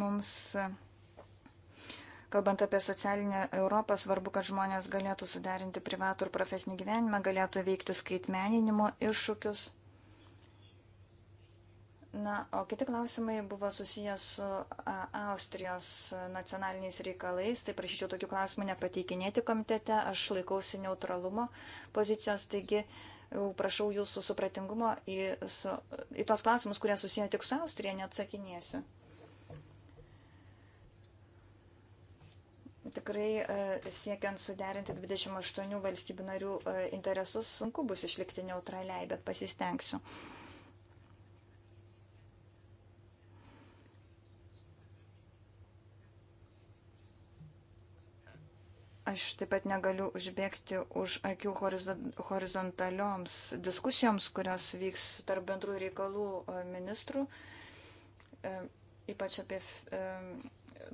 Speaker 3: Mums, e, kalbant apie socialinę Europą, svarbu, kad žmonės galėtų suderinti privatų ir profesinį gyvenimą, galėtų veikti skaitmeninimo iššūkius. Na, o kiti klausimai buvo susijęs su a, Austrijos nacionaliniais reikalais, tai prašyčiau tokių klausimų nepateikinėti komitete, aš laikausi neutralumo pozicijos, taigi prašau jūsų supratingumo į, su, į tos klausimus, kurie susiję tik su Austrija, neatsakinėsiu. Tikrai e, siekiant suderinti 28 valstybių narių e, interesus, sunku bus išlikti neutraliai, bet pasistengsiu. Aš taip pat negaliu užbėgti už akių horizontalioms diskusijoms, kurios vyks tarp bendrų reikalų e, ministrų, e, ypač apie e,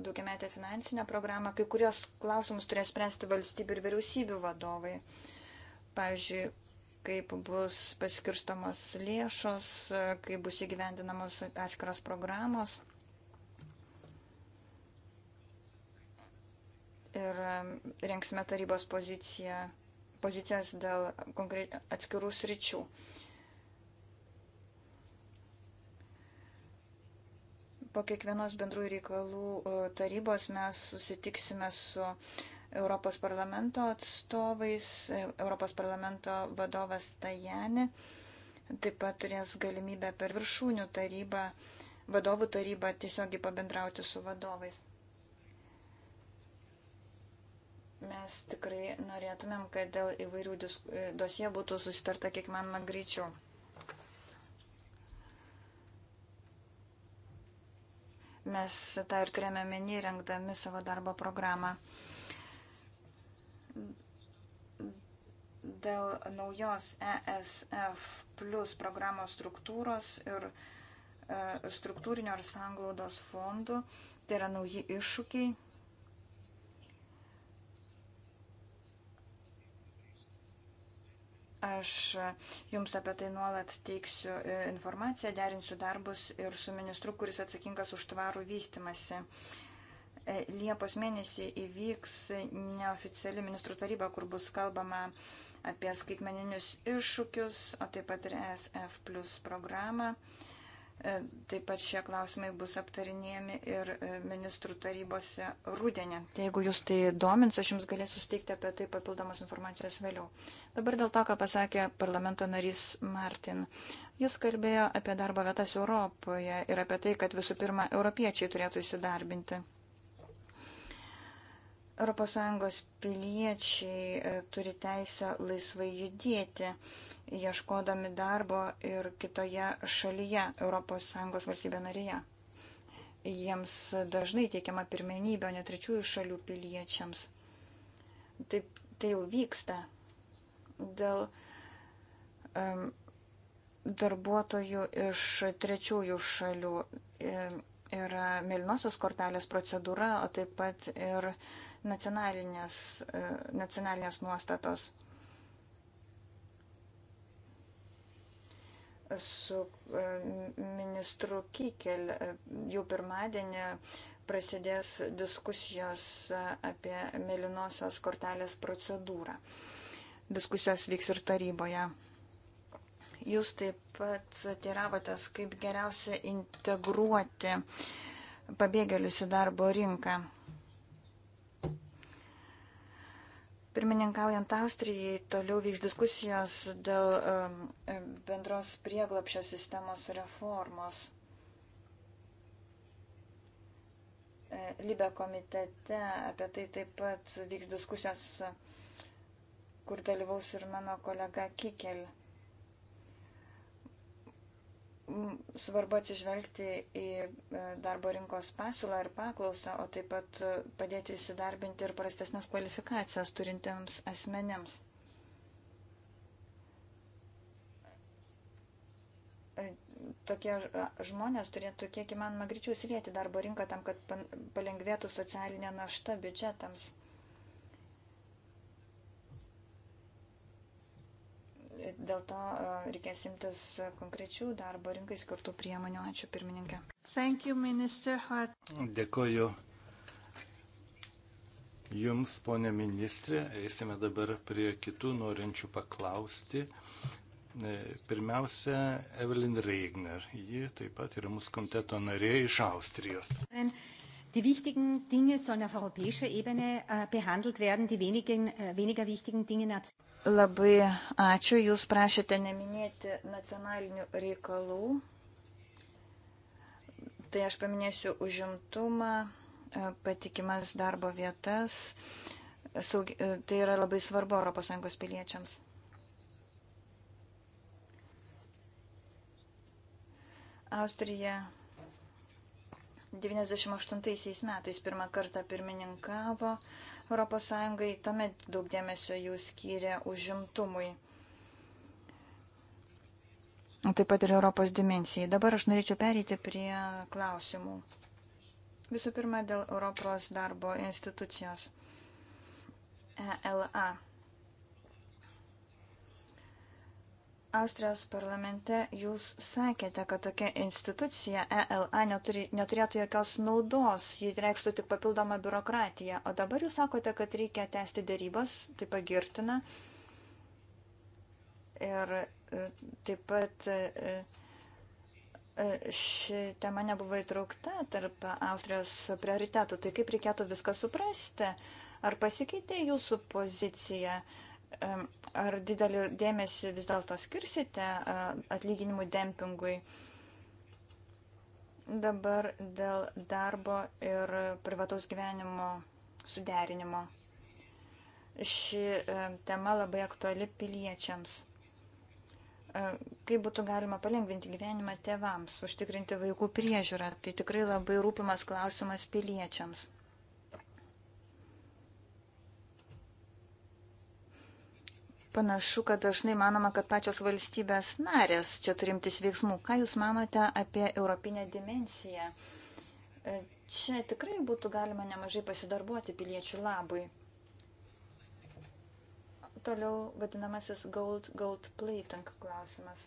Speaker 3: daugiametę finansinę programą. Kai kurios klausimus turės spręsti valstybių ir vyriausybių vadovai. Pavyzdžiui, kaip bus paskirstamos lėšos, kaip bus įgyvendinamos atskiros programos ir rengsime tarybos poziciją, pozicijas dėl atskirų sričių. Po kiekvienos bendrųjų reikalų tarybos mes susitiksime su Europos parlamento atstovais, e, Europos parlamento vadovas Tajani taip pat turės galimybę per viršūnių tarybą, vadovų tarybą tiesiogiai pabendrauti su vadovais. Mes tikrai norėtumėm, kad dėl įvairių e, dosie būtų susitarta kiek manoma greičiau. Mes tą ir turėjome menį rengdami savo darbo programą. Dėl naujos ESF plus programos struktūros ir e, struktūrinio ir sanglaudos fondų tai yra nauji iššūkiai Aš e, jums apie tai nuolat teiksiu e, informaciją, derinsiu darbus ir su ministru, kuris atsakingas už tvarų vystimasi. E, Liepos mėnesį įvyks neoficiali ministrų taryba, kur bus kalbama apie skaitmeninius iššūkius, o taip pat ir SF plus programą. E, taip pat šie klausimai bus aptarinėjami ir e, ministrų tarybose rūdienė. Tai jeigu jūs tai domins, aš jums galėsiu suteikti apie tai papildomas informacijos vėliau. Dabar dėl to, ką pasakė parlamento narys Martin. Jis kalbėjo apie darbo vietas Europoje ir apie tai, kad visų pirma, europiečiai turėtų įsidarbinti. ES piliečiai e, turi teisę laisvai judėti, ieškodami darbo ir kitoje šalyje, ES valstybė narėje. Jiems dažnai teikiama pirmenybė, o ne trečiųjų šalių piliečiams. Taip, tai jau vyksta. Dėl um, darbuotojų iš trečiųjų šalių e, yra mėlynosios kortelės procedūra, o taip pat ir uh, nacionalinės, e, nacionalinės nuostatos. Su e, ministru Kykel e, jau pirmadienį prasidės diskusijos apie mėlynosios kortelės procedūrą. Diskusijos vyks ir taryboje. Jūs taip pat teiravotės, kaip geriausia integruoti pabėgėlius į darbo rinką. Pirmininkaujant Austrijai, toliau vyks diskusijos dėl bendros prieglapšio sistemos reformos. E, Libe komitete apie tai taip pat vyks diskusijos, kur dalyvaus ir mano kolega Kikel svarbu atsižvelgti į e, darbo rinkos pasiūlą ir paklausą, o taip pat e, padėti įsidarbinti ir prastesnės kvalifikacijas turintiems asmenėms. E, tokie žmonės turėtų kiek įmanoma greičiau įsilieti darbo rinką tam, kad palengvėtų socialinė našta biudžetams. dėl to e, reikės imtis konkrečių darbo rinkai skirtų priemonių. Ačiū pirmininkė. Thank you, Minister Hart.
Speaker 1: Dėkoju Jums, ponė ministrė. Eisime dabar prie kitų norinčių paklausti. E, pirmiausia, Evelyn Reigner. Ji taip pat yra mūsų komiteto narė iš Austrijos.
Speaker 3: And... Die wichtigen Dinge sollen auf europäischer Ebene äh, behandelt werden, die wenigen, äh, weniger wichtigen Dinge national. Labai ačiū, jūs prašėte neminėti nacionalinių reikalų. Tai aš paminėsiu užimtumą, e, patikimas darbo vietas. Saugi, e, tai yra labai svarbu ES piliečiams. Austrija 98 metais pirmą kartą pirmininkavo ES, tuomet daug dėmesio jų skyrė užimtumui. Taip pat ir Europos dimensijai. Dabar aš norėčiau pereiti prie klausimų. Visų pirma, dėl Europos darbo institucijos ELA. Austrijos parlamente jūs sakėte, kad tokia institucija ELA neturi, neturėtų jokios naudos, ji reikštų tik papildomą biurokratiją, o dabar jūs sakote, kad reikia tęsti dėrybas, tai pagirtina. Ir e, taip pat e, e, ši tema nebuvo įtraukta tarp Austrijos prioritetų, tai kaip reikėtų viską suprasti, ar pasikeitė jūsų pozicija? Ar didelį dėmesį vis dėlto skirsite atlyginimų dempingui? Dabar dėl darbo ir privataus gyvenimo suderinimo. Ši tema labai aktuali piliečiams. Kaip būtų galima palengvinti gyvenimą tėvams, užtikrinti vaikų priežiūrą, tai tikrai labai rūpimas klausimas piliečiams. Panašu, kad dažnai manoma, kad pačios valstybės narės čia turimtis veiksmų. Ką Jūs manote apie europinę dimenciją? E, čia tikrai būtų galima nemažai pasidarbuoti piliečių labui. Toliau vadinamasis gold, gold plating klausimas.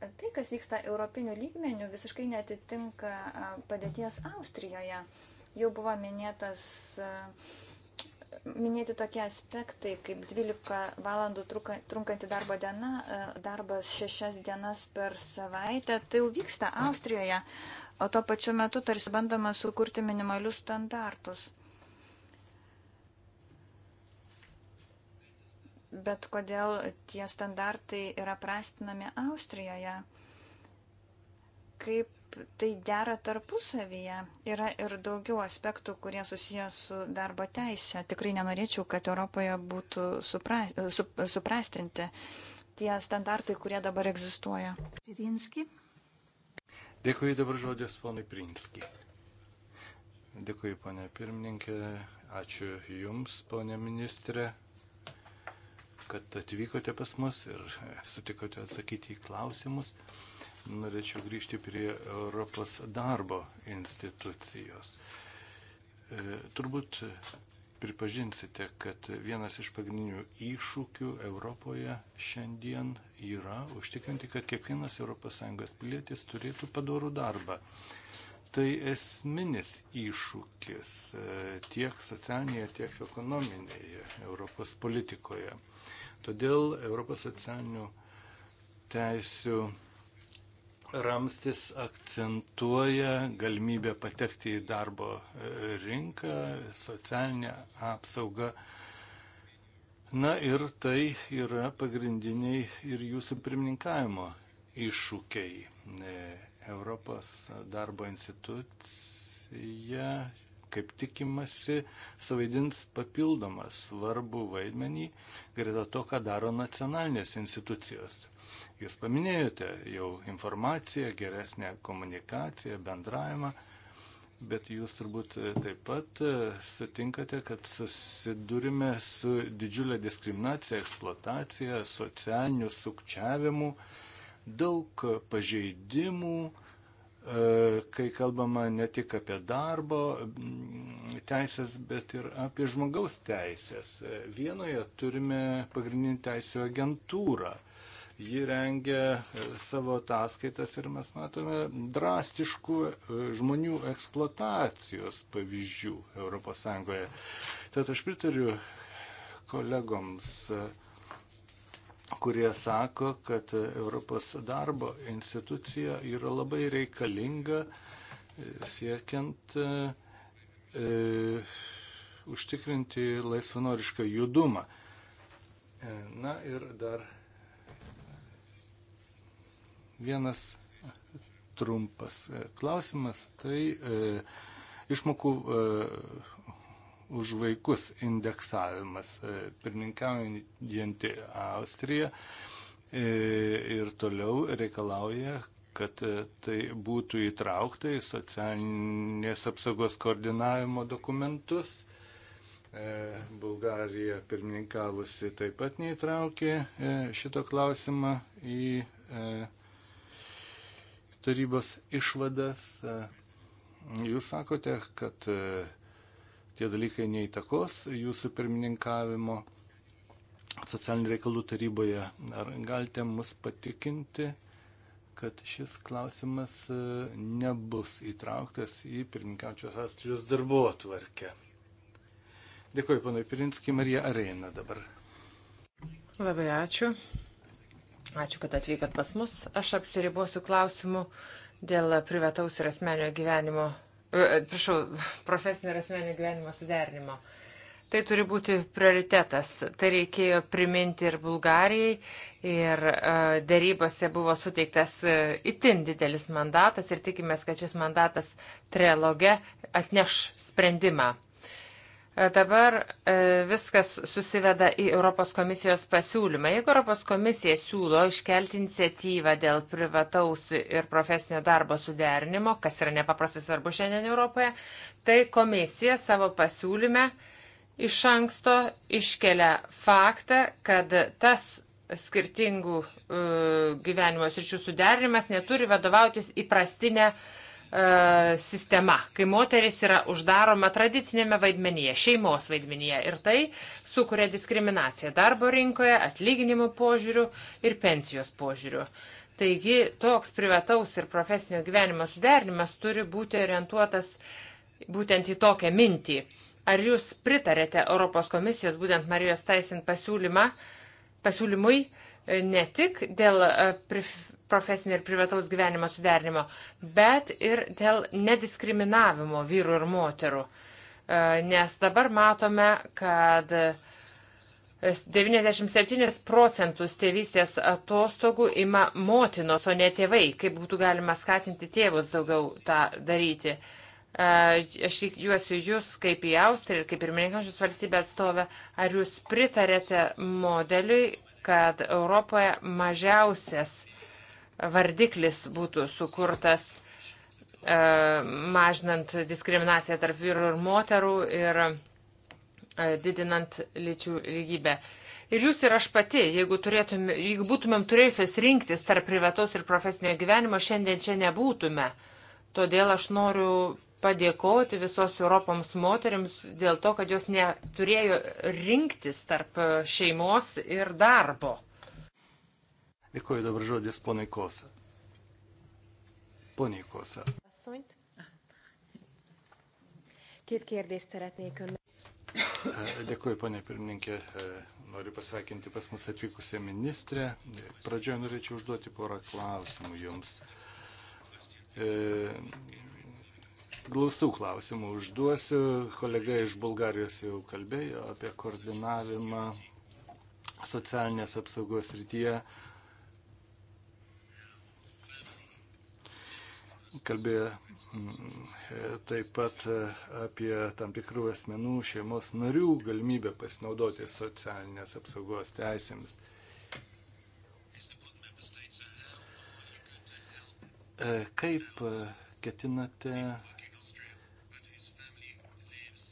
Speaker 3: E, tai, kas vyksta europinių lygmenių, visiškai netitinka e, padėties Austrijoje. Jau buvo minėtas uh, minėti tokie aspektai, kaip 12 valandų trunkanti darbo diena, e, darbas 6 dienas per savaitę, tai jau vyksta Austrijoje, o tuo pačiu metu tarsi bandoma sukurti minimalius standartus. Bet kodėl tie standartai yra prastinami Austrijoje? Kaip tai dera tarpusavyje. Yra ir daugiau aspektų, kurie susijęs su darbo teisė. Tikrai nenorėčiau, kad Europoje būtų supra, su, suprastinti tie standartai, kurie dabar egzistuoja. Pirinski.
Speaker 1: Dėkui dabar žodės ponui Prinski. Dėkui, ponė pirmininkė. Ačiū Jums, ponė ministrė, kad atvykote pas mus ir sutikote atsakyti į klausimus norėčiau grįžti prie Europos darbo institucijos. E, turbūt pripažinsite, kad vienas iš pagrindinių iššūkių Europoje šiandien yra užtikrinti, kad kiekvienas ES pilietis turėtų padorų darbą. Tai esminis iššūkis e, tiek socialinėje, tiek ekonominėje Europos politikoje. Todėl Europos socialinių teisių ramstis akcentuoja galimybę patekti į darbo e, rinką, socialinę apsaugą. Na ir tai yra pagrindiniai ir jūsų pirmininkavimo iššūkiai. E, Europos darbo institucija, kaip tikimasi, suvaidins papildomą svarbų vaidmenį greta to, ką daro nacionalinės institucijos. Jūs paminėjote jau informaciją, geresnę komunikaciją, bendravimą, bet jūs turbūt e, taip pat e, sutinkate, kad susidurime su didžiulė diskriminacija, eksploatacija, socialiniu sukčiavimu, daug pažeidimų, e, kai kalbama ne tik apie darbo teisės, bet ir apie žmogaus teisės. Vienoje turime pagrindinių teisų agentūrą Ji rengia e, savo ataskaitas ir mes matome drastiškų e, žmonių eksploatacijos pavyzdžių ES. Tad aš pritariu kolegoms, e, kurie sako, kad Europos darbo institucija yra labai reikalinga siekiant e, užtikrinti laisvanorišką judumą. Na ir dar Vienas trumpas e, klausimas, tai e, išmokų e, už vaikus indeksavimas e, pirmininkaujantį Austriją e, ir toliau reikalauja, kad e, tai būtų įtraukta į socialinės apsaugos koordinavimo dokumentus. E, Bulgarija pirmininkavusi taip pat neįtraukė e, šito klausimą į tarybos išvadas. Jūs sakote, kad e, tie dalykai neįtakos jūsų pirmininkavimo socialinių reikalų taryboje. Ar galite mus patikinti, kad šis klausimas e, nebus įtrauktas į pirmininkaučios Astrijos darbo atvarkę? Dėkuoju, panai Pirinskiai, Marija Areina dabar.
Speaker 2: Labai ačiū. Ačiū, kad atvykat pas mus. Aš apsiribuosiu klausimu dėl privataus ir asmenio gyvenimo, e, prašau, profesinio ir asmenio gyvenimo suderinimo. Tai turi būti prioritetas. Tai reikėjo priminti ir Bulgarijai. Ir e, dėrybose buvo suteiktas e, itin didelis mandatas ir tikimės, kad šis mandatas trialoge atneš sprendimą. E, dabar e, viskas susiveda į Europos komisijos pasiūlymą. Jeigu Europos komisija siūlo iškelti iniciatyvą dėl privataus ir profesinio darbo suderinimo, kas yra nepaprastai svarbu šiandien Europoje, tai komisija savo pasiūlyme iš anksto iškelia faktą, kad tas skirtingų e, gyvenimo sričių suderinimas neturi vadovautis įprastinę uh, E, sistema, kai moteris yra uždaroma tradicinėme vaidmenyje, šeimos vaidmenyje ir tai sukuria diskriminaciją darbo rinkoje, atlyginimų požiūrių ir pensijos požiūrių. Taigi toks privataus ir profesinio gyvenimo suderinimas turi būti orientuotas būtent į tokią mintį. Ar jūs pritarėte Europos komisijos, būtent Marijos Taisin pasiūlymą, pasiūlymui e, ne tik dėl e, profesinio ir privataus gyvenimo suderinimo, bet ir dėl nediskriminavimo vyrų ir moterų. E, nes dabar matome, kad 97 procentus tėvystės atostogų ima motinos, o ne tėvai. Kaip būtų galima skatinti tėvus daugiau tą daryti? E, aš juosiu jūs kaip į Austriją ir kaip ir minėkančius valstybės atstovę, ar jūs pritarėte modeliui, kad Europoje mažiausias vardiklis būtų sukurtas e, mažinant diskriminaciją tarp vyrų ir moterų ir e, didinant lyčių lygybę. Ir jūs ir aš pati, jeigu, turėtum, jeigu būtumėm turėjusios rinktis tarp privatos ir profesinio gyvenimo, šiandien čia nebūtume. Todėl aš noriu padėkoti visos Europoms moteriams dėl to, kad jos neturėjo rinktis tarp šeimos ir darbo.
Speaker 1: Dėkuoju dabar žodis ponai Kosa. Poniai Kosa.
Speaker 3: Két kérdést szeretnék önnek.
Speaker 1: Eh, Dėkuoju, ponė pirmininkė. Noriu eh, pasveikinti pas mus atvykusią ministrę. Pradžioje norėčiau užduoti porą klausimų jums. Eh, Glaustų klausimų užduosiu. Kolega iš Bulgarijos jau kalbėjo apie koordinavimą socialinės apsaugos rytyje. kalbėjo mm, taip pat e, apie tam tikrų asmenų šeimos narių galimybę pasinaudoti socialinės apsaugos teisėmis. E, kaip e, ketinate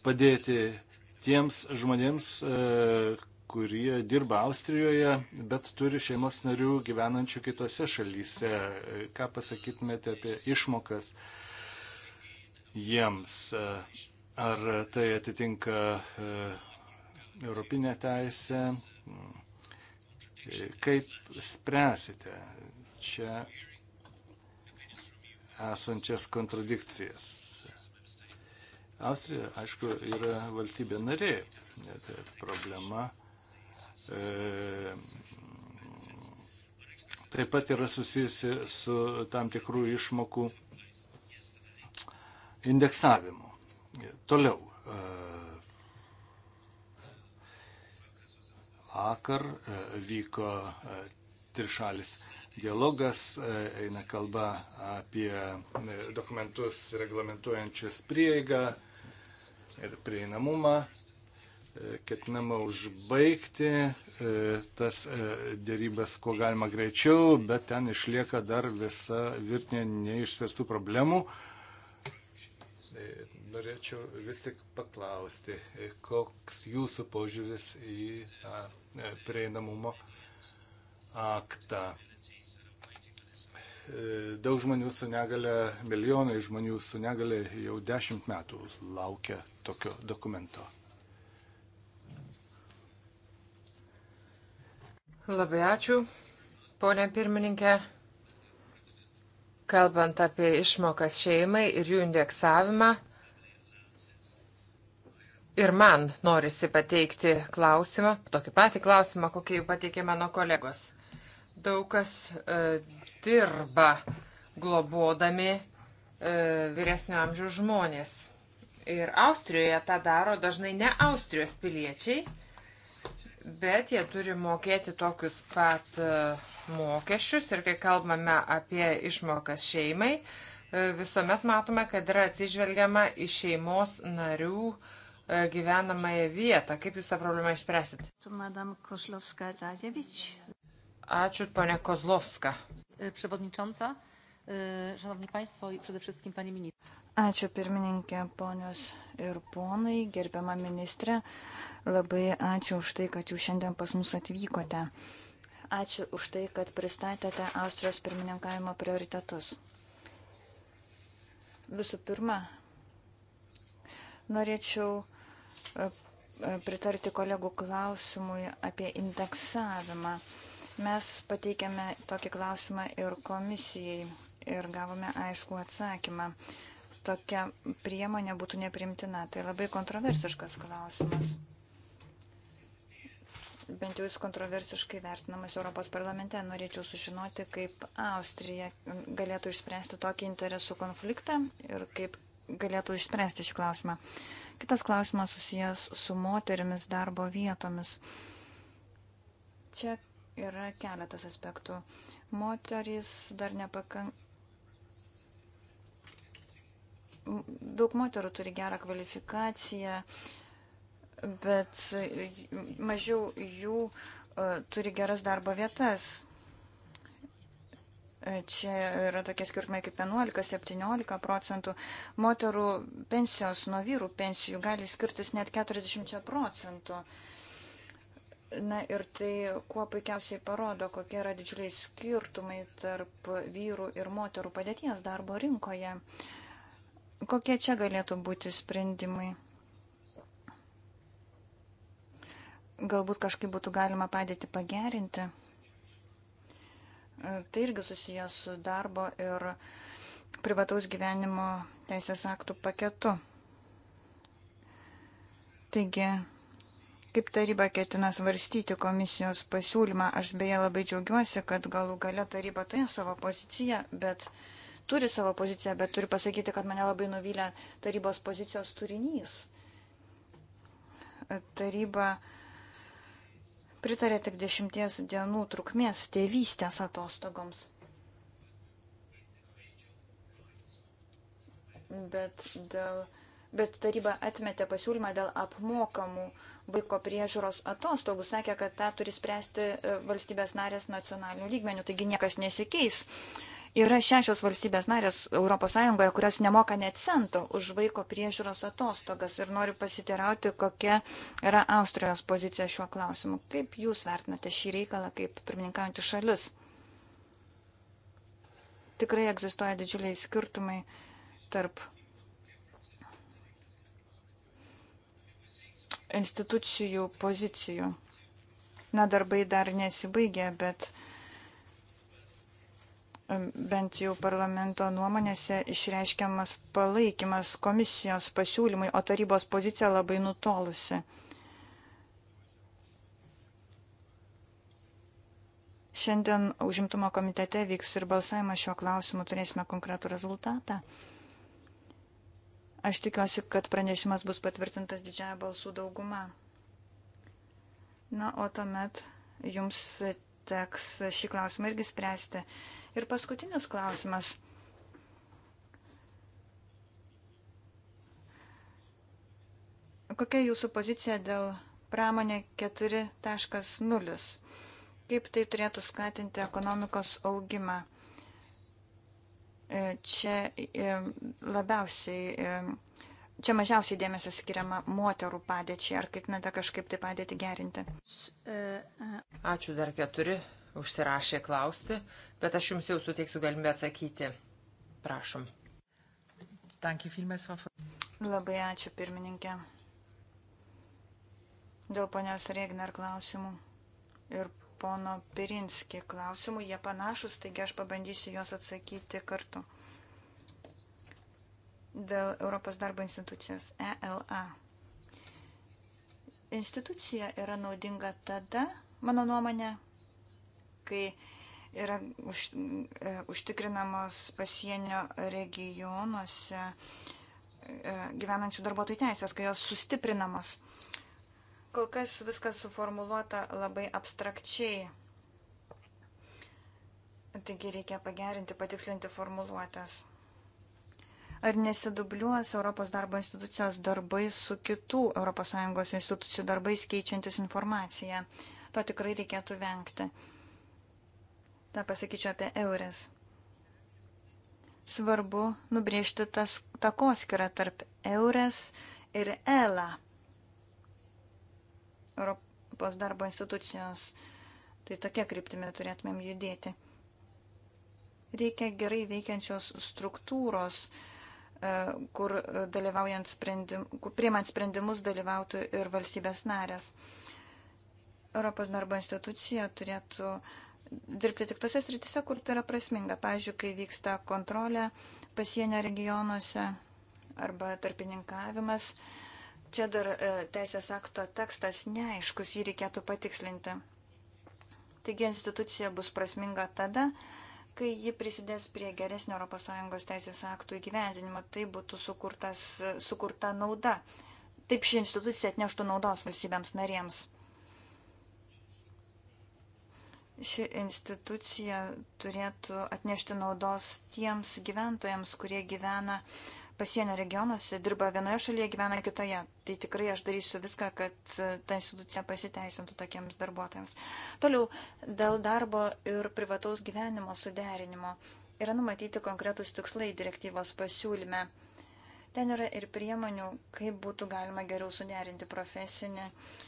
Speaker 1: padėti tiems žmonėms, kurie dirba Austrijoje, bet turi šeimos narių gyvenančių kitose šalyse. Ką pasakytumėte apie išmokas jiems? Ar tai atitinka e, europinę teisę? Kaip spręsite čia esančias kontradikcijas? Austrija, aišku, yra valstybė narė. Tai problema E, taip pat yra susijusi su tam tikrų išmokų indeksavimu. Toliau. E, vakar e, vyko trišalis dialogas, eina kalba apie dokumentus reglamentuojančius prieigą ir prieinamumą ketinama užbaigti e, tas e, dėrybas, kuo galima greičiau, bet ten išlieka dar visa virtinė neišspręstų problemų. E, norėčiau vis tik paklausti, koks jūsų požiūris į tą prieinamumo aktą. Daug žmonių su negale, milijonai žmonių su negale jau dešimt metų laukia tokio dokumento.
Speaker 2: Labai ačiū, ponė pirmininkė. Kalbant apie išmokas šeimai ir jų indeksavimą, ir man norisi pateikti klausimą, tokį patį klausimą, kokį jau pateikė mano kolegos. Daug kas e, dirba globodami e, vyresnio amžiaus žmonės. Ir Austrijoje tą daro dažnai ne Austrijos piliečiai, bet jie turi mokėti tokius pat e, mokesčius ir kai kalbame apie išmokas šeimai, e, visuomet matome, kad yra atsižvelgiama į šeimos narių e, gyvenamąją vietą. Kaip jūs tą problemą išspręsit? Ačiū, ponė
Speaker 3: Kozlovska. Przewodnicząca, Szanowni Państwo i przede wszystkim Pani Minister. Ačiū pirmininkė, ponios ir ponai, gerbiama ministrė. Labai ačiū už tai, kad jūs šiandien pas mus atvykote. Ačiū už tai, kad pristatėte Austrijos pirmininkavimo prioritetus. Visų pirma, norėčiau e, e, pritarti kolegų klausimui apie indeksavimą. Mes pateikėme tokį klausimą ir komisijai ir gavome aišku atsakymą. Uh, tokia priemonė būtų neprimtina. Tai labai kontroversiškas klausimas. Bent jau jis kontroversiškai vertinamas Europos parlamente. Norėčiau sužinoti, kaip Austrija galėtų išspręsti tokį interesų konfliktą ir kaip galėtų išspręsti šį klausimą. Kitas klausimas susijęs su moterimis darbo vietomis. Čia yra keletas aspektų. Moterys dar nepakank Daug moterų turi gerą kvalifikaciją, bet mažiau jų e, turi geras darbo vietas. E, čia yra tokie skirtumai kaip 11-17 procentų. Moterų pensijos nuo vyrų pensijų gali skirtis net 40 procentų. Na ir tai kuo puikiausiai parodo, kokie yra didžiuliai skirtumai tarp vyrų ir moterų padėties darbo rinkoje. Uh, Kokie čia galėtų būti sprendimai? Galbūt kažkaip būtų galima padėti pagerinti. Tai irgi susijęs su darbo ir privataus gyvenimo teisės aktų paketu. Taigi, kaip taryba ketina svarstyti komisijos pasiūlymą, aš beje labai džiaugiuosi, kad galų gale taryba turėjo savo poziciją, bet uh, turi savo poziciją, bet turiu pasakyti, kad mane labai nuvylė tarybos pozicijos turinys. Taryba pritarė tik dešimties dienų trukmės tėvystės atostogoms. Bet, dėl, bet taryba atmetė pasiūlymą dėl apmokamų vaiko priežiūros atostogų, sakė, kad tą turi spręsti e, valstybės narės nacionalinių lygmenių, taigi niekas nesikeis. Yra šešios valstybės narės ES, kurios nemoka net cento už vaiko priežiūros atostogas ir noriu pasiteirauti, kokia yra Austrijos pozicija šiuo klausimu. Kaip jūs vertinate šį reikalą kaip pirmininkaujantį šalis? Tikrai egzistuoja didžiuliai skirtumai tarp institucijų pozicijų. Na, darbai dar nesibaigė, bet uh, bent jau parlamento nuomonėse išreiškiamas palaikymas komisijos pasiūlymui, o tarybos pozicija labai nutolusi. Šiandien užimtumo komitete vyks ir balsavimas šiuo klausimu, turėsime konkretų rezultatą. Aš tikiuosi, kad pranešimas bus patvirtintas didžiaja balsų dauguma. Na, o tuomet jums teks šį klausimą irgi spręsti. Ir paskutinis klausimas. Kokia jūsų pozicija dėl pramonė 4.0? Kaip tai turėtų skatinti ekonomikos augimą? E, čia e, labiausiai, e, čia mažiausiai dėmesio skiriama moterų padėčiai. Ar ketinate kažkaip tai padėti gerinti? Ačiū dar keturi užsirašė klausti,
Speaker 2: bet aš jums jau suteiksiu galimybę atsakyti. Prašom.
Speaker 3: Labai ačiū pirmininkė. Dėl ponios Regner klausimų ir pono Pirinski klausimų, jie panašus, taigi aš pabandysiu juos atsakyti kartu. Dėl Europos darbo institucijos ELA institucija yra naudinga tada, mano nuomonė, kai yra už, e, užtikrinamos pasienio regionuose e, gyvenančių darbuotojų teisės, kai jos sustiprinamos. Kol kas viskas suformuluota labai abstrakčiai. Taigi reikia pagerinti, patikslinti formuluotės. Ar nesidubliuos Europos darbo institucijos darbai su kitų ES institucijų darbais keičiantis informaciją? To tikrai reikėtų vengti tą pasakyčiau apie eurės. Svarbu nubriežti tas takoskirą tarp eurės ir ELA. Europos darbo institucijos. Tai tokia kryptimi turėtumėm judėti. Reikia gerai veikiančios struktūros, e, kur, sprendim, kur priimant sprendimus dalyvautų ir valstybės narės. Europos darbo institucija turėtų uh, dirbti tik tose sritise, kur tai yra prasminga. Pavyzdžiui, kai vyksta kontrolė pasienio regionuose arba tarpininkavimas. Čia dar e, teisės akto tekstas neaiškus, jį reikėtų patikslinti. Taigi institucija bus prasminga tada, kai ji prisidės prie geresnio ES teisės aktų įgyvendinimo, tai būtų sukurtas, sukurta nauda. Taip ši institucija atneštų naudos valstybėms narėms ši institucija turėtų atnešti naudos tiems gyventojams, kurie gyvena pasienio regionuose, dirba vienoje šalyje, gyvena kitoje. Tai tikrai aš darysiu viską, kad e, ta institucija pasiteisintų tokiems darbuotojams. Toliau, dėl darbo ir privataus gyvenimo suderinimo yra numatyti konkretus tikslai direktyvos pasiūlyme. Ten yra ir priemonių, kaip būtų galima geriau suderinti profesinį uh,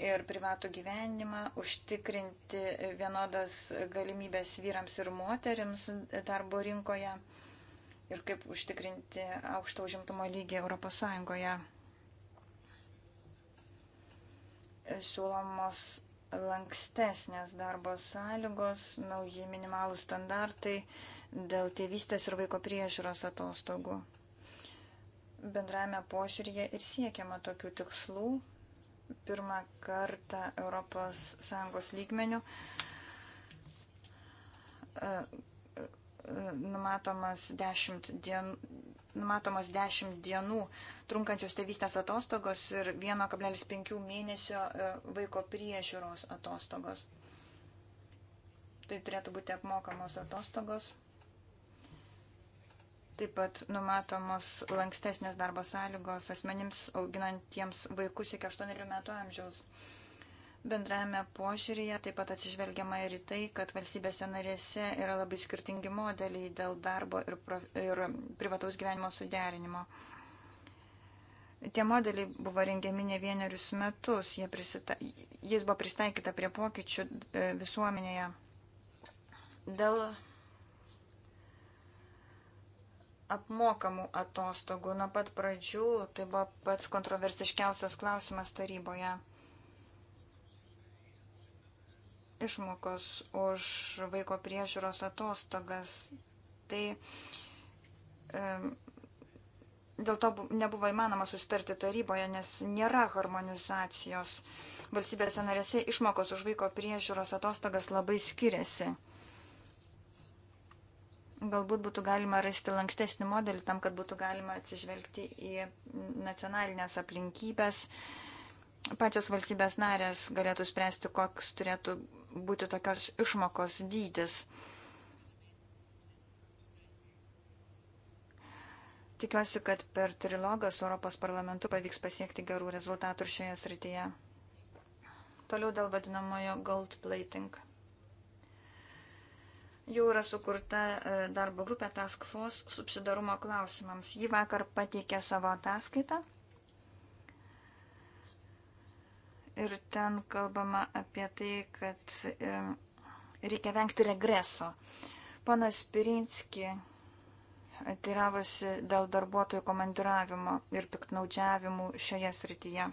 Speaker 3: ir privatų gyvenimą, užtikrinti vienodas galimybės vyrams ir moteriams darbo rinkoje ir kaip užtikrinti aukštą užimtumo lygį ES. Siūlomos lankstesnės darbo sąlygos, nauji minimalų standartai dėl tėvystės ir vaiko priežiūros atostogų. Bendrame požiūrėje ir siekiama tokių tikslų, pirmą kartą ES lygmenių e, e, numatomas 10 dienų. Numatomos 10 dienų trunkančios tėvystės atostogos ir 1,5 mėnesio e, vaiko priežiūros atostogos. Tai turėtų būti apmokamos atostogos. Taip pat numatomos lankstesnės darbo sąlygos asmenims auginantiems vaikus iki 8 metų amžiaus. Bendrajame požiūrėje taip pat atsižvelgiama ir į tai, kad valstybėse narėse yra labai skirtingi modeliai dėl darbo ir, prof, ir privataus gyvenimo suderinimo. Tie modeliai buvo rengiami ne vienerius metus, Jie prisita, jis buvo pristaikyta prie pokyčių e, visuomenėje. Dėl apmokamų atostogų. Nuo pat pradžių tai buvo pats kontroversiškiausias klausimas taryboje. Išmokos už vaiko priežiūros atostogas. Tai e, dėl to nebuvo įmanoma susitarti taryboje, nes nėra harmonizacijos. Valstybėse narėse išmokos už vaiko priežiūros atostogas labai skiriasi. Galbūt būtų galima rasti lankstesnį modelį tam, kad būtų galima atsižvelgti į nacionalinės aplinkybės. Pačios valstybės narės galėtų spręsti, koks turėtų būti tokios išmokos dydis. Tikiuosi, kad per trilogą su Europos parlamentu pavyks pasiekti gerų rezultatų ir šioje srityje. Toliau dėl vadinamojo gold plating. Jau yra sukurta e, darbo grupė Task Force subsidarumo klausimams. Ji vakar pateikė savo ataskaitą. Ir ten kalbama apie tai, kad e, reikia vengti regreso. Ponas Pirinski atiravosi dėl darbuotojų komandiravimo ir piktnaudžiavimų šioje srityje.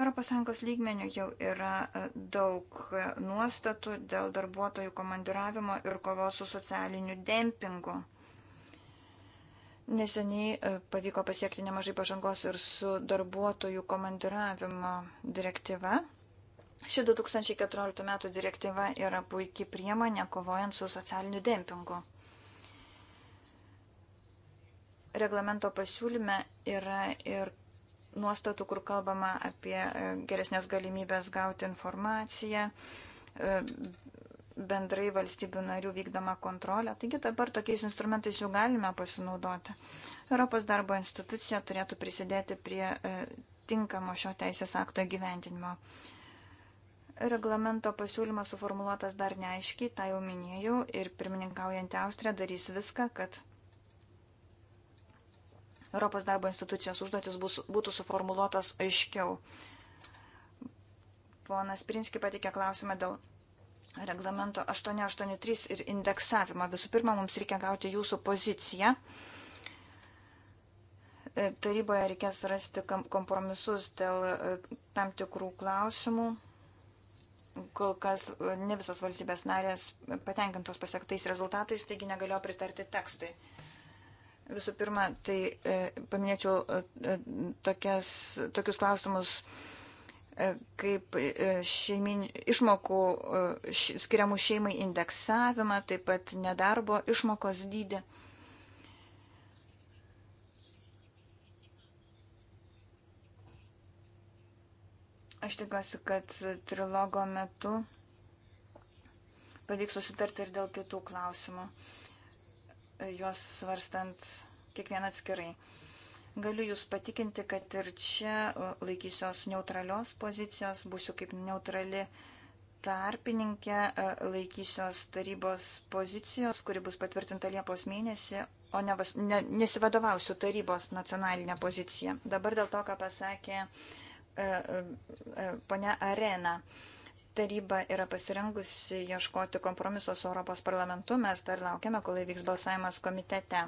Speaker 3: ES lygmenių jau yra e, daug e, nuostatų dėl darbuotojų komandiravimo ir kovos su socialiniu dempingu. Neseniai e, pavyko pasiekti nemažai pažangos ir su darbuotojų komandiravimo direktyva. Ši 2014 m. direktyva yra puikiai priemonė kovojant su socialiniu dempingu. Reglamento pasiūlyme yra ir nuostatų, kur kalbama apie e, geresnės galimybės gauti informaciją, e, bendrai valstybių narių vykdama kontrolę. Taigi dabar tokiais instrumentais jau galime pasinaudoti. Europos darbo institucija turėtų prisidėti prie e, tinkamo šio teisės akto gyventinimo. Reglamento pasiūlymas suformuoluotas dar neaiškiai, tą jau minėjau, ir pirmininkaujantį Austriją darys viską, kad Europos darbo institucijos užduotis bus, būtų suformuluotos aiškiau. Ponas Prinski patikė klausimą dėl reglamento 883 ir indeksavimą. Visų pirma, mums reikia gauti jūsų poziciją. E, taryboje reikės rasti kompromisus dėl e, tam tikrų klausimų. Kol kas e, ne visos valstybės narės patenkintos pasiektais rezultatais, taigi negalėjo pritarti tekstui. Visų pirma, tai e, paminėčiau e, tokias, tokius klausimus e, kaip šeimin, išmokų skiriamų šeimai indeksavimą, taip pat nedarbo išmokos dydį. Aš tikiuosi, kad trilogo metu pavyks susitarti ir dėl kitų klausimų. Uh, juos svarstant kiekvieną atskirai. Galiu Jūs patikinti, kad ir čia laikysiuos neutralios pozicijos, būsiu kaip neutrali tarpininkė, e, laikysiuos tarybos pozicijos, kuri bus patvirtinta Liepos mėnesį, o ne, ne, nesivadovausiu tarybos nacionalinę poziciją. Dabar dėl to, ką pasakė e, e, ponia Arena. E, taryba yra pasirengusi ieškoti kompromiso su Europos parlamentu, mes dar laukiame, kol įvyks balsavimas komitete.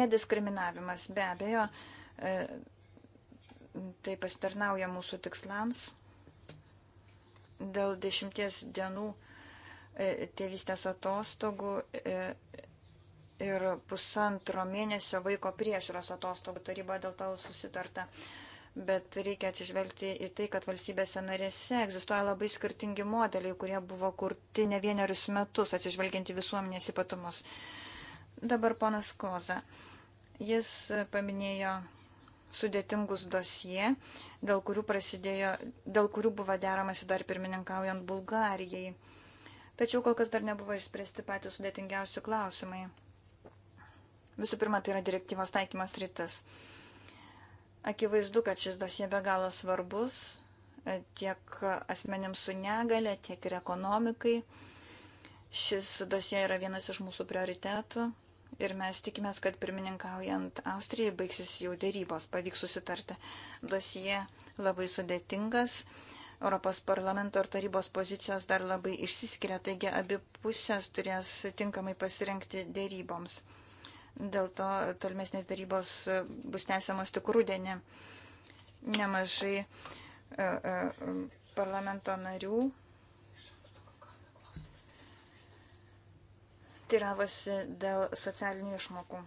Speaker 3: Nediskriminavimas be abejo, e, tai pasitarnauja mūsų tikslams. Dėl dešimties dienų e, tėvystės atostogų e, ir pusantro mėnesio vaiko priežiūros atostogų taryba dėl to susitarta bet reikia atsižvelgti į tai, kad valstybėse narėse egzistuoja labai skirtingi modeliai, kurie buvo kurti ne vienerius metus, atsižvelgiant į visuomenės ypatumus. Dabar ponas Koza. Jis paminėjo sudėtingus dosie, dėl kurių, prasidėjo, dėl kurių buvo deramasi dar pirmininkaujant Bulgarijai. Tačiau kol kas dar nebuvo išspręsti patys sudėtingiausi klausimai. Visų pirma, tai yra direktyvos taikymas rytas. Uh, Akivaizdu, kad šis dosie be galo svarbus e, tiek asmenėms su negale, tiek ir ekonomikai. Šis dosie yra vienas iš mūsų prioritetų ir mes tikimės, kad pirmininkaujant Austrijai baigsis jau dėrybos, pavyks susitarti. Dosie labai sudėtingas. Europos parlamento ir tarybos pozicijos dar labai išsiskiria, taigi abi pusės turės tinkamai pasirinkti dėryboms dėl to tolimesnės darybos e, bus nesamos tik rūdienį. Nemažai e, e, parlamento narių tyravosi dėl socialinių išmokų.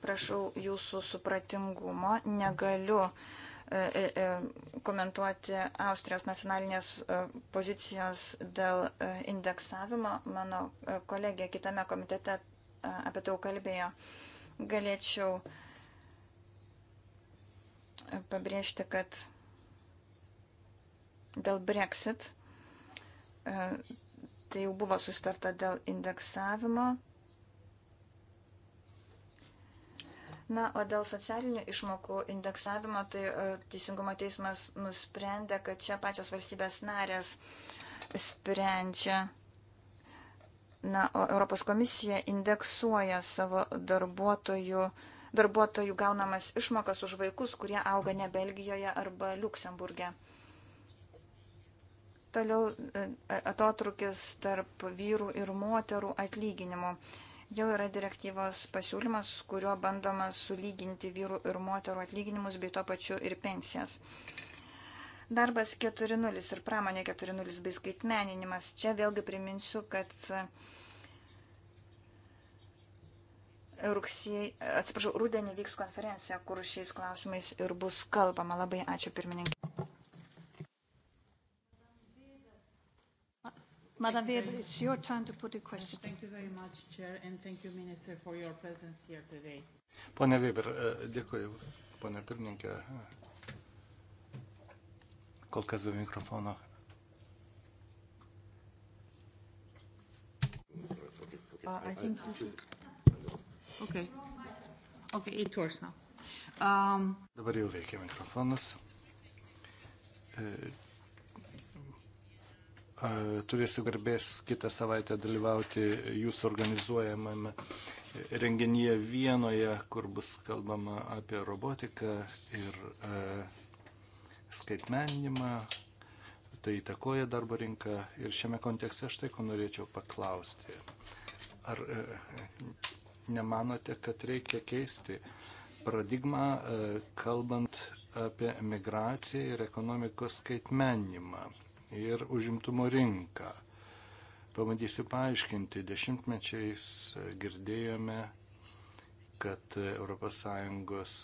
Speaker 3: Prašau jūsų supratingumo, negaliu komentuoti Austrijos nacionalinės pozicijos dėl indeksavimo. Mano kolegė kitame komitete apie tai kalbėjo. Galėčiau pabrėžti, kad dėl Brexit tai jau buvo sustarta dėl indeksavimo. Na, o dėl socialinių išmokų indeksavimo, tai Teisingumo teismas nusprendė, kad čia pačios valstybės narės sprendžia Na, o Europos komisija indeksuoja savo darbuotojų, darbuotojų gaunamas išmokas už vaikus, kurie auga ne Belgijoje arba Luksemburge. Toliau e, e, atotrukis tarp vyrų ir moterų atlyginimų. Jau yra direktyvos pasiūlymas, kuriuo bandoma sulyginti vyrų ir moterų atlyginimus bei to pačiu ir pensijas. Darbas 4.0 ir pramonė 4.0 bei skaitmeninimas. Čia vėlgi priminsiu, kad e, rugsėjai, atsiprašau, rūdienį vyks konferencija, kur šiais klausimais ir bus kalbama. Labai ačiū pirmininkai. Madam Weber, it's your time to put a question. Thank you very much, Chair, and thank you, Minister, for your presence here today.
Speaker 1: Pone Weber, e, dėkuoju, pone pirmininkė, kol kas be mikrofono. Uh, I think you
Speaker 2: should... Okay. Okay, it works now. Um...
Speaker 1: Dabar jau veikia mikrofonas. E, e, turėsiu garbės kitą savaitę dalyvauti jūsų organizuojamame renginyje Vienoje, kur bus kalbama apie robotiką ir uh, skaitmeninimą, tai įtakoja darbo rinką ir šiame kontekste štai ko norėčiau paklausti. Ar e, nemanote, kad reikia keisti paradigmą, e, kalbant apie migraciją ir ekonomikos skaitmeninimą ir užimtumo rinką? Pabandysiu paaiškinti, dešimtmečiais girdėjome kad ES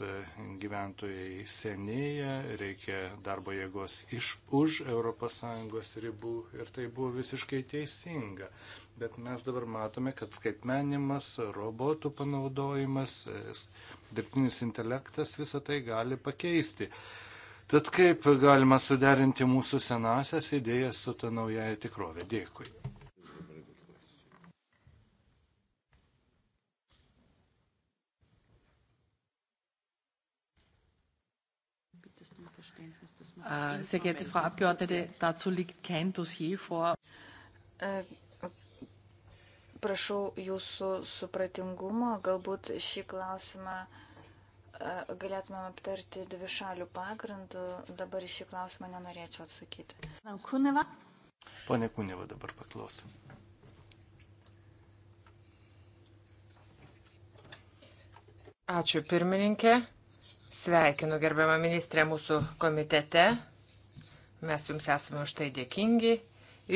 Speaker 1: gyventojai senėja, reikia darbo jėgos iš už ES ribų ir tai buvo visiškai teisinga. Bet mes dabar matome, kad skaitmenimas, robotų panaudojimas, dirbtinis intelektas visą tai gali pakeisti. Tad kaip galima suderinti mūsų senasias idėjas su ta naujaja tikrovė? Dėkui.
Speaker 4: Äh, sehr geehrte
Speaker 2: Frau Abgeordnete, dazu liegt kein Dossier vor.
Speaker 3: Äh, Prašau jūsų supratingumo, galbūt šį klausimą äh, galėtumėm aptarti dvi šalių pagrindų, dabar iš šį klausimą nenorėčiau atsakyti. Kuneva.
Speaker 1: Pone Kuneva dabar paklausim.
Speaker 2: Ačiū pirmininkė. Sveikinu gerbiamą ministrę mūsų komitete. Mes jums esame už tai dėkingi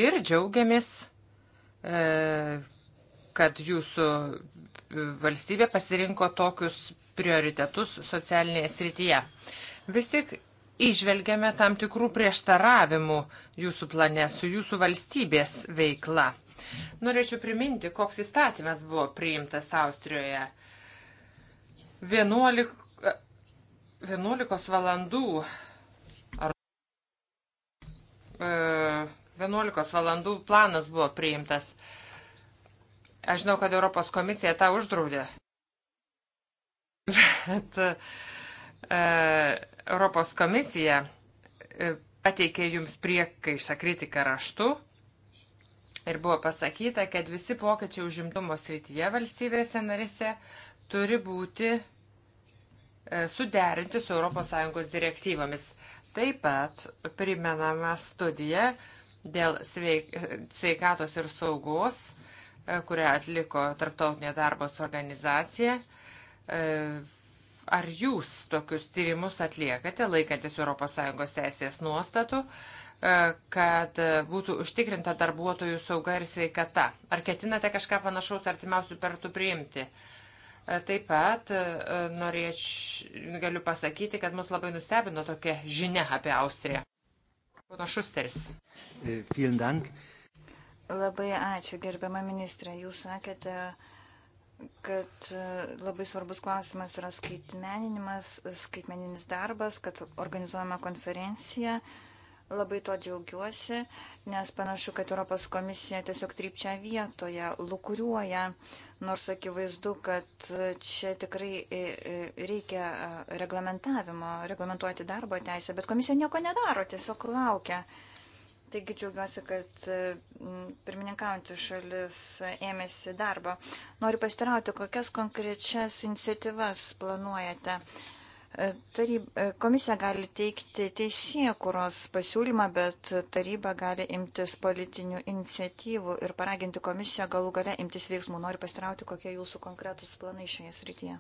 Speaker 2: ir džiaugiamės, e, kad jūsų valstybė pasirinko tokius prioritetus socialinėje srityje. Vis tik išvelgiame tam tikrų prieštaravimų jūsų plane su jūsų valstybės veikla. Norėčiau priminti, koks įstatymas buvo priimtas Austrijoje. 11, 11 valandų ar 11 e, valandų planas buvo priimtas. Aš žinau, kad Europos komisija tą uždraudė. Bet e, Europos komisija e, pateikė jums priekaišą kritiką raštu ir buvo pasakyta, kad visi pokyčiai užimtumo srityje valstybėse narise turi būti E, suderinti su ES direktyvomis. Taip pat primenama studija dėl sveikatos ir saugos, e, kurią atliko Tarptautinė darbos organizacija. E, ar jūs tokius tyrimus atliekate, laikantis ES teisės nuostatų, kad būtų užtikrinta darbuotojų sauga ir sveikata? Ar ketinate kažką panašaus artimiausių pertų priimti? Uh, Taip pat e, norėč, galiu pasakyti, kad mus labai nustebino tokia žinia apie Austriją. Pono Šusteris.
Speaker 4: E,
Speaker 3: labai ačiū, gerbiama ministrė. Jūs sakėte, kad e, labai svarbus klausimas yra skaitmeninimas, skaitmeninis darbas, kad organizuojama konferencija. Uh, Labai to džiaugiuosi, nes panašu, kad Europos komisija tiesiog trypčia vietoje, lukuriuoja, nors akivaizdu, kad čia tikrai e, e, reikia e, reglamentavimo, reglamentuoti darbo teisę, bet komisija nieko nedaro, tiesiog laukia. Taigi džiaugiuosi, kad pirmininkaujantys šalis ėmėsi darbo. Noriu pasitarauti, kokias konkrečias iniciatyvas planuojate Taryb, komisija gali teikti teisėkuros pasiūlymą, bet taryba gali imtis politinių iniciatyvų ir paraginti komisiją galų gale imtis veiksmų. Noriu pasirauti, kokie jūsų konkretus planai šioje srityje.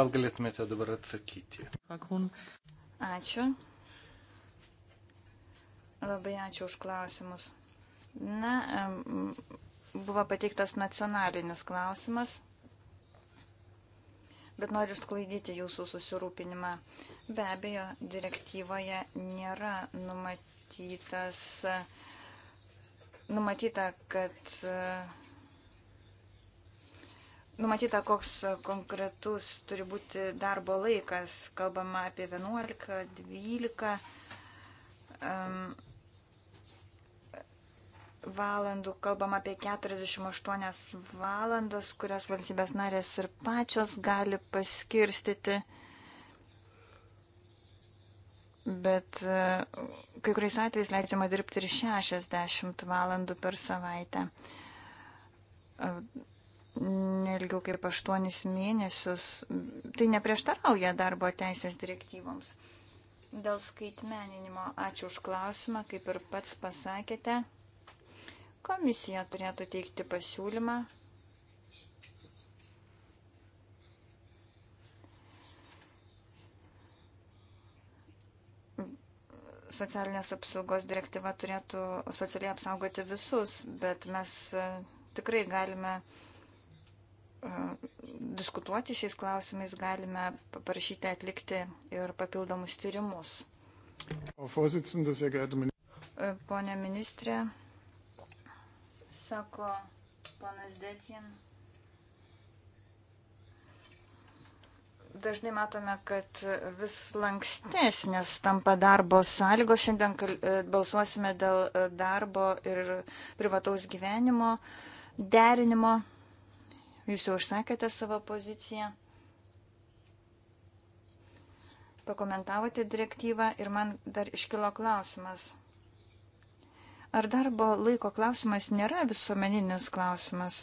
Speaker 3: Gal
Speaker 1: galėtumėte dabar atsakyti?
Speaker 3: Ačiū. Labai ačiū už klausimus. Na, buvo pateiktas nacionalinis klausimas, bet noriu sklaidyti jūsų susirūpinimą. Be abejo, direktyvoje nėra numatytas, numatyta, kad Numatyta, koks konkretus turi būti darbo laikas, kalbama apie 11, 12. Um, valandų, kalbam apie 48 valandas, kurias valstybės narės ir pačios gali paskirstyti. Bet e, kai kuriais atvejais leidžiama dirbti ir 60 valandų per savaitę. E, nelgiau kaip 8 mėnesius. Tai neprieštarauja darbo teisės direktyvoms. Dėl skaitmeninimo ačiū už klausimą, kaip ir pats pasakėte. Komisija turėtų teikti pasiūlymą. Socialinės apsaugos direktyva turėtų socialiai apsaugoti visus, bet mes e, tikrai galime e, diskutuoti šiais klausimais, galime paprašyti atlikti ir papildomus tyrimus. E, Pone ministrė, sako panas Detien. Dažnai matome, kad vis lankstesnės tampa darbo sąlygos. Šiandien e, balsuosime dėl e, darbo ir privataus gyvenimo derinimo. Jūs jau užsakėte savo poziciją. Pakomentavote direktyvą ir man dar iškilo klausimas. Ar darbo laiko klausimas nėra visuomeninis klausimas?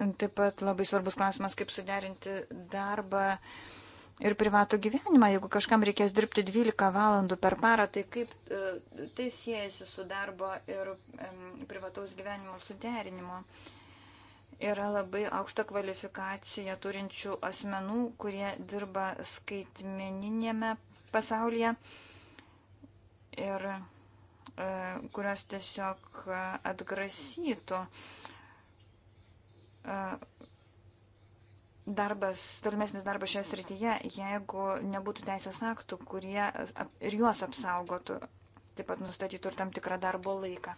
Speaker 3: Taip pat labai svarbus klausimas, kaip suderinti darbą ir privatų gyvenimą. Jeigu kažkam reikės dirbti 12 valandų per parą, tai kaip e, tai siejasi su darbo ir privataus gyvenimo suderinimu? Yra labai aukštą kvalifikaciją turinčių asmenų, kurie dirba skaitmeninėme pasaulyje. Ir kurios tiesiog atgrasytų darbas, tolimesnis darbas šioje srityje, jeigu nebūtų teisės aktų, kurie ir juos apsaugotų, taip pat nustatytų ir tam tikrą darbo laiką.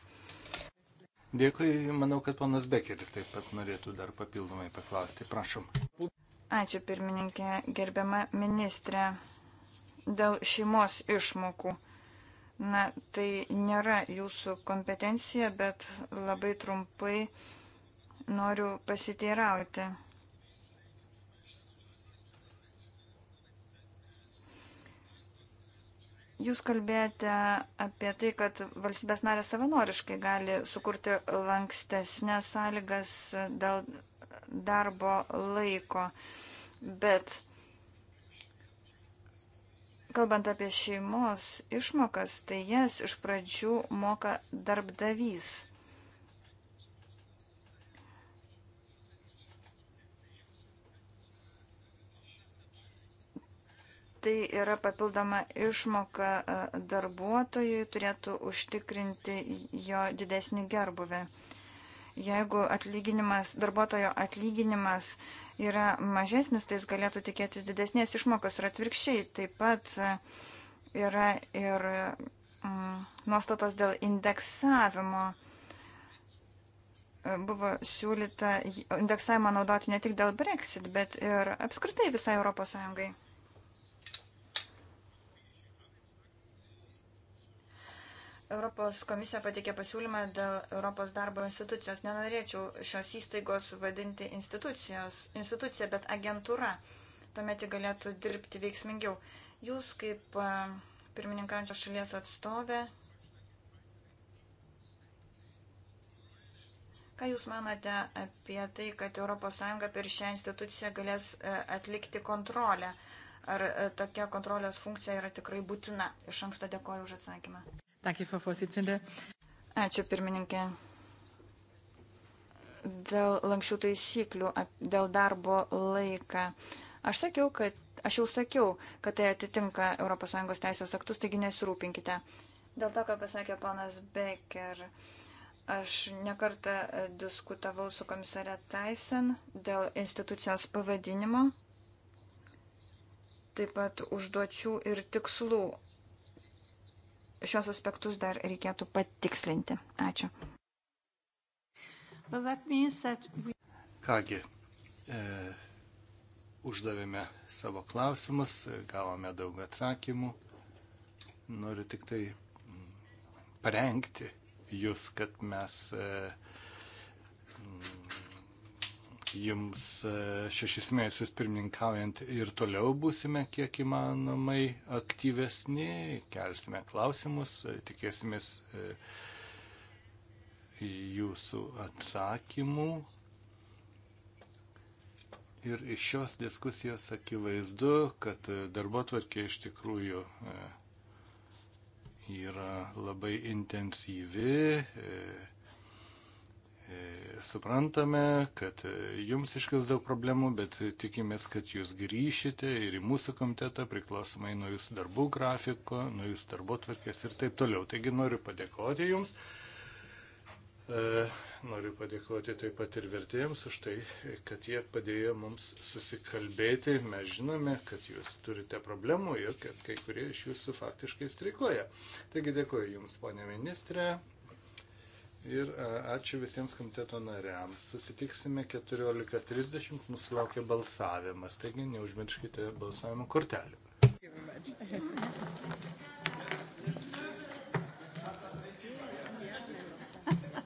Speaker 1: Dėkui, manau, kad ponas Bekeris taip pat norėtų dar papildomai paklausti. Prašom.
Speaker 3: Ačiū pirmininkė, gerbiama ministrė, dėl šeimos išmokų. Na, tai nėra jūsų kompetencija, bet labai trumpai noriu pasiteirauti. Jūs kalbėjote apie tai, kad valstybės narės savanoriškai gali sukurti lankstesnės sąlygas dėl darbo laiko, bet Kalbant apie šeimos išmokas, tai jas iš pradžių moka darbdavys. Tai yra papildoma išmoka e, darbuotojui, turėtų užtikrinti jo didesnį gerbuvę. Jeigu atlyginimas, darbuotojo atlyginimas uh, yra mažesnis, tai jis galėtų tikėtis didesnės išmokos ir atvirkščiai. Taip pat e, yra ir mm, nuostatos dėl indeksavimo. E, buvo siūlyta indeksavimą naudoti ne tik dėl Brexit, bet ir apskritai visai Europos Sąjungai. Europos komisija patikė pasiūlymą dėl Europos darbo institucijos. Nenorėčiau šios įstaigos vadinti institucija, bet agentūra. Tuomet ji galėtų dirbti veiksmingiau. Jūs kaip pirmininkančios šalies atstovė, ką Jūs manate apie tai, kad ES per šią instituciją galės atlikti kontrolę? Ar tokia kontrolės funkcija yra tikrai būtina? Iš anksto dėkoju už atsakymą. Danke, Frau Vorsitzende. Ačiū, pirmininkė. Dėl lankščių taisyklių, dėl darbo laiką. Aš sakiau, kad aš jau sakiau, kad tai atitinka ES teisės aktus, taigi nesirūpinkite. Dėl to, ką pasakė ponas Becker, aš nekartą diskutavau su komisare Tyson dėl institucijos pavadinimo, taip pat užduočių ir tikslų šios aspektus dar reikėtų patikslinti. Ačiū. Kągi,
Speaker 1: e, uždavėme savo klausimus, gavome daug atsakymų. Noriu tik tai mm, parengti jūs, kad mes e, jums e, šešis mėnesius pirmininkaujant ir toliau būsime kiek įmanomai aktyvesni, kelsime klausimus, e, tikėsimės e, jūsų atsakymų. Ir iš šios diskusijos akivaizdu, kad darbo tvarkė iš tikrųjų yra labai intensyvi E, suprantame, kad jums iškils daug problemų, bet tikimės, kad jūs grįšite ir į mūsų komitetą priklausomai nuo jūsų darbų grafiko, nuo jūsų darbo tvarkės ir taip toliau. Taigi noriu padėkoti jums. E, noriu padėkoti taip pat ir vertėjams už tai, kad jie padėjo mums susikalbėti. Mes žinome, kad jūs turite problemų ir kad kai kurie iš jūsų faktiškai streikuoja. Taigi dėkuoju Jums, ponė ministrė, ir e, ačiū visiems komiteto nariams. Susitiksime 14.30, mūsų laukia balsavimas, taigi neužmirškite balsavimo kortelių.
Speaker 4: Thank you very much.